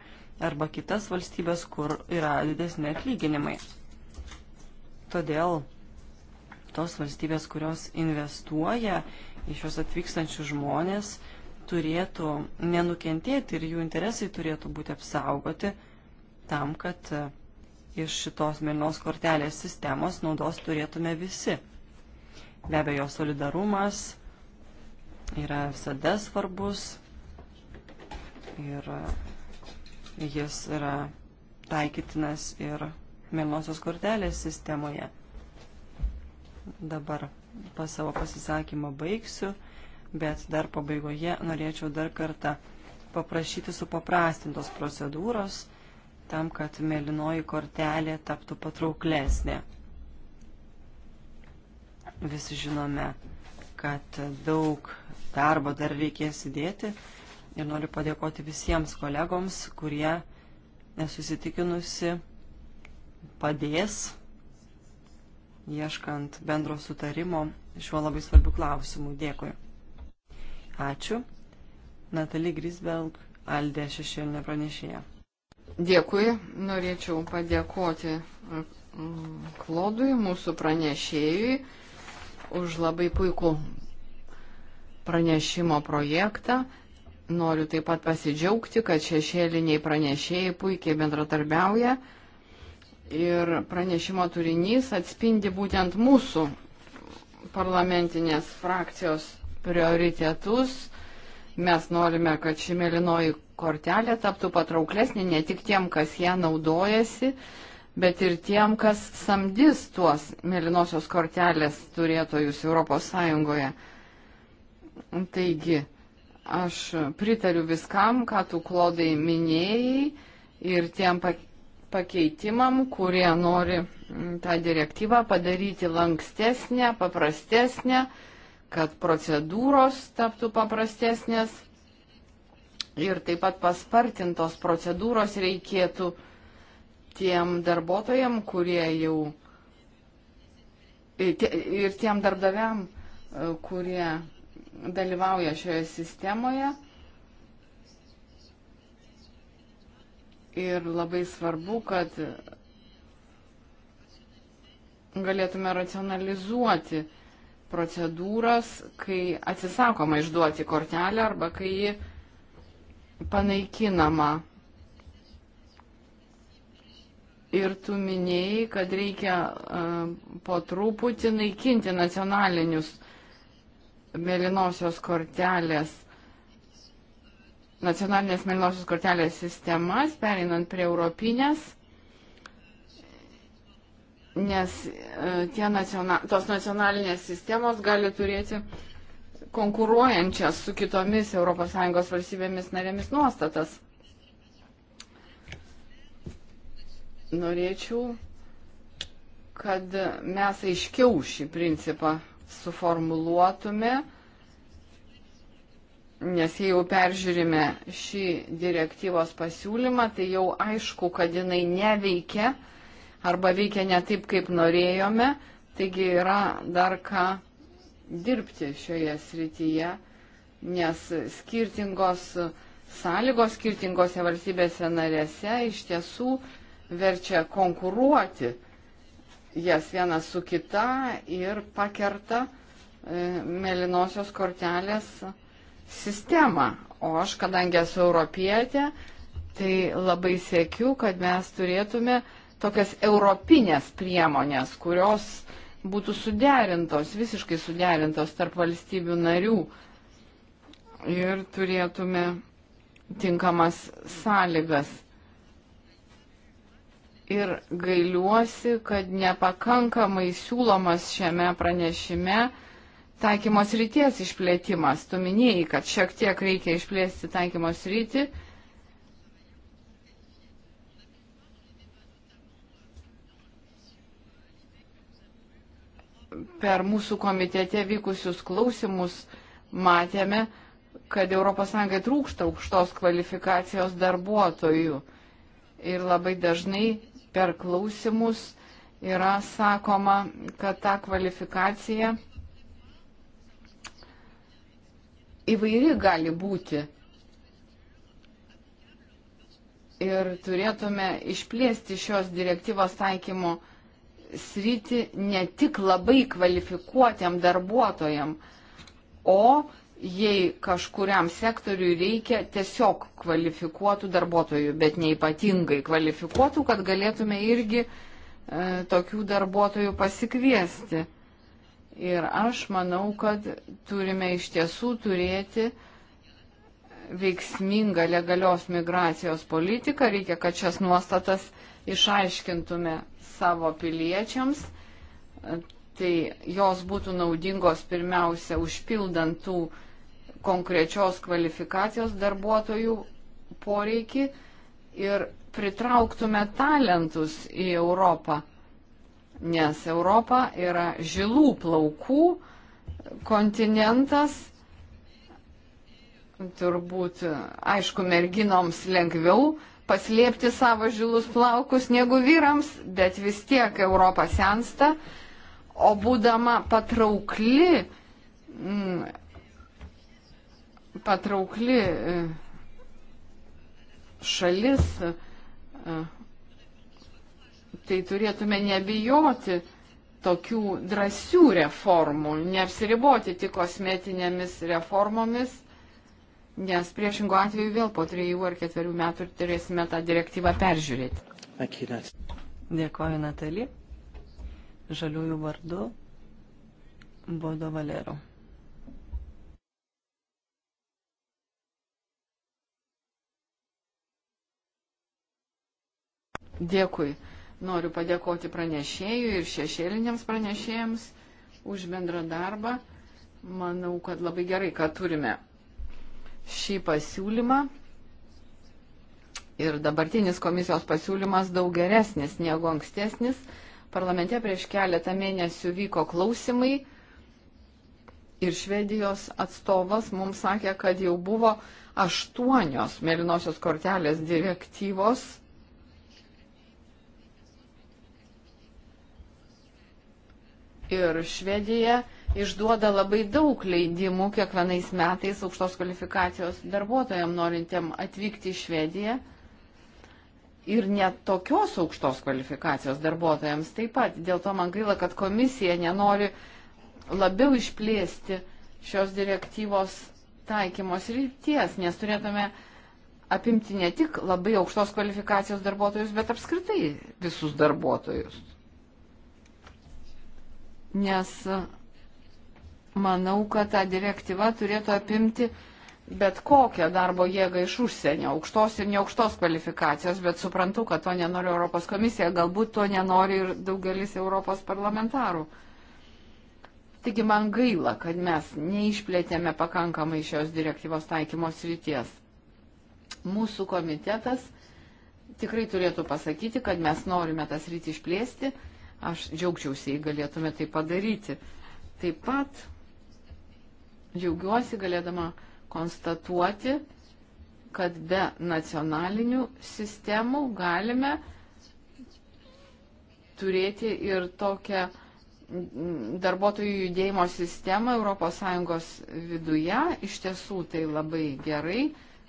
arba kitas valstybės, kur yra didesni atlyginimai. Todėl tos valstybės, kurios investuoja į šios atvykstančius žmonės, turėtų nenukentėti ir jų interesai turėtų būti apsaugoti tam, kad e, iš šitos mėlynos kortelės sistemos naudos turėtume visi. Be abejo, solidarumas, yra visada svarbus ir jis yra taikytinas ir mėlynosios kortelės sistemoje. Dabar pas savo pasisakymą baigsiu, bet dar pabaigoje norėčiau dar kartą paprašyti supaprastintos procedūros tam, kad mėlynoji kortelė taptų patrauklesnė. Visi žinome, kad daug darbo dar reikės įdėti. Ir noriu padėkoti visiems kolegoms, kurie nesusitikinusi padės ieškant bendro sutarimo šiuo labai svarbiu klausimu. Dėkui. Ačiū. Natalie Grisberg, Aldė šešėlinė pranešėja. Dėkui. Norėčiau padėkoti mm, Klodui, mūsų pranešėjui, už labai puikų pranešimo projektą. Noriu taip pat pasidžiaugti, kad šešėliniai pranešėjai puikiai bendratarbiauja ir pranešimo turinys atspindi būtent mūsų parlamentinės frakcijos prioritetus. Mes norime, kad ši mėlynoji kortelė taptų patrauklesnė ne tik tiem, kas ją naudojasi, bet ir tiem, kas samdys tuos mėlynosios kortelės turėtojus ES. Taigi, aš pritariu viskam, ką tu, Klodai, minėjai ir tiem pakeitimam, kurie nori mm, tą direktyvą padaryti lankstesnę, paprastesnę, kad procedūros taptų paprastesnės ir taip pat paspartintos procedūros reikėtų tiem darbuotojam, kurie jau ir tiem darbdaviam, e, kurie dalyvauja šioje sistemoje. Ir labai svarbu, kad galėtume racionalizuoti procedūras, kai atsisakoma išduoti kortelę arba kai ji panaikinama. Ir tu minėjai, kad reikia uh, po truputį naikinti nacionalinius uh, mėlynosios kortelės, nacionalinės mėlynosios kortelės sistemas, pereinant prie europinės, nes e, tie nacional, tos nacionalinės sistemos gali turėti konkuruojančias su kitomis ES valstybėmis narėmis nuostatas. Norėčiau, kad mes aiškiau šį principą suformuluotume, nes jei jau peržiūrime šį direktyvos pasiūlymą, tai jau aišku, kad jinai neveikia arba veikia ne taip, kaip norėjome, taigi yra dar ką dirbti šioje srityje, nes skirtingos sąlygos skirtingose valstybėse narėse iš tiesų verčia konkuruoti jas vieną su kita ir pakerta e, melinosios kortelės sistemą. O aš, kadangi esu europietė, tai labai siekiu, kad mes turėtume tokias europinės priemonės, kurios būtų suderintos, visiškai suderintos tarp valstybių narių ir turėtume tinkamas sąlygas ir gailiuosi, kad nepakankamai siūlomas šiame pranešime taikymos ryties išplėtimas. Tu minėjai, kad šiek tiek reikia išplėsti taikymos rytį. Per mūsų komitete vykusius klausimus matėme, kad ES trūksta aukštos kvalifikacijos darbuotojų. Ir labai dažnai per klausimus yra sakoma, kad ta kvalifikacija įvairi gali būti. Ir turėtume išplėsti šios direktyvos taikymo sritį ne tik labai kvalifikuotiem darbuotojam, o jei kažkuriam sektoriui reikia tiesiog kvalifikuotų darbuotojų, bet neipatingai kvalifikuotų, kad galėtume irgi e, tokių darbuotojų pasikviesti. Ir aš manau, kad turime iš tiesų turėti veiksmingą legalios migracijos politiką, reikia, kad šias nuostatas išaiškintume savo piliečiams, e, tai jos būtų naudingos pirmiausia užpildant tų uh, konkrečios kvalifikacijos darbuotojų poreikį ir pritrauktume talentus į Europą. Nes Europa yra žilų plaukų kontinentas. Turbūt, aišku, merginoms lengviau paslėpti savo žilus plaukus negu vyrams, bet vis tiek Europa sensta. O būdama patraukli, mm, patraukli e, šalis, e, tai turėtume nebijoti tokių drąsių reformų, neapsiriboti tik kosmetinėmis reformomis, nes priešingų atveju vėl po trijų ar ketverių metų turėsime tą direktyvą peržiūrėti. Dėkoju, Natali. Žaliųjų vardu Bodo Valero. Dėkui. Noriu padėkoti pranešėjui ir šešėliniams pranešėjams už bendrą darbą. Manau, kad labai gerai, kad turime šį pasiūlymą. Ir dabartinis komisijos pasiūlymas daug geresnis negu ankstesnis. Parlamente prieš keletą mėnesių vyko klausimai ir Švedijos atstovas mums sakė, kad jau buvo aštuonios mėlynosios kortelės direktyvos ir Švedija išduoda labai daug leidimų kiekvienais metais aukštos kvalifikacijos darbuotojams norintiem atvykti į Švediją. Ir net tokios aukštos kvalifikacijos darbuotojams taip pat. Dėl to man gaila, kad komisija nenori labiau išplėsti šios direktyvos taikymos ryties, nes turėtume apimti ne tik labai aukštos kvalifikacijos darbuotojus, bet apskritai visus darbuotojus nes manau, kad ta direktyva turėtų apimti bet kokią darbo jėgą iš užsienio, aukštos ir neaukštos kvalifikacijos, bet suprantu, kad to nenori Europos komisija, galbūt to nenori ir daugelis Europos parlamentarų. Taigi man gaila, kad mes neišplėtėme pakankamai šios direktyvos taikymos ryties. Mūsų komitetas tikrai turėtų pasakyti, kad mes norime tas rytį išplėsti Aš džiaugčiausi, jei galėtume tai padaryti. Taip pat džiaugiuosi galėdama konstatuoti, kad be nacionalinių sistemų galime turėti ir tokią darbuotojų judėjimo sistemą ES viduje. Iš tiesų tai labai gerai.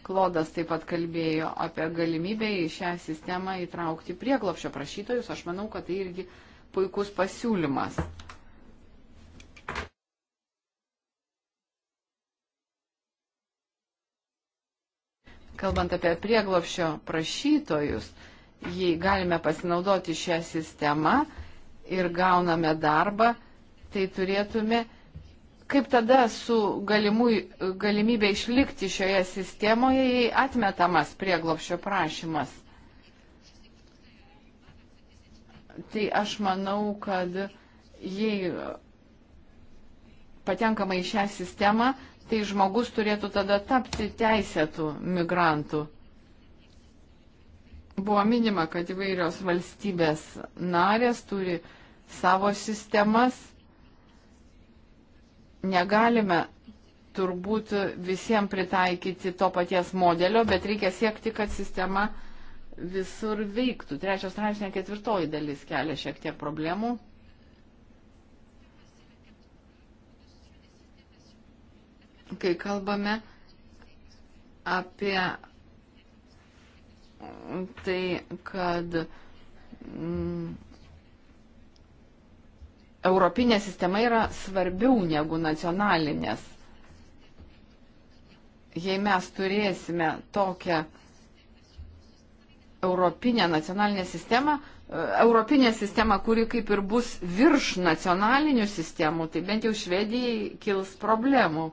Klodas taip pat kalbėjo apie galimybę į šią sistemą įtraukti prieglopšio prašytojus. Aš manau, kad tai irgi puikus pasiūlymas. Kalbant apie prieglopšio prašytojus, jei galime pasinaudoti šią sistemą ir gauname darbą, tai turėtume kaip tada su galimų, galimybė išlikti šioje sistemoje, jei atmetamas prieglopšio prašymas. Tai aš manau, kad jei patenkama į šią sistemą, tai žmogus turėtų tada tapti teisėtų migrantų. Buvo minima, kad įvairios valstybės narės turi savo sistemas. Negalime turbūt visiems pritaikyti to paties modelio, bet reikia siekti, kad sistema uh, visur veiktų. Trečios straipsnė ketvirtoji dalis kelia šiek tiek problemų. Kai kalbame apie tai, kad mm, europinė sistema yra svarbiau negu nacionalinės. Jei mes turėsime tokią europinę nacionalinę sistemą, e, europinę sistemą, kuri kaip ir bus virš nacionalinių sistemų, tai bent jau Švedijai kils problemų.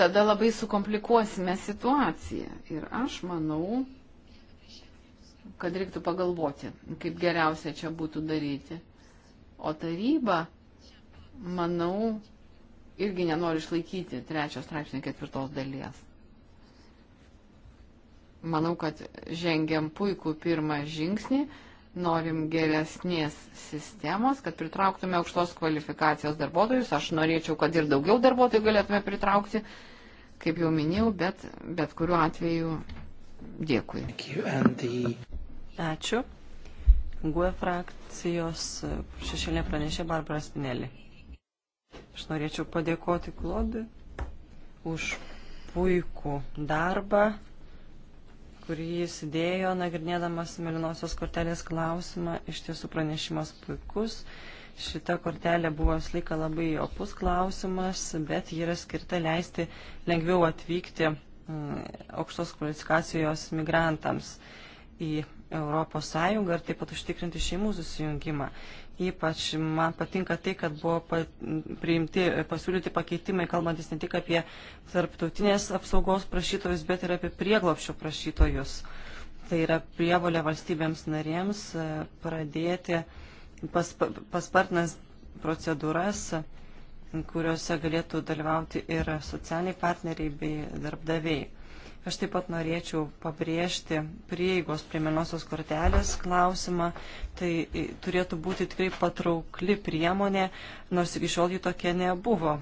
Tada labai sukomplikuosime situaciją. Ir aš manau, kad reiktų pagalvoti, kaip geriausia čia būtų daryti. O taryba, manau, irgi nenoriu išlaikyti trečios straipsnio ketvirtos dalies. Manau, kad žengiam puikų pirmą žingsnį, norim geresnės sistemos, kad pritrauktume aukštos kvalifikacijos darbuotojus. Aš norėčiau, kad ir daugiau darbuotojų galėtume pritraukti, kaip jau minėjau, bet, bet kuriuo atveju dėkui. Ačiū. GUE frakcijos šešėlė pranešė Barbara Spinelį. Aš norėčiau padėkoti Klodui už puikų darbą, kurį jis dėjo nagrinėdamas Melinosios kortelės klausimą. Iš tiesų pranešimas puikus. Šita kortelė buvo visą laiką labai opus klausimas, bet ji yra skirta leisti lengviau atvykti mm, aukštos kvalifikacijos migrantams į Europos Sąjungą ir taip pat užtikrinti šeimų susijungimą. Ypač man patinka tai, kad buvo pa, priimti, pasiūlyti pakeitimai, kalbantis ne tik apie tarptautinės apsaugos prašytojus, bet ir apie prieglopšio prašytojus. Tai yra prievolė valstybėms narėms e, pradėti pas, paspartinas procedūras, kuriuose galėtų dalyvauti ir socialiniai partneriai bei darbdaviai. Aš taip pat norėčiau pabrėžti prieigos prie mėlynosios kortelės klausimą. Tai e, turėtų būti tikrai patraukli priemonė, nors iki šiol ji tokia nebuvo,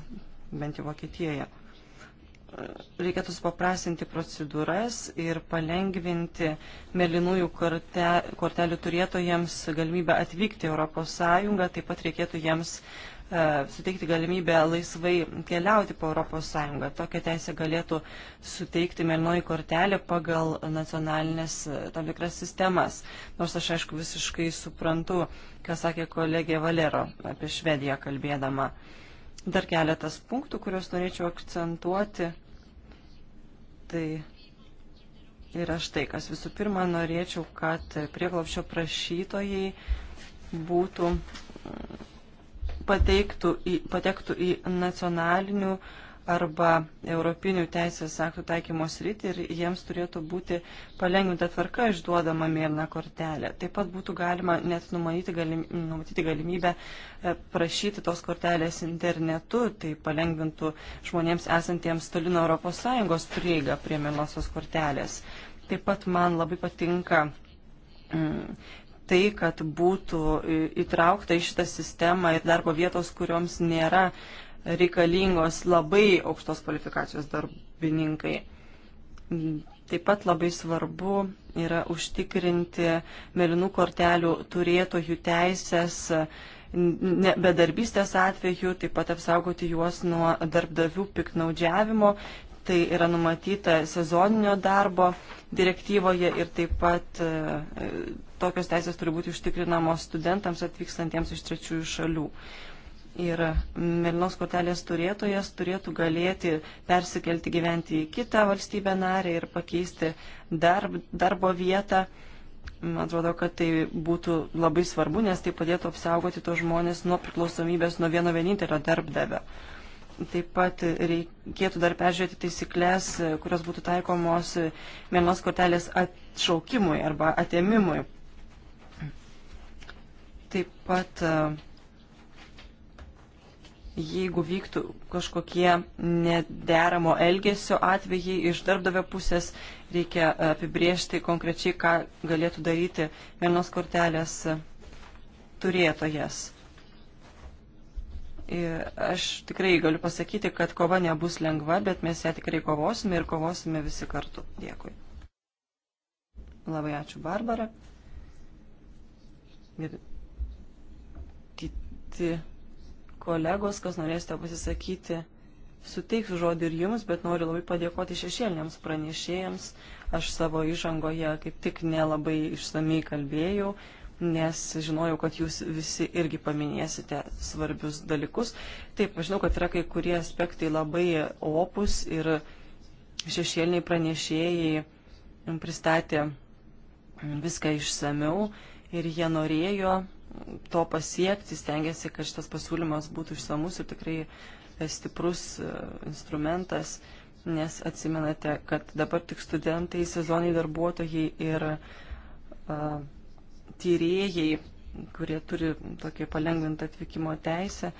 bent jau Vokietijoje. Reikėtų supaprastinti procedūras ir palengvinti mėlynųjų korte, kortelių turėtojams galimybę atvykti į ES, taip pat reikėtų jiems uh, E, suteikti galimybę laisvai keliauti po ES. Tokią teisę galėtų suteikti mėlynoji kortelė pagal nacionalinės e, tam tikras sistemas. Nors aš aišku visiškai suprantu, ką sakė kolegė Valero apie Švediją kalbėdama. Dar keletas punktų, kuriuos norėčiau akcentuoti. Tai yra štai, kas visų pirma norėčiau, kad prieglopščio prašytojai būtų pateiktų į, patektų į nacionalinių arba europinių teisės aktų taikymo sritį ir jiems turėtų būti palengvinta tvarka išduodama mėlyna kortelė. Taip pat būtų galima net numatyti, galim, numatyti galimybę e, prašyti tos kortelės internetu, tai palengvintų žmonėms esantiems toli nuo ES prieigą prie mėlynosios kortelės. Taip pat man labai patinka mm, tai, kad būtų įtraukta į šitą sistemą ir darbo vietos, kurioms nėra reikalingos labai aukštos kvalifikacijos darbininkai. Taip pat labai svarbu yra užtikrinti mėlynų kortelių turėtojų teisės bedarbystės atveju, taip pat apsaugoti juos nuo darbdavių piknaudžiavimo, Tai yra numatyta sezoninio darbo direktyvoje ir taip pat e, e, tokios teisės turi būti užtikrinamos studentams atvykstantiems iš trečiųjų šalių. Ir mėlynos kortelės turėtojas turėtų galėti persikelti gyventi į kitą valstybę narę ir pakeisti darb, darbo vietą. Man atrodo, kad tai būtų labai svarbu, nes tai padėtų apsaugoti tos žmonės nuo priklausomybės nuo vieno vienintelio darbdavio. Taip pat reikėtų dar peržiūrėti taisyklės, kurios būtų taikomos vienos kortelės atšaukimui arba atėmimui. Taip pat, e, jeigu vyktų kažkokie nederamo elgesio atvejai iš darbdavio pusės, reikia apibriežti konkrečiai, ką galėtų daryti vienos kortelės turėtojas Aš tikrai galiu pasakyti, kad kova nebus lengva, bet mes ją tikrai kovosime ir kovosime visi kartu. Dėkui. Labai ačiū, Barbara. Ir kiti kolegos, kas norėsite pasisakyti, suteiksiu žodį ir jums, bet noriu labai padėkoti šešėliniams pranešėjams. Aš savo įžangoje kaip tik nelabai išsamei kalbėjau, nes žinojau, kad jūs visi irgi paminėsite svarbius dalykus. Taip, žinau, kad yra kai kurie aspektai labai opus ir šešėliniai pranešėjai pristatė viską išsameu ir jie norėjo to pasiekti, stengiasi, kad šitas pasiūlymas būtų išsamus ir tikrai stiprus e, instrumentas, nes atsimenate, kad dabar tik studentai, sezoniai darbuotojai ir uh, tyrėjai, kurie turi tokį palengvintą atvykimo teisę,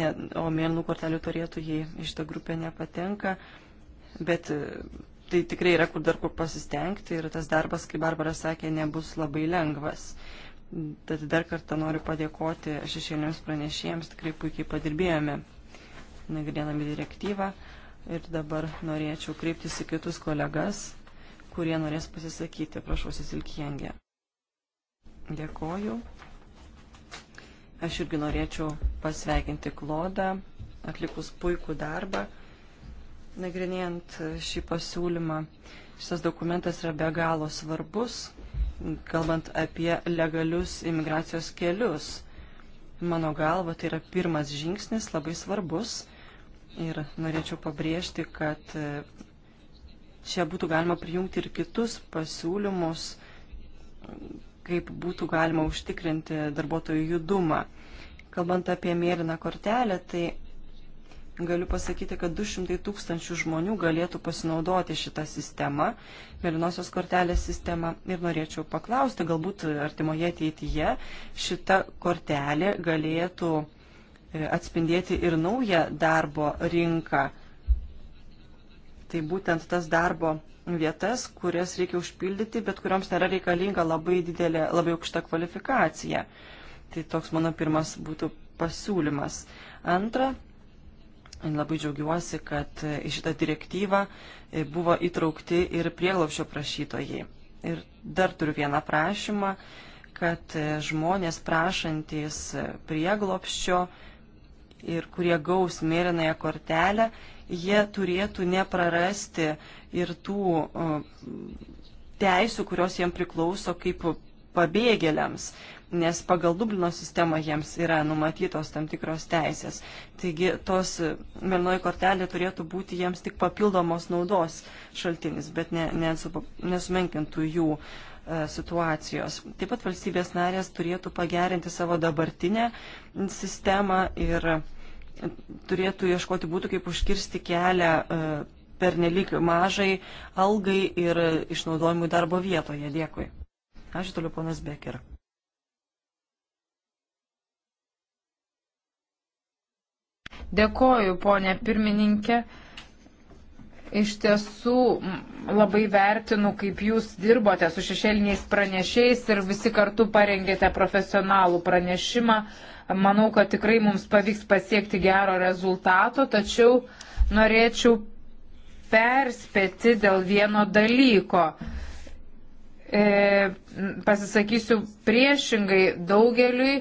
ne, o mėlynų kortelių turėtų, jei iš tą grupę nepatenka. Bet e, tai tikrai yra kur dar kur pasistengti ir tas darbas, kaip Barbara sakė, nebus labai lengvas. Tad dar kartą noriu padėkoti šešėliams pranešėjams, tikrai puikiai padirbėjome nagrinėdami direktyvą. Ir dabar norėčiau kreiptis į kitus kolegas, kurie norės pasisakyti. Prašau, Sisilkijengė. Dėkoju. Aš irgi norėčiau pasveikinti Klodą, atlikus puikų darbą, nagrinėjant šį pasiūlymą. Šitas dokumentas yra be galo svarbus, kalbant apie legalius imigracijos kelius. Mano galva, tai yra pirmas žingsnis, labai svarbus. Ir norėčiau pabrėžti, kad čia būtų galima prijungti ir kitus pasiūlymus kaip būtų galima užtikrinti darbuotojų judumą. Kalbant apie mėlyną kortelę, tai galiu pasakyti, kad 200 tūkstančių žmonių galėtų pasinaudoti šitą sistemą, mėlynosios kortelės sistemą. Ir norėčiau paklausti, galbūt artimoje ateityje šita kortelė galėtų e, atspindėti ir naują darbo rinką. Tai būtent tas darbo vietas, kurias reikia užpildyti, bet kurioms nėra reikalinga labai didelė, labai aukšta kvalifikacija. Tai toks mano pirmas būtų pasiūlymas. Antra, labai džiaugiuosi, kad į šitą direktyvą e, buvo įtraukti ir prieglopšio prašytojai. Ir dar turiu vieną prašymą, kad e, žmonės prašantis e, prieglopščio ir kurie gaus mėrynąją kortelę, jie turėtų neprarasti ir tų teisų, kurios jiem priklauso kaip pabėgėliams, nes pagal Dublino sistemą jiems yra numatytos tam tikros teisės. Taigi tos e, melnoji kortelė turėtų būti jiems tik papildomos naudos šaltinis, bet ne, ne, nesumenkintų jų e, situacijos. Taip pat valstybės narės turėtų pagerinti savo dabartinę sistemą ir e, turėtų ieškoti būtų, kaip užkirsti kelią e, per nelik mažai algai ir išnaudojimui darbo vietoje. Dėkui. Ačiū toliau, ponas Becker. Dėkoju, ponė pirmininkė. Iš tiesų labai vertinu, kaip jūs dirbote su šešėliniais pranešiais ir visi kartu parengėte profesionalų pranešimą. Uh, Manau, kad tikrai mums pavyks pasiekti gero rezultato, tačiau norėčiau perspėti dėl vieno dalyko. E, pasisakysiu priešingai daugeliui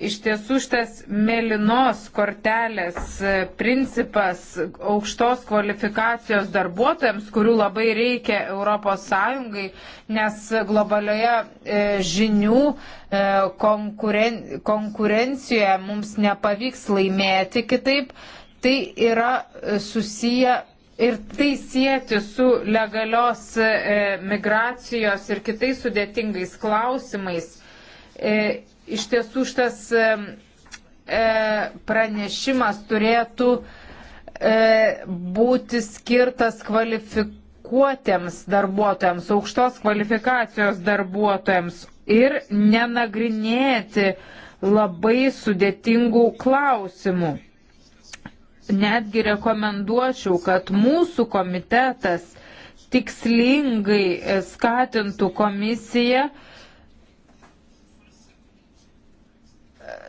iš tiesų šitas mėlynos kortelės e, principas aukštos kvalifikacijos darbuotojams, kurių labai reikia ES, nes globalioje e, žinių e, konkuren, konkurencijoje mums nepavyks laimėti kitaip, tai yra susiję ir tai sieti su legalios migracijos ir kitais sudėtingais klausimais iš tiesų šitas e, pranešimas turėtų e, būti skirtas kvalifikuotiems darbuotojams, aukštos kvalifikacijos darbuotojams ir nenagrinėti labai sudėtingų klausimų. Netgi rekomenduočiau, kad mūsų komitetas tikslingai skatintų komisiją,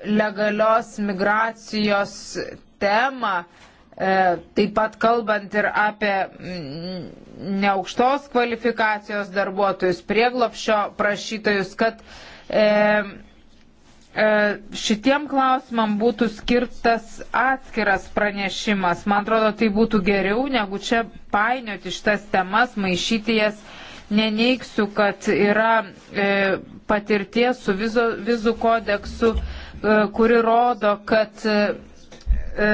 legalios migracijos temą, e, taip pat kalbant ir apie mm, neaukštos kvalifikacijos darbuotojus, prieglopšio prašytojus, kad e, e, šitiem klausimam būtų skirtas atskiras pranešimas. Man atrodo, tai būtų geriau, negu čia painioti šitas temas, maišyti jas. Neneiksiu, kad yra e, patirties su vizo, vizų kodeksu. E, E, kuri rodo, kad e, e,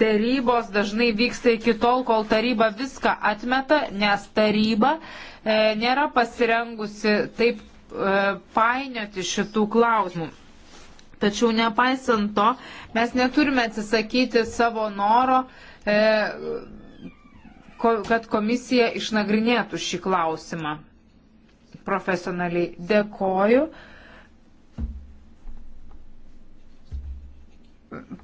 dėrybos dažnai vyksta iki tol, kol taryba viską atmeta, nes taryba nėra pasirengusi taip painioti šitų klausimų. Tačiau nepaisant to, mes neturime atsisakyti savo noro, kad komisija išnagrinėtų šį klausimą. Profesionaliai dėkoju.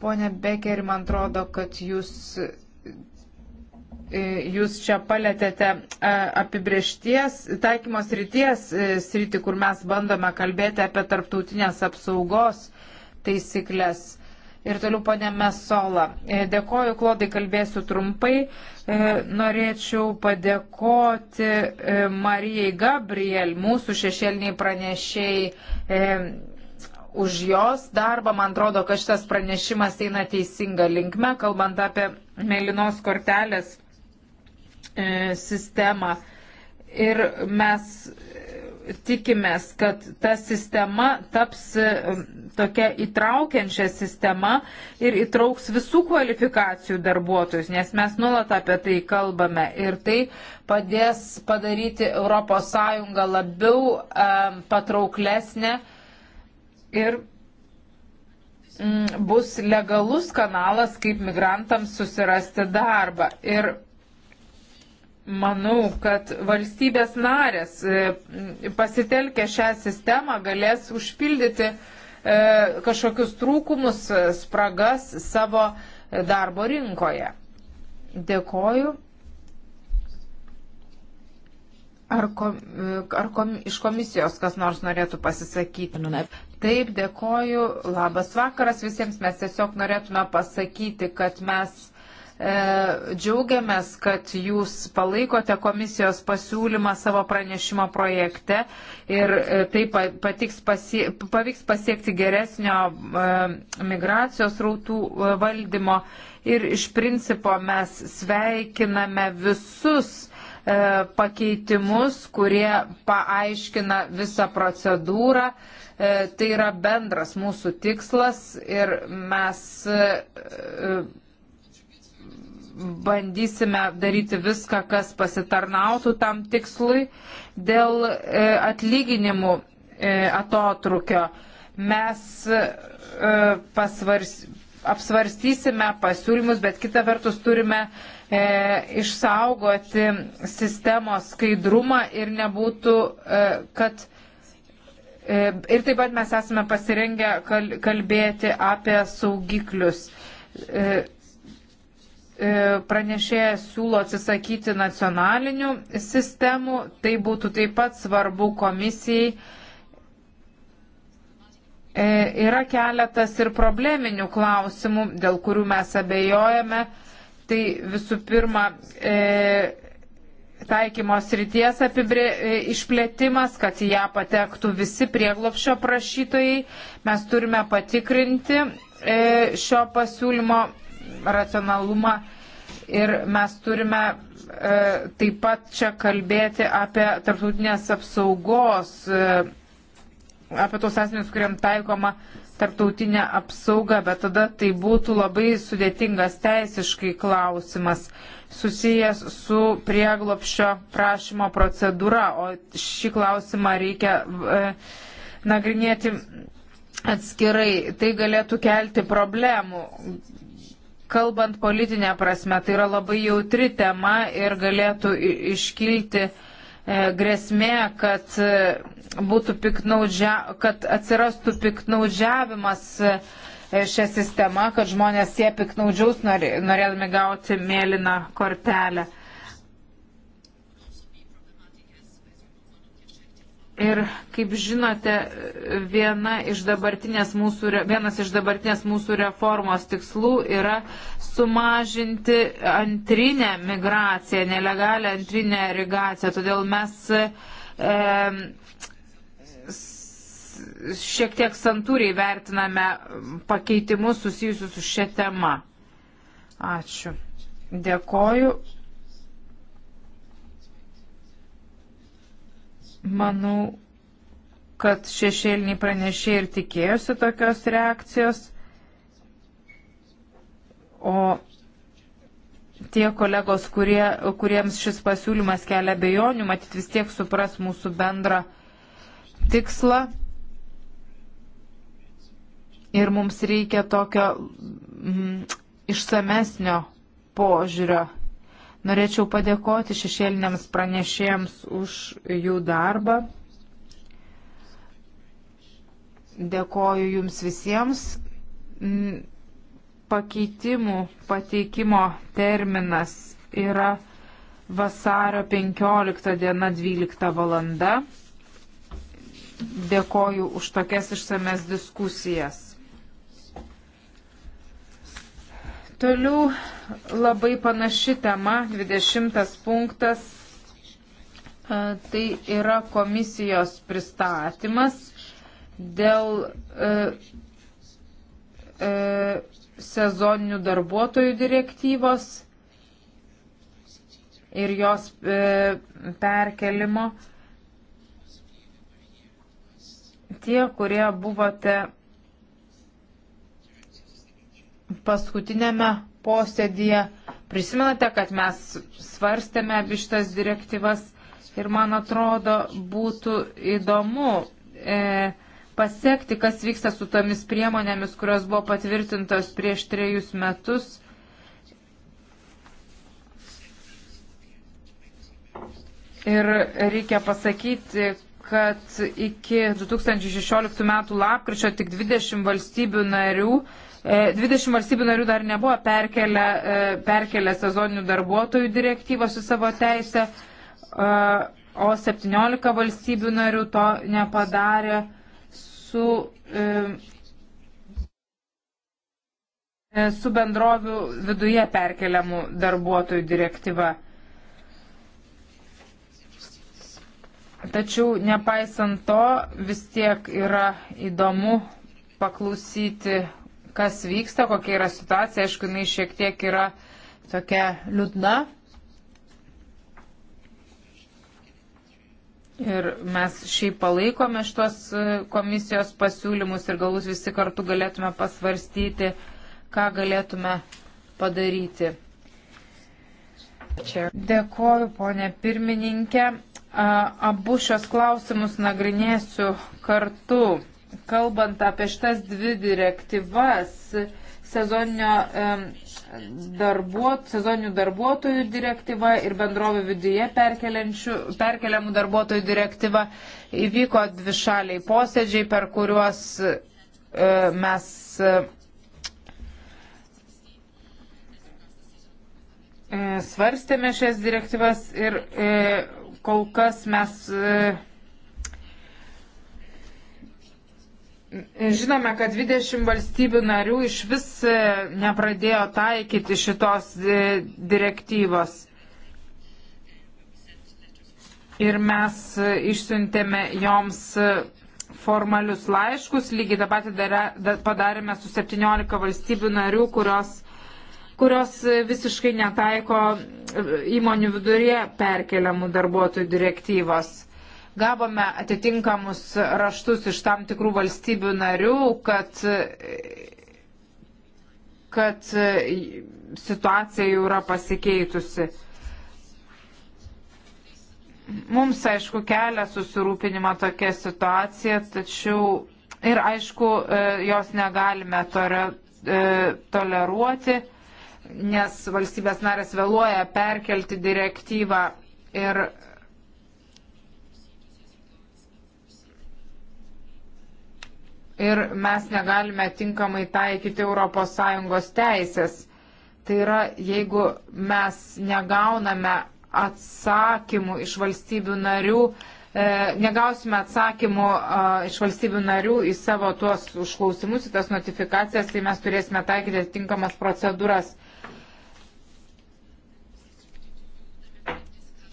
Pone Bekeri, man atrodo, kad jūs, e, jūs čia palėtėte e, apibriešties, taikymos ryties e, sritį, kur mes bandome kalbėti apie tarptautinės apsaugos taisyklės. Ir toliau ponė Mesola. Dėkoju, Klodai, kalbėsiu trumpai. Norėčiau padėkoti Marijai Gabriel, mūsų šešėliniai pranešiai už jos darbą. Man atrodo, kad šitas pranešimas eina teisinga linkme, kalbant apie mėlynos kortelės e, sistemą. Ir mes e, tikimės, kad ta sistema taps e, tokia įtraukiančia sistema ir įtrauks visų kvalifikacijų darbuotojus, nes mes nulat apie tai kalbame ir tai padės padaryti ES labiau um, e, patrauklesnė uh, ir mm, bus legalus kanalas, kaip migrantams susirasti darbą. Ir manau, kad valstybės narės e, pasitelkę šią sistemą galės užpildyti e, kažkokius trūkumus, e, spragas savo darbo rinkoje. Dėkoju. Ar, kom, e, ar kom, iš komisijos kas nors norėtų pasisakyti? Taip, dėkoju. Labas vakaras visiems. Mes tiesiog norėtume pasakyti, kad mes e, džiaugiamės, kad jūs palaikote komisijos pasiūlymą savo pranešimo projekte ir e, taip patiks pasie, pavyks pasiekti geresnio e, migracijos rautų e, valdymo. Ir iš principo mes sveikiname visus E, pakeitimus, kurie paaiškina visą procedūrą. E, tai yra bendras mūsų tikslas ir mes e, bandysime daryti viską, kas pasitarnautų tam tikslui. Dėl atlyginimų atotrukio mes pasvars, apsvarstysime pasiūlymus, bet kita vertus turime e, išsaugoti sistemos skaidrumą ir nebūtų, e, kad e, ir taip pat mes esame pasirengę kal, kalbėti apie saugiklius. E, e, pranešėjas siūlo atsisakyti nacionalinių sistemų, tai būtų taip pat svarbu komisijai. E, yra keletas ir probleminių klausimų, dėl kurių mes abejojame. E, Tai visų pirma, e, taikymos ryties apibrė, e, išplėtimas, kad į ją patektų visi prieglopšio prašytojai. Mes turime patikrinti e, šio pasiūlymo racionalumą ir mes turime e, taip pat čia kalbėti apie tarptautinės apsaugos, apie tos asmenys, kuriam taikoma tarptautinę apsaugą, bet tada tai būtų labai sudėtingas teisiškai klausimas susijęs su prieglopščio prašymo procedūra, o šį klausimą reikia e, nagrinėti atskirai. Tai galėtų kelti problemų. Kalbant politinė prasme, tai yra labai jautri tema ir galėtų iškilti E, grėsmė, kad, e, piknaudžia, kad atsirastų piknaudžiavimas e, šią sistemą, kad žmonės jie piknaudžiaus norėdami gauti mėlyną kortelę. Ir kaip žinote, viena iš mūsų, vienas iš dabartinės mūsų reformos tikslų yra sumažinti antrinę migraciją, nelegalią antrinę irrigaciją. Todėl mes e, šiek tiek santūriai vertiname pakeitimus susijusius su šia tema. Ačiū. Dėkoju. Manau, kad šešėliniai pranešė ir tikėjosi tokios reakcijos, o tie kolegos, kurie, kuriems šis pasiūlymas kelia bejonių, matyt vis tiek supras mūsų bendrą tikslą. Ir mums reikia tokio mm, išsamesnio požiūrio Norėčiau padėkoti šešėliniams pranešėjams už jų darbą. Dėkoju Jums visiems. Pakeitimų pateikimo terminas yra vasario 15 diena 12 valanda. Dėkoju už tokias išsames diskusijas. Toliau labai panaši tema, 20 punktas. E, tai yra komisijos pristatymas dėl e, e, sezoninių darbuotojų direktyvos ir jos e, perkelimo. Tie, kurie buvote paskutinėme posėdėje. Prisimenate, kad mes svarstėme abi šitas direktyvas ir man atrodo būtų įdomu e, pasiekti, kas vyksta su tomis priemonėmis, kurios buvo patvirtintos prieš trejus metus. Ir reikia pasakyti, kad iki 2016 metų lapkričio tik 20 valstybių narių 20 e, valstybių narių dar nebuvo perkelę, e, perkelę sezoninių darbuotojų direktyvą su savo teise, o 17 valstybių narių to nepadarė su, e, su bendrovių viduje perkeliamų darbuotojų direktyva. Tačiau nepaisant to vis tiek yra įdomu paklausyti, kas vyksta, kokia yra situacija. Aišku, jinai šiek tiek yra tokia liūdna. Ir mes šiaip palaikome šitos e, komisijos pasiūlymus ir galus visi kartu galėtume pasvarstyti, ką galėtume padaryti. Dėkoju, ponė pirmininkė. Abu šios klausimus nagrinėsiu kartu. Kalbant apie šitas dvi direktyvas, sezoninio darbuot, sezoninių darbuotojų direktyva ir bendrovių viduje perkeliamų darbuotojų direktyva įvyko dvi šaliai posėdžiai, per kuriuos e, mes e, e, svarstėme šias direktyvas ir kol kas mes e, žinome, kad 20 valstybių narių iš vis e, nepradėjo taikyti šitos e, direktyvos. Ir mes išsiuntėme joms formalius laiškus, lygiai tą patį padarėme su 17 valstybių narių, kurios kurios visiškai netaiko įmonių vidurėje perkeliamų darbuotojų direktyvos. Gavome atitinkamus raštus iš tam tikrų valstybių narių, kad, kad situacija jau yra pasikeitusi. Mums, aišku, kelia susirūpinimą tokia situacija, tačiau ir, aišku, e, jos negalime tore, e, toleruoti nes valstybės narės vėluoja perkelti direktyvą ir ir mes negalime tinkamai taikyti ES teisės. Tai yra, jeigu mes negauname atsakymų iš valstybių narių, e, negausime atsakymų e, iš valstybių narių į savo tuos užklausimus, į tas notifikacijas, tai mes turėsime taikyti tinkamas procedūras. E,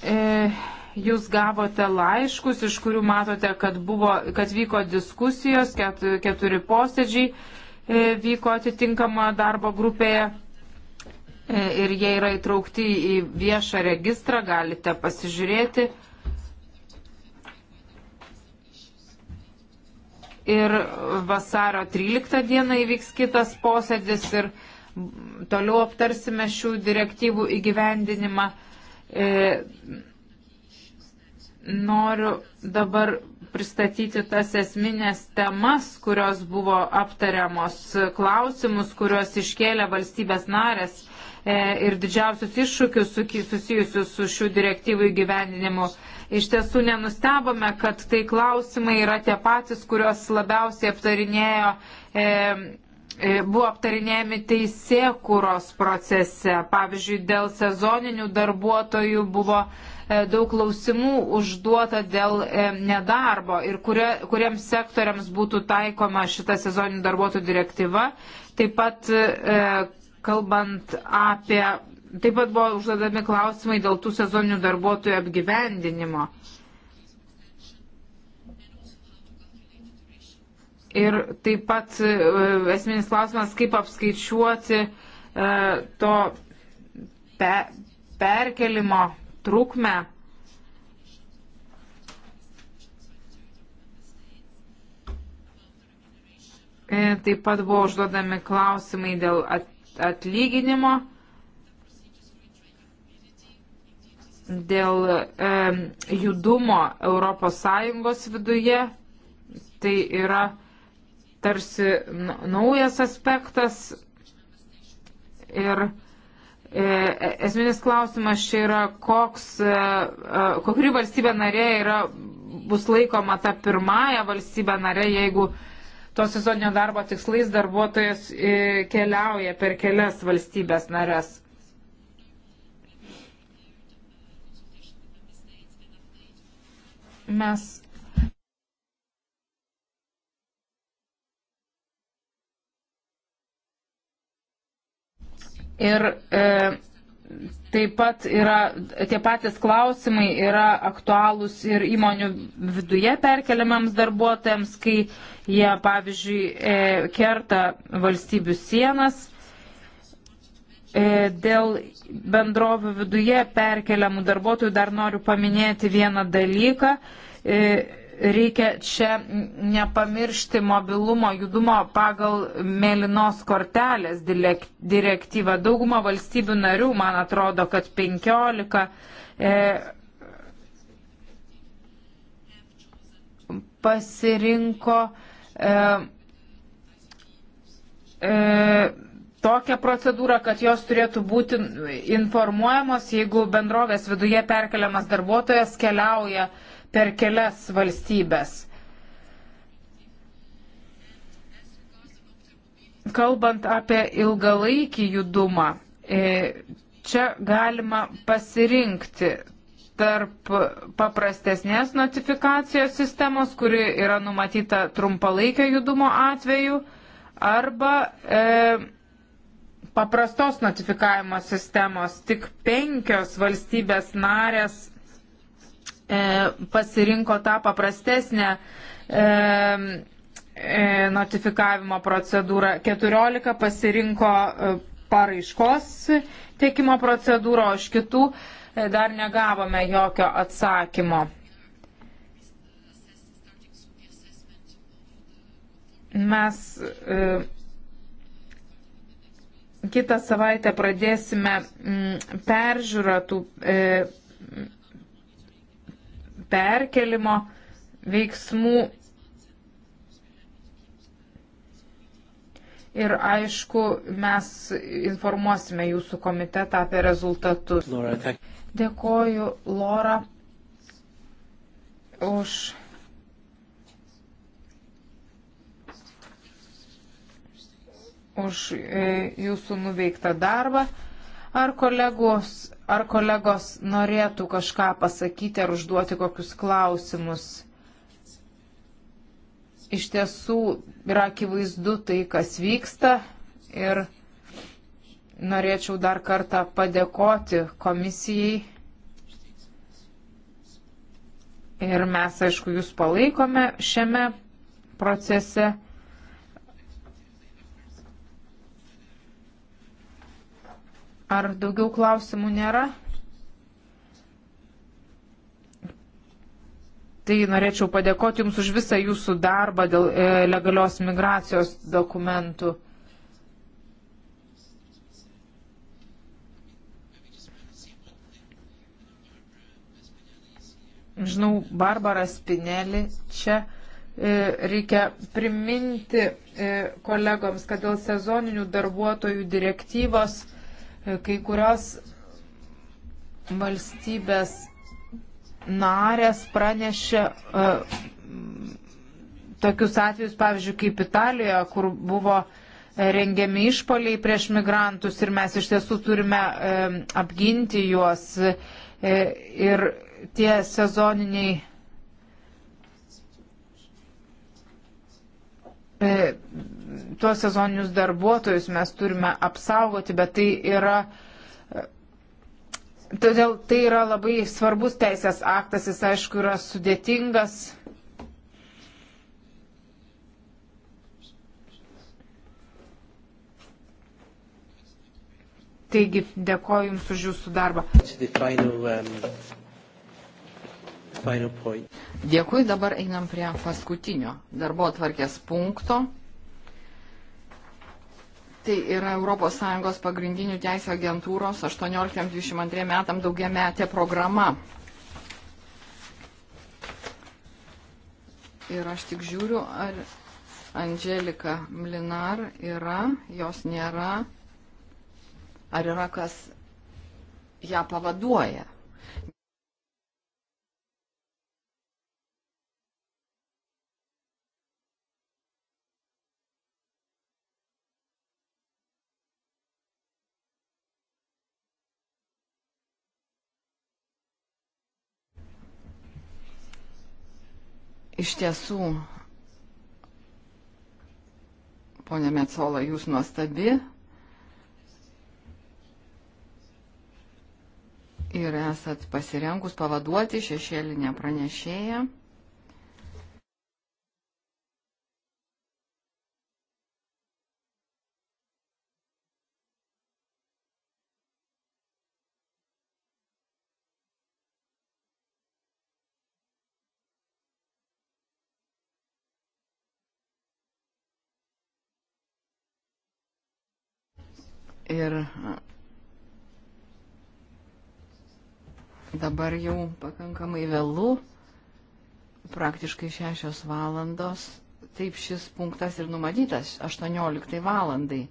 E, jūs gavote laiškus, iš kurių matote, kad, buvo, kad vyko diskusijos, ket, keturi posėdžiai e, vyko atitinkama darbo grupėje e, ir jie yra įtraukti į viešą registrą, galite pasižiūrėti. Ir vasario 13 dieną įvyks kitas posėdis ir toliau aptarsime šių direktyvų įgyvendinimą. E, noriu dabar pristatyti tas esminės temas, kurios buvo aptariamos, klausimus, kuriuos iškėlė valstybės narės e, ir didžiausius iššūkius susijusius su šių direktyvų įgyvendinimu. Iš tiesų nenustebome, kad tai klausimai yra tie patys, kuriuos labiausiai aptarinėjo e, E, buvo aptarinėjami teisėkūros procese. Pavyzdžiui, dėl sezoninių darbuotojų buvo e, daug klausimų užduota dėl e, nedarbo ir kurie, kuriems sektoriams būtų taikoma šita sezoninių darbuotojų direktyva. Taip pat, kalbant apie, taip pat buvo užduodami klausimai dėl tų sezoninių darbuotojų apgyvendinimo. Ir taip pat e, esminis klausimas, kaip apskaičiuoti e, to pe, perkelimo trukmę. E, taip pat buvo užduodami klausimai dėl atlyginimo, dėl judumo ES viduje. Tai yra tarsi naujas aspektas ir e, e, esminis klausimas čia yra, koks, e, kokri valstybė narė yra, bus laikoma ta pirmąją valstybę narė, jeigu to sezoninio darbo tikslais darbuotojas keliauja per kelias valstybės narės. Mes Ir e, taip pat yra, tie patys klausimai yra aktualūs ir įmonių viduje perkeliamams darbuotojams, kai jie, pavyzdžiui, e, kerta valstybių sienas e, Dėl bendrovių viduje perkeliamų darbuotojų dar noriu paminėti vieną dalyką. E, reikia čia nepamiršti mobilumo, judumo pagal mėlynos kortelės direktyvą. Dauguma valstybių narių, man atrodo, kad 15. E, pasirinko e, e, tokią procedūrą, kad jos turėtų būti informuojamos, jeigu bendrovės viduje perkeliamas darbuotojas keliauja per kelias valstybės. Kalbant apie ilgalaikį judumą, e, čia galima pasirinkti tarp paprastesnės notifikacijos sistemos, kuri yra numatyta trumpalaikio judumo atveju, arba e, paprastos notifikavimo sistemos. Tik penkios valstybės narės E, pasirinko tą paprastesnę e, e, notifikavimo procedūrą, 14 pasirinko paraiškos teikimo procedūrą, o iš kitų dar negavome jokio atsakymo. Mes kitą savaitę pradėsime peržiūrą tų perkelimo veiksmų. Ir aišku, mes informuosime jūsų komitetą apie rezultatus. Laura, Dėkoju, Lora, už už e, jūsų nuveiktą darbą. Ar kolegos, ar kolegos norėtų kažką pasakyti ar užduoti kokius klausimus? Iš tiesų yra akivaizdu tai, kas vyksta ir norėčiau dar kartą padėkoti komisijai Ir mes, aišku, jūs palaikome šiame procese. Ar daugiau klausimų nėra? Tai norėčiau padėkoti Jums už visą Jūsų darbą dėl e, legalios migracijos dokumentų. Žinau, Barbara Spinelli čia e, reikia priminti e, kolegoms, kad dėl sezoninių darbuotojų direktyvos Kai kurios valstybės narės pranešė uh, tokius atvejus, pavyzdžiui, kaip Italijoje, kur buvo e, rengiami išpoliai prieš migrantus ir mes iš tiesų turime uh, apginti juos uh, ir tie sezoniniai tuos sezoninius darbuotojus mes turime apsaugoti, bet tai yra. Todėl tai yra labai svarbus teisės aktas, jis aišku yra sudėtingas, Taigi, dėkoju Jums už Jūsų darbą. Um, Dėkui, dabar einam prie paskutinio darbo atvarkės punkto. Tai yra ES pagrindinių teisų agentūros 18-22 metam daugiametė programa. Ir aš tik žiūriu, ar Angelika Mlinar yra, jos nėra, ar yra kas ją pavaduoja. Iš tiesų, ponė Metsola, jūs nuostabi ir esat pasirengus pavaduoti šešėlinę pranešėją. Ir dabar jau pakankamai vėlų, praktiškai šešios valandos. Taip šis punktas ir numatytas 18 valandai.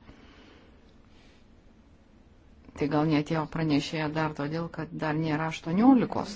Tai gal netėjo pranešėja dar todėl, kad dar nėra 18.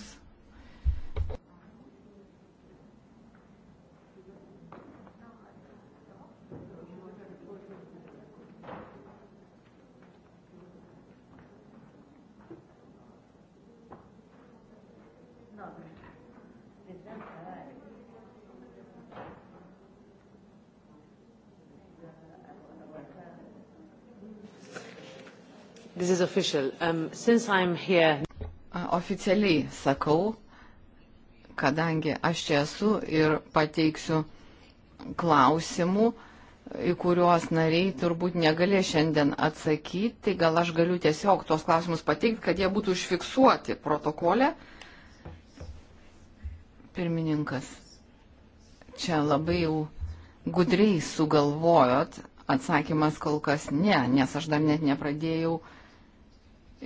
official, um, since I'm here... Oficialiai sakau, kadangi aš čia esu ir pateiksiu klausimų, į kuriuos nariai turbūt negalė šiandien atsakyti, tai gal aš galiu tiesiog tuos klausimus pateikti, kad jie būtų užfiksuoti protokole. Pirmininkas, čia labai jau gudriai sugalvojot, atsakymas kol kas ne, nes aš dar net nepradėjau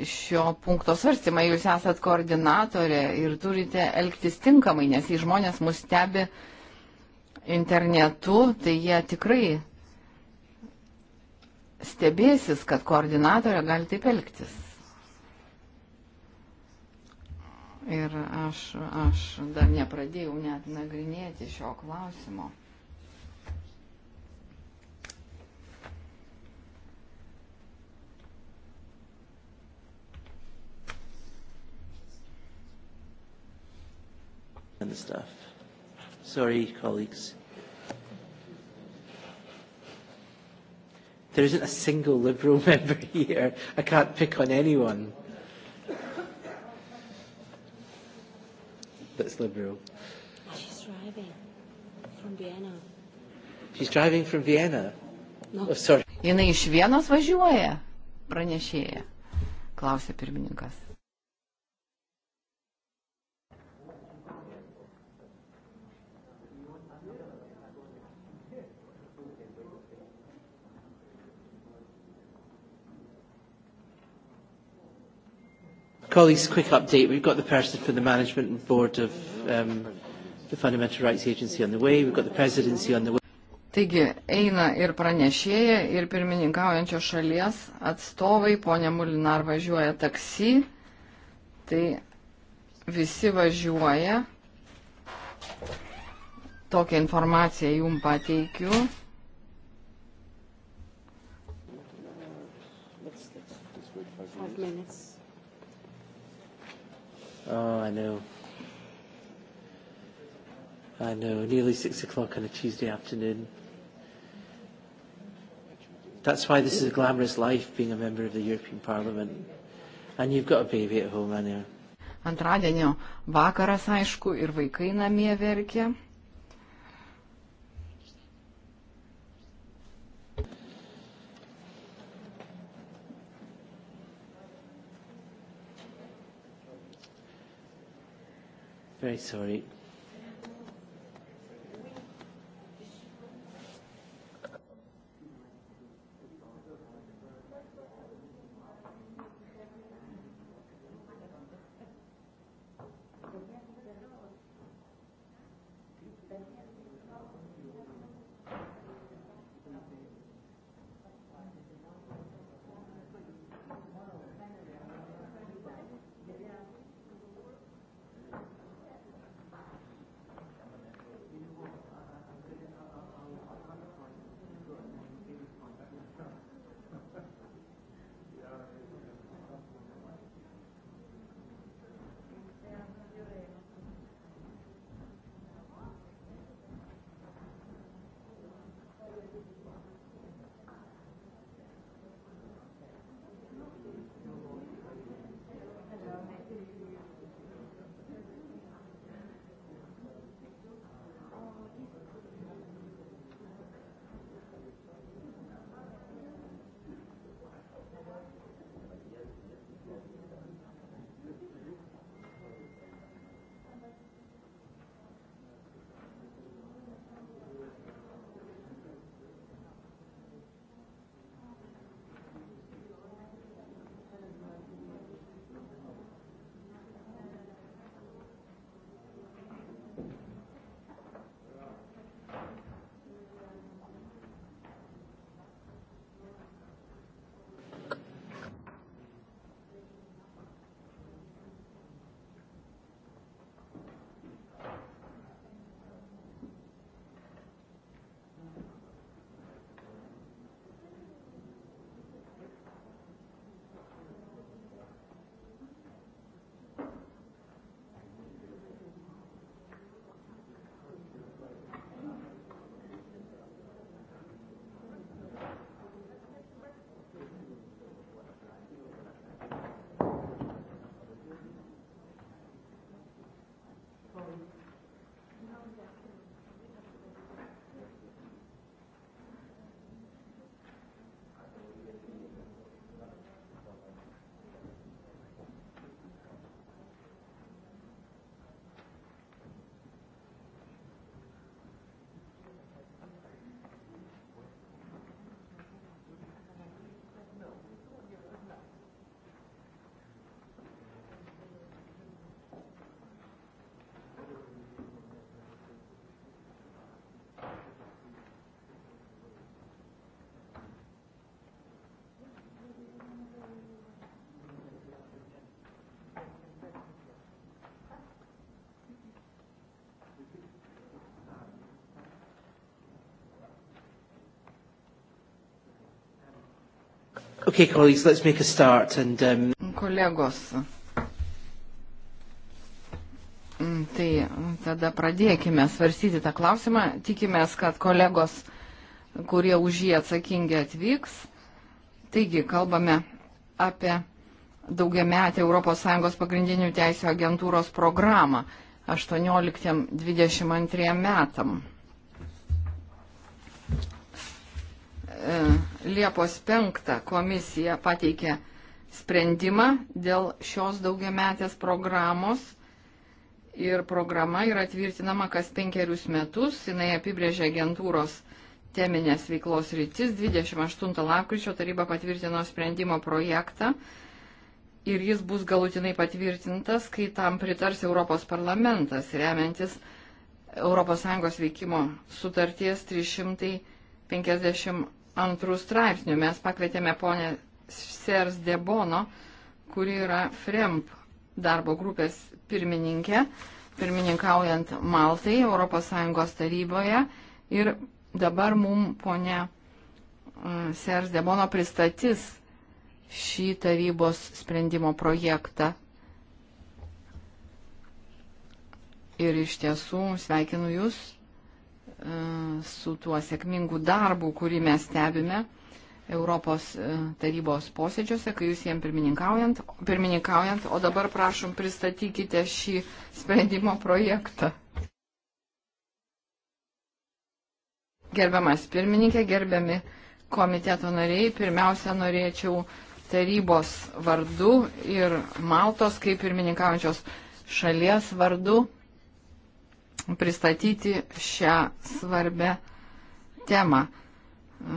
šio punkto svarstymą. Jūs esat koordinatorė ir turite elgtis tinkamai, nes jei žmonės mus stebi internetu, tai jie tikrai stebėsis, kad koordinatorė gali taip elgtis. Ir aš, aš dar nepradėjau net nagrinėti šio klausimo. and stuff. Sorry, colleagues. There isn't a single Liberal member here. I can't pick on anyone that's Liberal. She's driving from Vienna. She's driving from Vienna? No. Oh, sorry. Jinai iš Vienos važiuoja, pranešėja, klausė pirmininkas. Colleagues, quick update. We've got the person for the management board of um, the Fundamental Rights Agency on the way. We've got the presidency on the way. Taigi eina ir pranešėja, ir pirmininkaujančios šalies atstovai, ponia Mulinar važiuoja taksi, tai visi važiuoja. Tokią informaciją jum pateikiu. Five minutes. Oh, I know. I know, nearly six o'clock on a Tuesday afternoon. That's why this is a glamorous life, being a member of the European Parliament. And you've got a baby at home, I know. Antradienio vakaras, aišku, ir vaikai namie verkia. Very sorry. Okay, colleagues, let's make a start and... Um... Kolegos. Tai tada pradėkime svarstyti tą klausimą. Tikimės, kad kolegos, kurie už jį atsakingi atvyks. Taigi, kalbame apie daugiametę ES pagrindinių teisų agentūros programą 18-22 metam. E Liepos 5 komisija pateikė sprendimą dėl šios daugiametės programos ir programa yra tvirtinama kas penkerius metus. Jinai apibrėžia agentūros teminės veiklos rytis. 28 lapkričio taryba patvirtino sprendimo projektą ir jis bus galutinai patvirtintas, kai tam pritars Europos parlamentas, remiantis ES veikimo sutarties 352 antrų straipsnių. Mes pakvietėme ponę Sers Debono, kuri yra FREMP darbo grupės pirmininkė, pirmininkaujant Maltai ES taryboje. Ir dabar mum ponė e, Sers Debono pristatys šį tarybos sprendimo projektą. Ir iš tiesų sveikinu Jūs E, su tuo sėkmingu darbu, kurį mes stebime Europos e, tarybos posėdžiuose, kai jūs jiem pirmininkaujant, pirmininkaujant, o dabar prašom pristatykite šį sprendimo projektą. Gerbiamas pirmininkė, gerbiami komiteto nariai, pirmiausia norėčiau tarybos vardu ir Maltos kaip pirmininkaujančios šalies vardu pristatyti šią svarbę temą.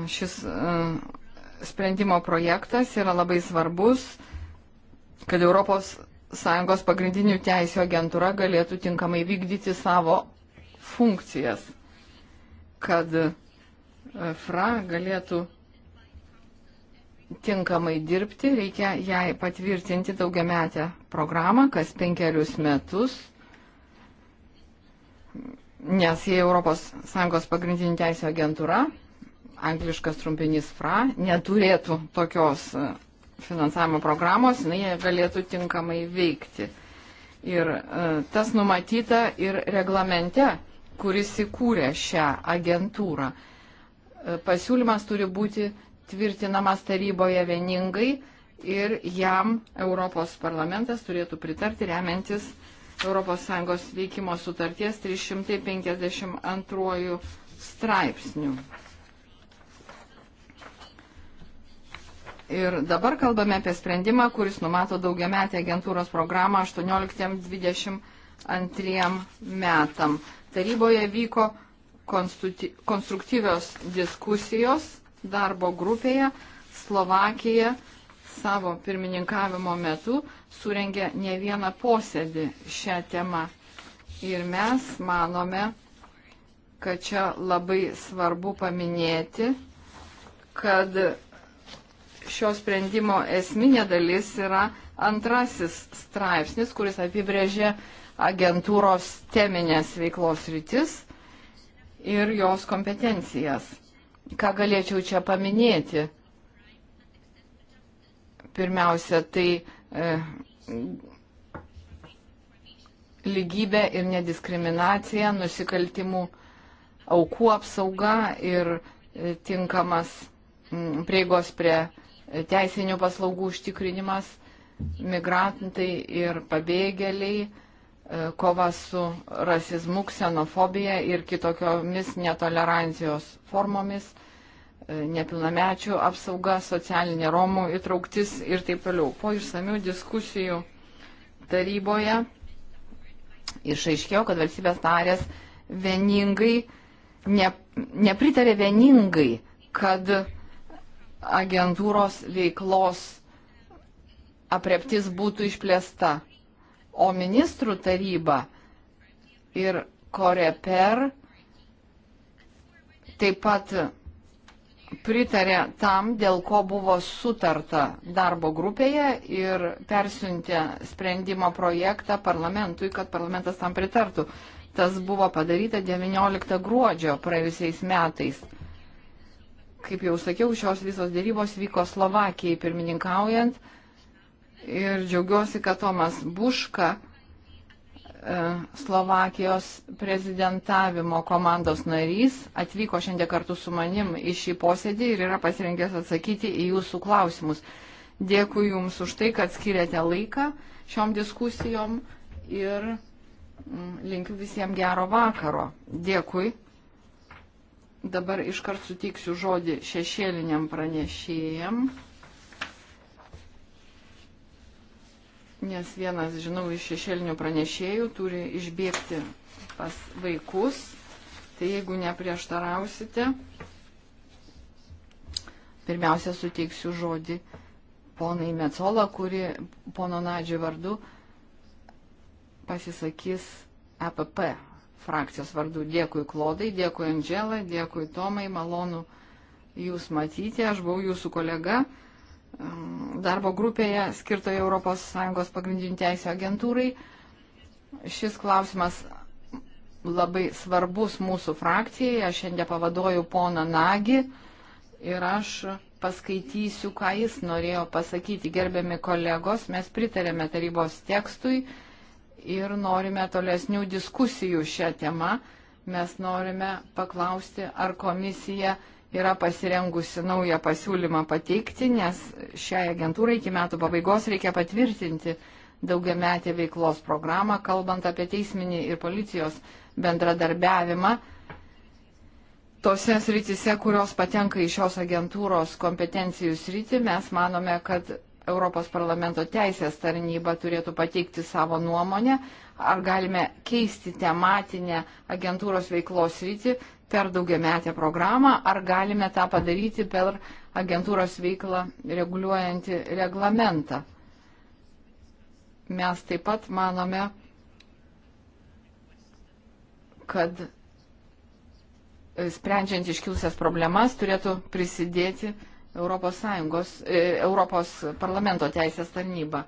Šis e, sprendimo projektas yra labai svarbus, kad ES pagrindinių teisų agentūra galėtų tinkamai vykdyti savo funkcijas, kad e, FRA galėtų tinkamai dirbti, reikia jai patvirtinti daugiametę programą kas penkerius metus nes jei ES pagrindinė teisė agentūra, angliškas trumpinys FRA, neturėtų tokios e, finansavimo programos, jinai galėtų tinkamai veikti. Ir e, tas numatyta ir reglamente, kuris įkūrė šią agentūrą. E, pasiūlymas turi būti tvirtinamas taryboje vieningai ir jam Europos parlamentas turėtų pritarti remiantis ES veikimo sutarties 352 straipsnių. Ir dabar kalbame apie sprendimą, kuris numato daugiametę agentūros programą 18-22 metam. Taryboje vyko konstruktyvios diskusijos darbo grupėje. Slovakija savo pirmininkavimo metu surengė ne vieną posėdį šią temą. Ir mes manome, kad čia labai svarbu paminėti, kad šio sprendimo esminė dalis yra antrasis straipsnis, kuris apibrėžė agentūros teminės veiklos rytis ir jos kompetencijas. Ką galėčiau čia paminėti? Pirmiausia, tai E, lygybė ir nediskriminacija, nusikaltimų aukų apsauga ir e, tinkamas prieigos prie teisinių paslaugų užtikrinimas, migrantai ir pabėgėliai, e, kova su rasizmu, ksenofobija ir kitokiomis netolerancijos formomis nepilnamečių apsauga, socialinė Romų įtrauktis ir taip toliau. Po išsamių diskusijų taryboje išaiškėjo, kad valstybės narės vieningai, ne, nepritarė vieningai, kad agentūros veiklos apreptis būtų išplėsta. O ministrų taryba ir Koreper taip pat pritarė tam, dėl ko buvo sutarta darbo grupėje ir persiuntė sprendimo projektą parlamentui, kad parlamentas tam pritartų. Tas buvo padaryta 19 gruodžio praėjusiais metais. Kaip jau sakiau, šios visos dėrybos vyko Slovakijai pirmininkaujant ir džiaugiuosi, kad Tomas Buška E, Slovakijos prezidentavimo komandos narys atvyko šiandien kartu su manim į šį posėdį ir yra pasirengęs atsakyti į jūsų klausimus. Dėkui Jums už tai, kad skiriate laiką šiom diskusijom ir mm, linkiu visiems gero vakaro. Dėkui. Dabar iškart sutiksiu žodį šešėliniam pranešėjam. nes vienas, žinau, iš šešėlinių pranešėjų turi išbėgti pas vaikus. Tai jeigu neprieštarausite, pirmiausia suteiksiu žodį ponai Mecola, kuri pono Nadžio vardu pasisakys APP e frakcijos vardu. Dėkui Klodai, dėkui Andželai, dėkui Tomai, malonu Jūs matyti, aš buvau Jūsų kolega darbo grupėje skirtoje ES pagrindinių teisų agentūrai. Šis klausimas labai svarbus mūsų frakcijai. Aš šiandien pavaduoju poną Nagį ir aš paskaitysiu, ką jis norėjo pasakyti. Gerbiami kolegos, mes pritarėme tarybos tekstui ir norime tolesnių diskusijų šią temą. Mes norime paklausti, ar komisija yra pasirengusi naują pasiūlymą pateikti, nes šiai agentūrai iki metų pabaigos reikia patvirtinti daugiametę veiklos programą, kalbant apie teisminį ir policijos bendradarbiavimą. Tose srityse, kurios patenka į šios agentūros kompetencijų sritį, mes manome, kad Europos parlamento teisės tarnyba turėtų pateikti savo nuomonę, ar galime keisti tematinę agentūros veiklos rytį, per daugiametę programą, ar galime tą padaryti per agentūros veiklą reguliuojantį reglamentą. Mes taip pat manome, kad sprendžiant iškilusias problemas turėtų prisidėti Europos, Sąjungos, e, Europos parlamento teisės tarnyba.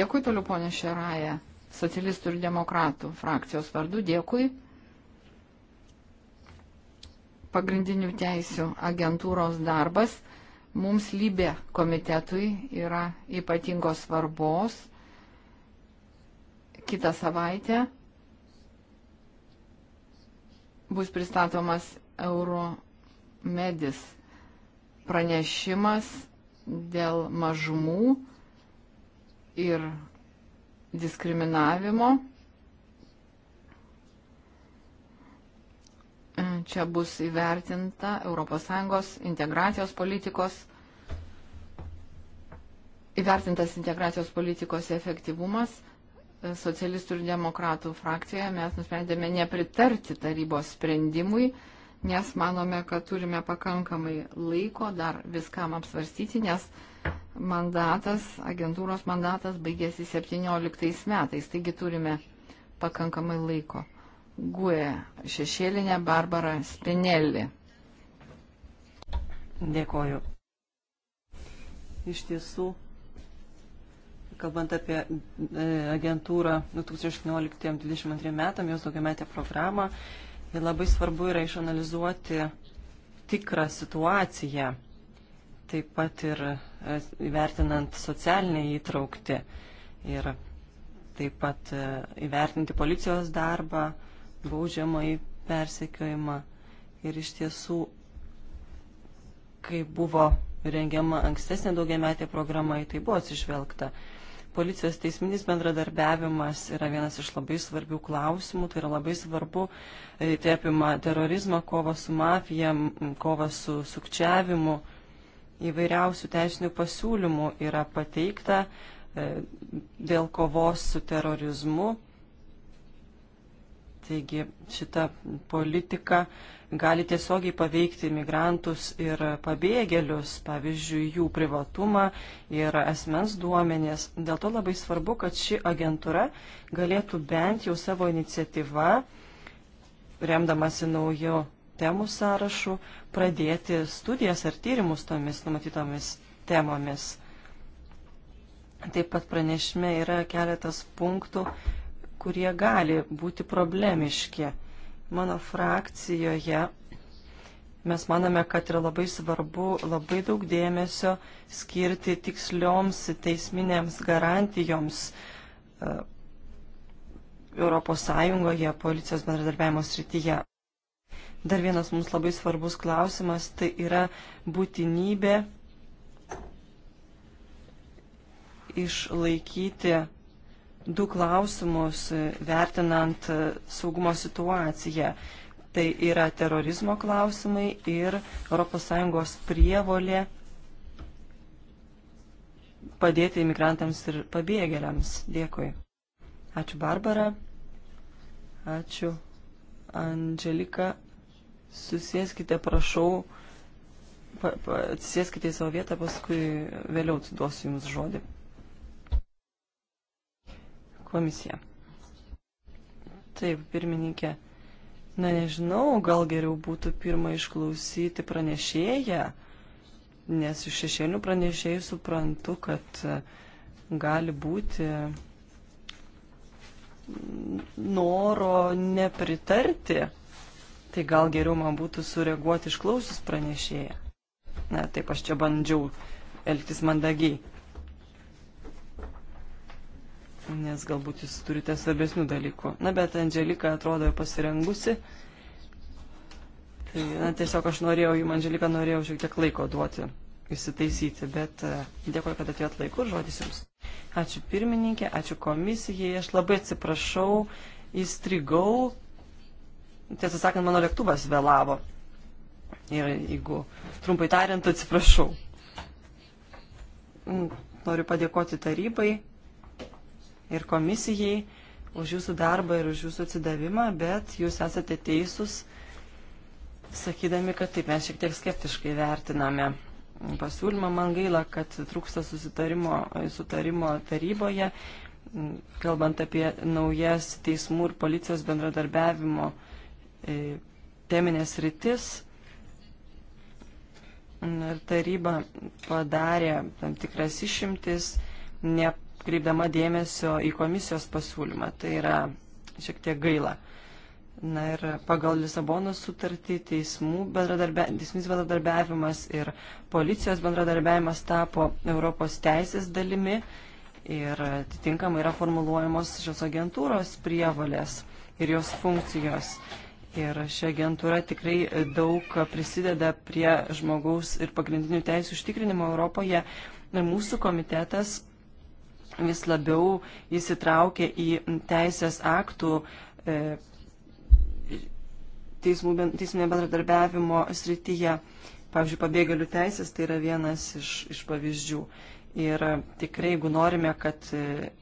Dėkui toliau, ponė Šeraja, socialistų ir demokratų frakcijos vardu. Dėkui pagrindinių teisių agentūros darbas mums lybė komitetui yra ypatingos svarbos. Kita savaitė bus pristatomas Euromedis pranešimas dėl mažumų ir diskriminavimo. Čia bus įvertinta ES integracijos politikos, įvertintas integracijos politikos efektyvumas. Socialistų ir demokratų frakcijoje mes nusprendėme nepritarti tarybos sprendimui, nes manome, kad turime pakankamai laiko dar viskam apsvarstyti, nes mandatas, agentūros mandatas baigėsi 17 metais, taigi turime pakankamai laiko. GUE šešėlinė Barbara Spinelli. Dėkoju. Iš tiesų, kalbant apie e, agentūrą 2018-2022 metam, jos daugiametę programą, labai svarbu yra išanalizuoti tikrą situaciją, taip pat ir e, įvertinant socialinę įtraukti ir taip pat e, įvertinti policijos darbą, baudžiamąjį persekiojimą. Ir iš tiesų, kai buvo rengiama ankstesnė daugiametė programa, tai buvo atsižvelgta. Policijos teisminis bendradarbiavimas yra vienas iš labai svarbių klausimų, tai yra labai svarbu, e, tai apima terorizmą, kovą su mafija, kovą su sukčiavimu. Įvairiausių teisinių pasiūlymų yra pateikta e, dėl kovos su terorizmu Taigi šita politika gali tiesiogiai paveikti migrantus ir pabėgėlius, pavyzdžiui, jų privatumą ir asmens duomenės. Dėl to labai svarbu, kad ši agentūra galėtų bent jau savo iniciatyvą, remdamasi naujo temų sąrašų, pradėti studijas ar tyrimus tomis numatytomis temomis. Taip pat pranešime yra keletas punktų, kurie gali būti problemiški. Mano frakcijoje mes manome, kad yra labai svarbu labai daug dėmesio skirti tikslioms teisminėms garantijoms ES policijos bendradarbiavimo srityje. Dar vienas mums labai svarbus klausimas tai yra būtinybė išlaikyti du klausimus e, vertinant e, saugumo situaciją. Tai yra terorizmo klausimai ir ES prievolė padėti imigrantams ir pabėgėliams. Dėkui. Ačiū Barbara. Ačiū Andželika. Susieskite, prašau. Atsisėskite į savo vietą, paskui vėliau duosiu Jums žodį komisija. Taip, pirmininkė. Na nežinau, gal geriau būtų pirmą išklausyti pranešėją, nes iš šešėlių pranešėjų suprantu, kad e, gali būti noro nepritarti. Tai gal geriau man būtų sureaguoti išklausus pranešėją. Na, taip aš čia bandžiau elgtis mandagiai nes galbūt jūs turite svarbesnių dalykų. Na, bet Angelika atrodo pasirengusi. Tai, na, tiesiog aš norėjau, jums Angelika norėjau šiek tiek laiko duoti įsitaisyti, bet e, dėkuoju, kad atėjot laiku ir žodis jums. Ačiū pirmininkė, ačiū komisijai, aš labai atsiprašau, įstrigau, tiesą sakant, mano lėktuvas vėlavo. Ir jeigu trumpai tariant, atsiprašau. Noriu padėkoti tarybai ir komisijai už jūsų darbą ir už jūsų atsidavimą, bet jūs esate teisūs, sakydami, kad taip mes šiek tiek skeptiškai vertiname pasiūlymą. Man gaila, kad trūksta susitarimo sutarimo taryboje, kalbant apie naujas teismų ir policijos bendradarbiavimo e, teminės rytis. Ir taryba padarė tam tikras išimtis, ne atkreipdama dėmesio į komisijos pasiūlymą. Tai yra šiek tiek gaila. Na ir pagal Lisabonos sutartį teismų bendradarbia, teisminis bendradarbiavimas ir policijos bendradarbiavimas tapo Europos teisės dalimi ir atitinkamai yra formuluojamos šios agentūros prievalės ir jos funkcijos. Ir ši agentūra tikrai daug prisideda prie žmogaus ir pagrindinių teisų užtikrinimo Europoje. Ir mūsų komitetas vis labiau įsitraukia į teisės aktų e, teismų, teisminio bendradarbiavimo srityje. Pavyzdžiui, pabėgėlių teisės tai yra vienas iš, iš pavyzdžių. Ir tikrai, jeigu norime, kad e,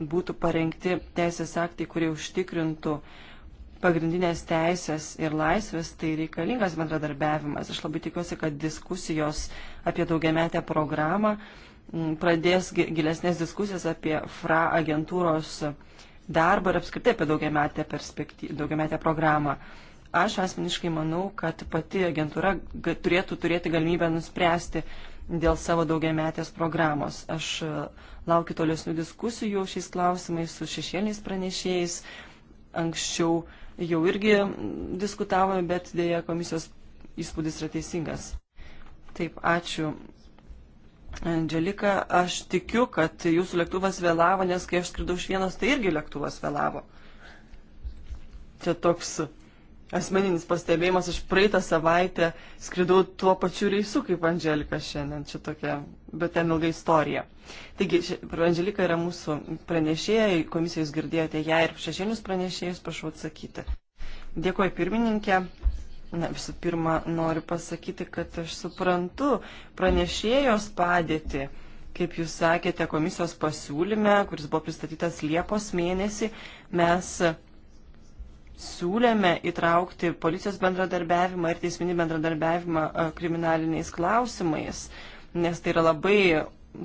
būtų parengti teisės aktai, kurie užtikrintų pagrindinės teisės ir laisvės, tai reikalingas bendradarbiavimas. Aš labai tikiuosi, kad diskusijos apie daugiametę programą uh, pradės gilesnės diskusijas apie FRA agentūros darbą ir apskritai apie daugiametę, daugiametę programą. Aš asmeniškai manau, kad pati agentūra turėtų turėti galimybę nuspręsti dėl savo daugiametės programos. Aš e, laukiu tolesnių diskusijų šiais klausimais su šešėliais pranešėjais. Anksčiau jau irgi diskutavome, bet dėja komisijos įspūdis yra teisingas. Taip, ačiū Andželika, aš tikiu, kad jūsų lėktuvas vėlavo, nes kai aš skridau iš vienos, tai irgi lėktuvas vėlavo. Čia toks asmeninis pastebėjimas, aš praeitą savaitę skridau tuo pačiu reisu kaip Andželika šiandien, čia tokia, bet ten ilga istorija. Taigi, Andželika yra mūsų pranešėja, komisijos girdėjote ją ir šešėlius pranešėjus, prašau atsakyti. Dėkuoju pirmininkė, Na, visų pirma, noriu pasakyti, kad aš suprantu pranešėjos padėtį. Kaip jūs sakėte, komisijos pasiūlyme, kuris buvo pristatytas Liepos mėnesį, mes siūlėme įtraukti policijos bendradarbiavimą ir teisminį bendradarbiavimą e, kriminaliniais klausimais, nes tai yra labai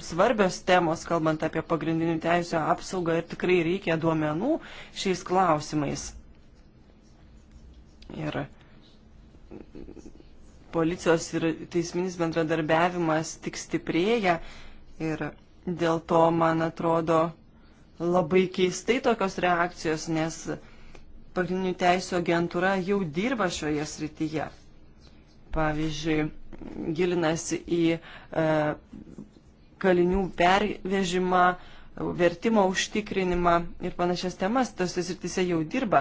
svarbios temos, kalbant apie pagrindinių teisų apsaugą ir tikrai reikia duomenų šiais klausimais. Ir policijos ir teisminis bendradarbiavimas tik stiprėja ir dėl to, man atrodo, labai keistai tokios reakcijos, nes pagrindinių teisų agentūra jau dirba šioje srityje. Pavyzdžiui, gilinasi į e, kalinių pervežimą, e, vertimo užtikrinimą ir panašias temas, tose srityse jau dirba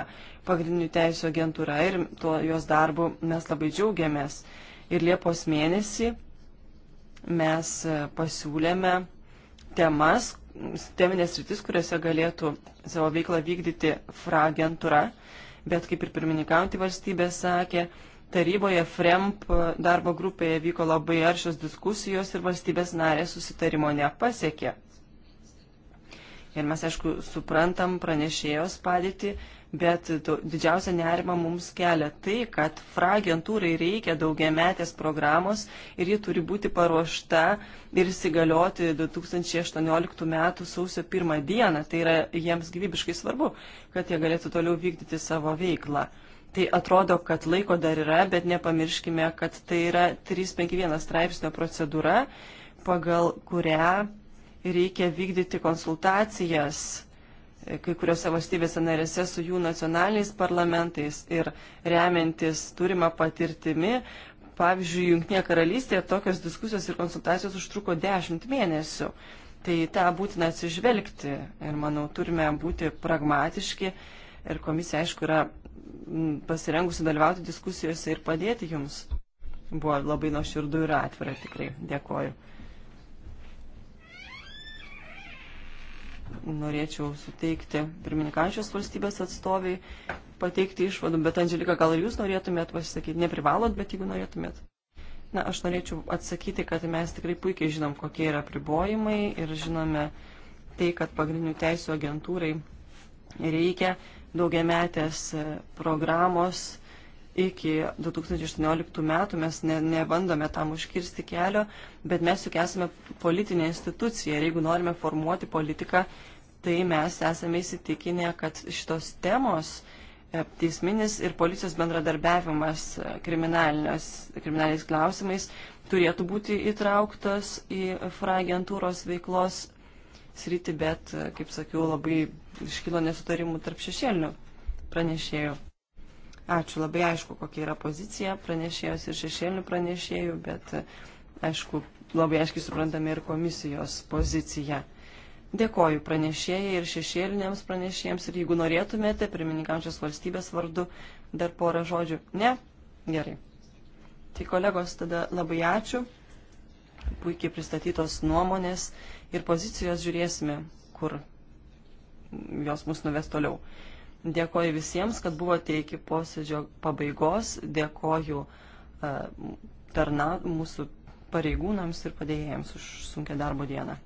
pagrindinių teisų agentūra ir tuo jos darbu mes labai džiaugiamės. Ir Liepos mėnesį mes e, pasiūlėme temas, teminės sritis, kuriuose galėtų savo veiklą vykdyti FRA agentūra, bet kaip ir pirmininkaujantį valstybę sakė, taryboje FREMP e, darbo grupėje vyko labai aršios diskusijos ir valstybės narės susitarimo nepasiekė. Ir mes, aišku, suprantam pranešėjos padėtį, bet didžiausia nerima mums kelia tai, kad FRA agentūrai reikia daugiametės programos ir ji turi būti paruošta ir įsigalioti 2018 m. sausio 1 dieną. Tai yra jiems gyvybiškai svarbu, kad jie galėtų toliau vykdyti savo veiklą. Tai atrodo, kad laiko dar yra, bet nepamirškime, kad tai yra 351 straipsnio procedūra, pagal kurią reikia vykdyti konsultacijas e, kai kuriuose valstybėse narėse su jų nacionaliniais parlamentais ir remiantis turimą patirtimi. Pavyzdžiui, Junktinėje karalystėje tokios diskusijos ir konsultacijos užtruko dešimt mėnesių. Tai tą būtina atsižvelgti ir manau turime būti pragmatiški ir komisija aišku yra pasirengusi dalyvauti diskusijose ir padėti jums. Buvo labai nuoširdų ir atvira tikrai. Dėkoju. norėčiau suteikti pirmininkančios valstybės atstoviai pateikti išvadų, bet Andželika, gal ir jūs norėtumėt pasisakyti, neprivalot, bet jeigu norėtumėt. Na, aš norėčiau atsakyti, kad mes tikrai puikiai žinom, kokie yra pribojimai ir žinome tai, kad pagrindinių teisų agentūrai reikia daugiametės e, programos iki 2018 metų, mes ne, nebandome tam užkirsti kelio, bet mes juk esame politinė institucija ir jeigu norime formuoti politiką, tai mes esame įsitikinę, kad šitos temos e, teisminis ir policijos bendradarbiavimas e, kriminaliniais klausimais turėtų būti įtrauktas į FRA agentūros veiklos sritį, bet, e, kaip sakiau, labai iškilo nesutarimų tarp šešėlinių pranešėjų. Ačiū, labai aišku, kokia yra pozicija pranešėjos ir šešėlinių pranešėjų, bet aišku, labai aiškiai suprantame ir komisijos poziciją. Dėkoju pranešėjai ir šešėliniams pranešėjams ir jeigu norėtumėte, pirmininkančios valstybės vardu, dar porą žodžių. Ne? Gerai. Tai kolegos, tada labai ačiū. Puikiai pristatytos nuomonės ir pozicijos žiūrėsime, kur jos mus nuves toliau. Dėkoju visiems, kad buvote iki posėdžio pabaigos. Dėkoju e, tarna, mūsų pareigūnams ir padėjėjams už sunkę darbo dieną.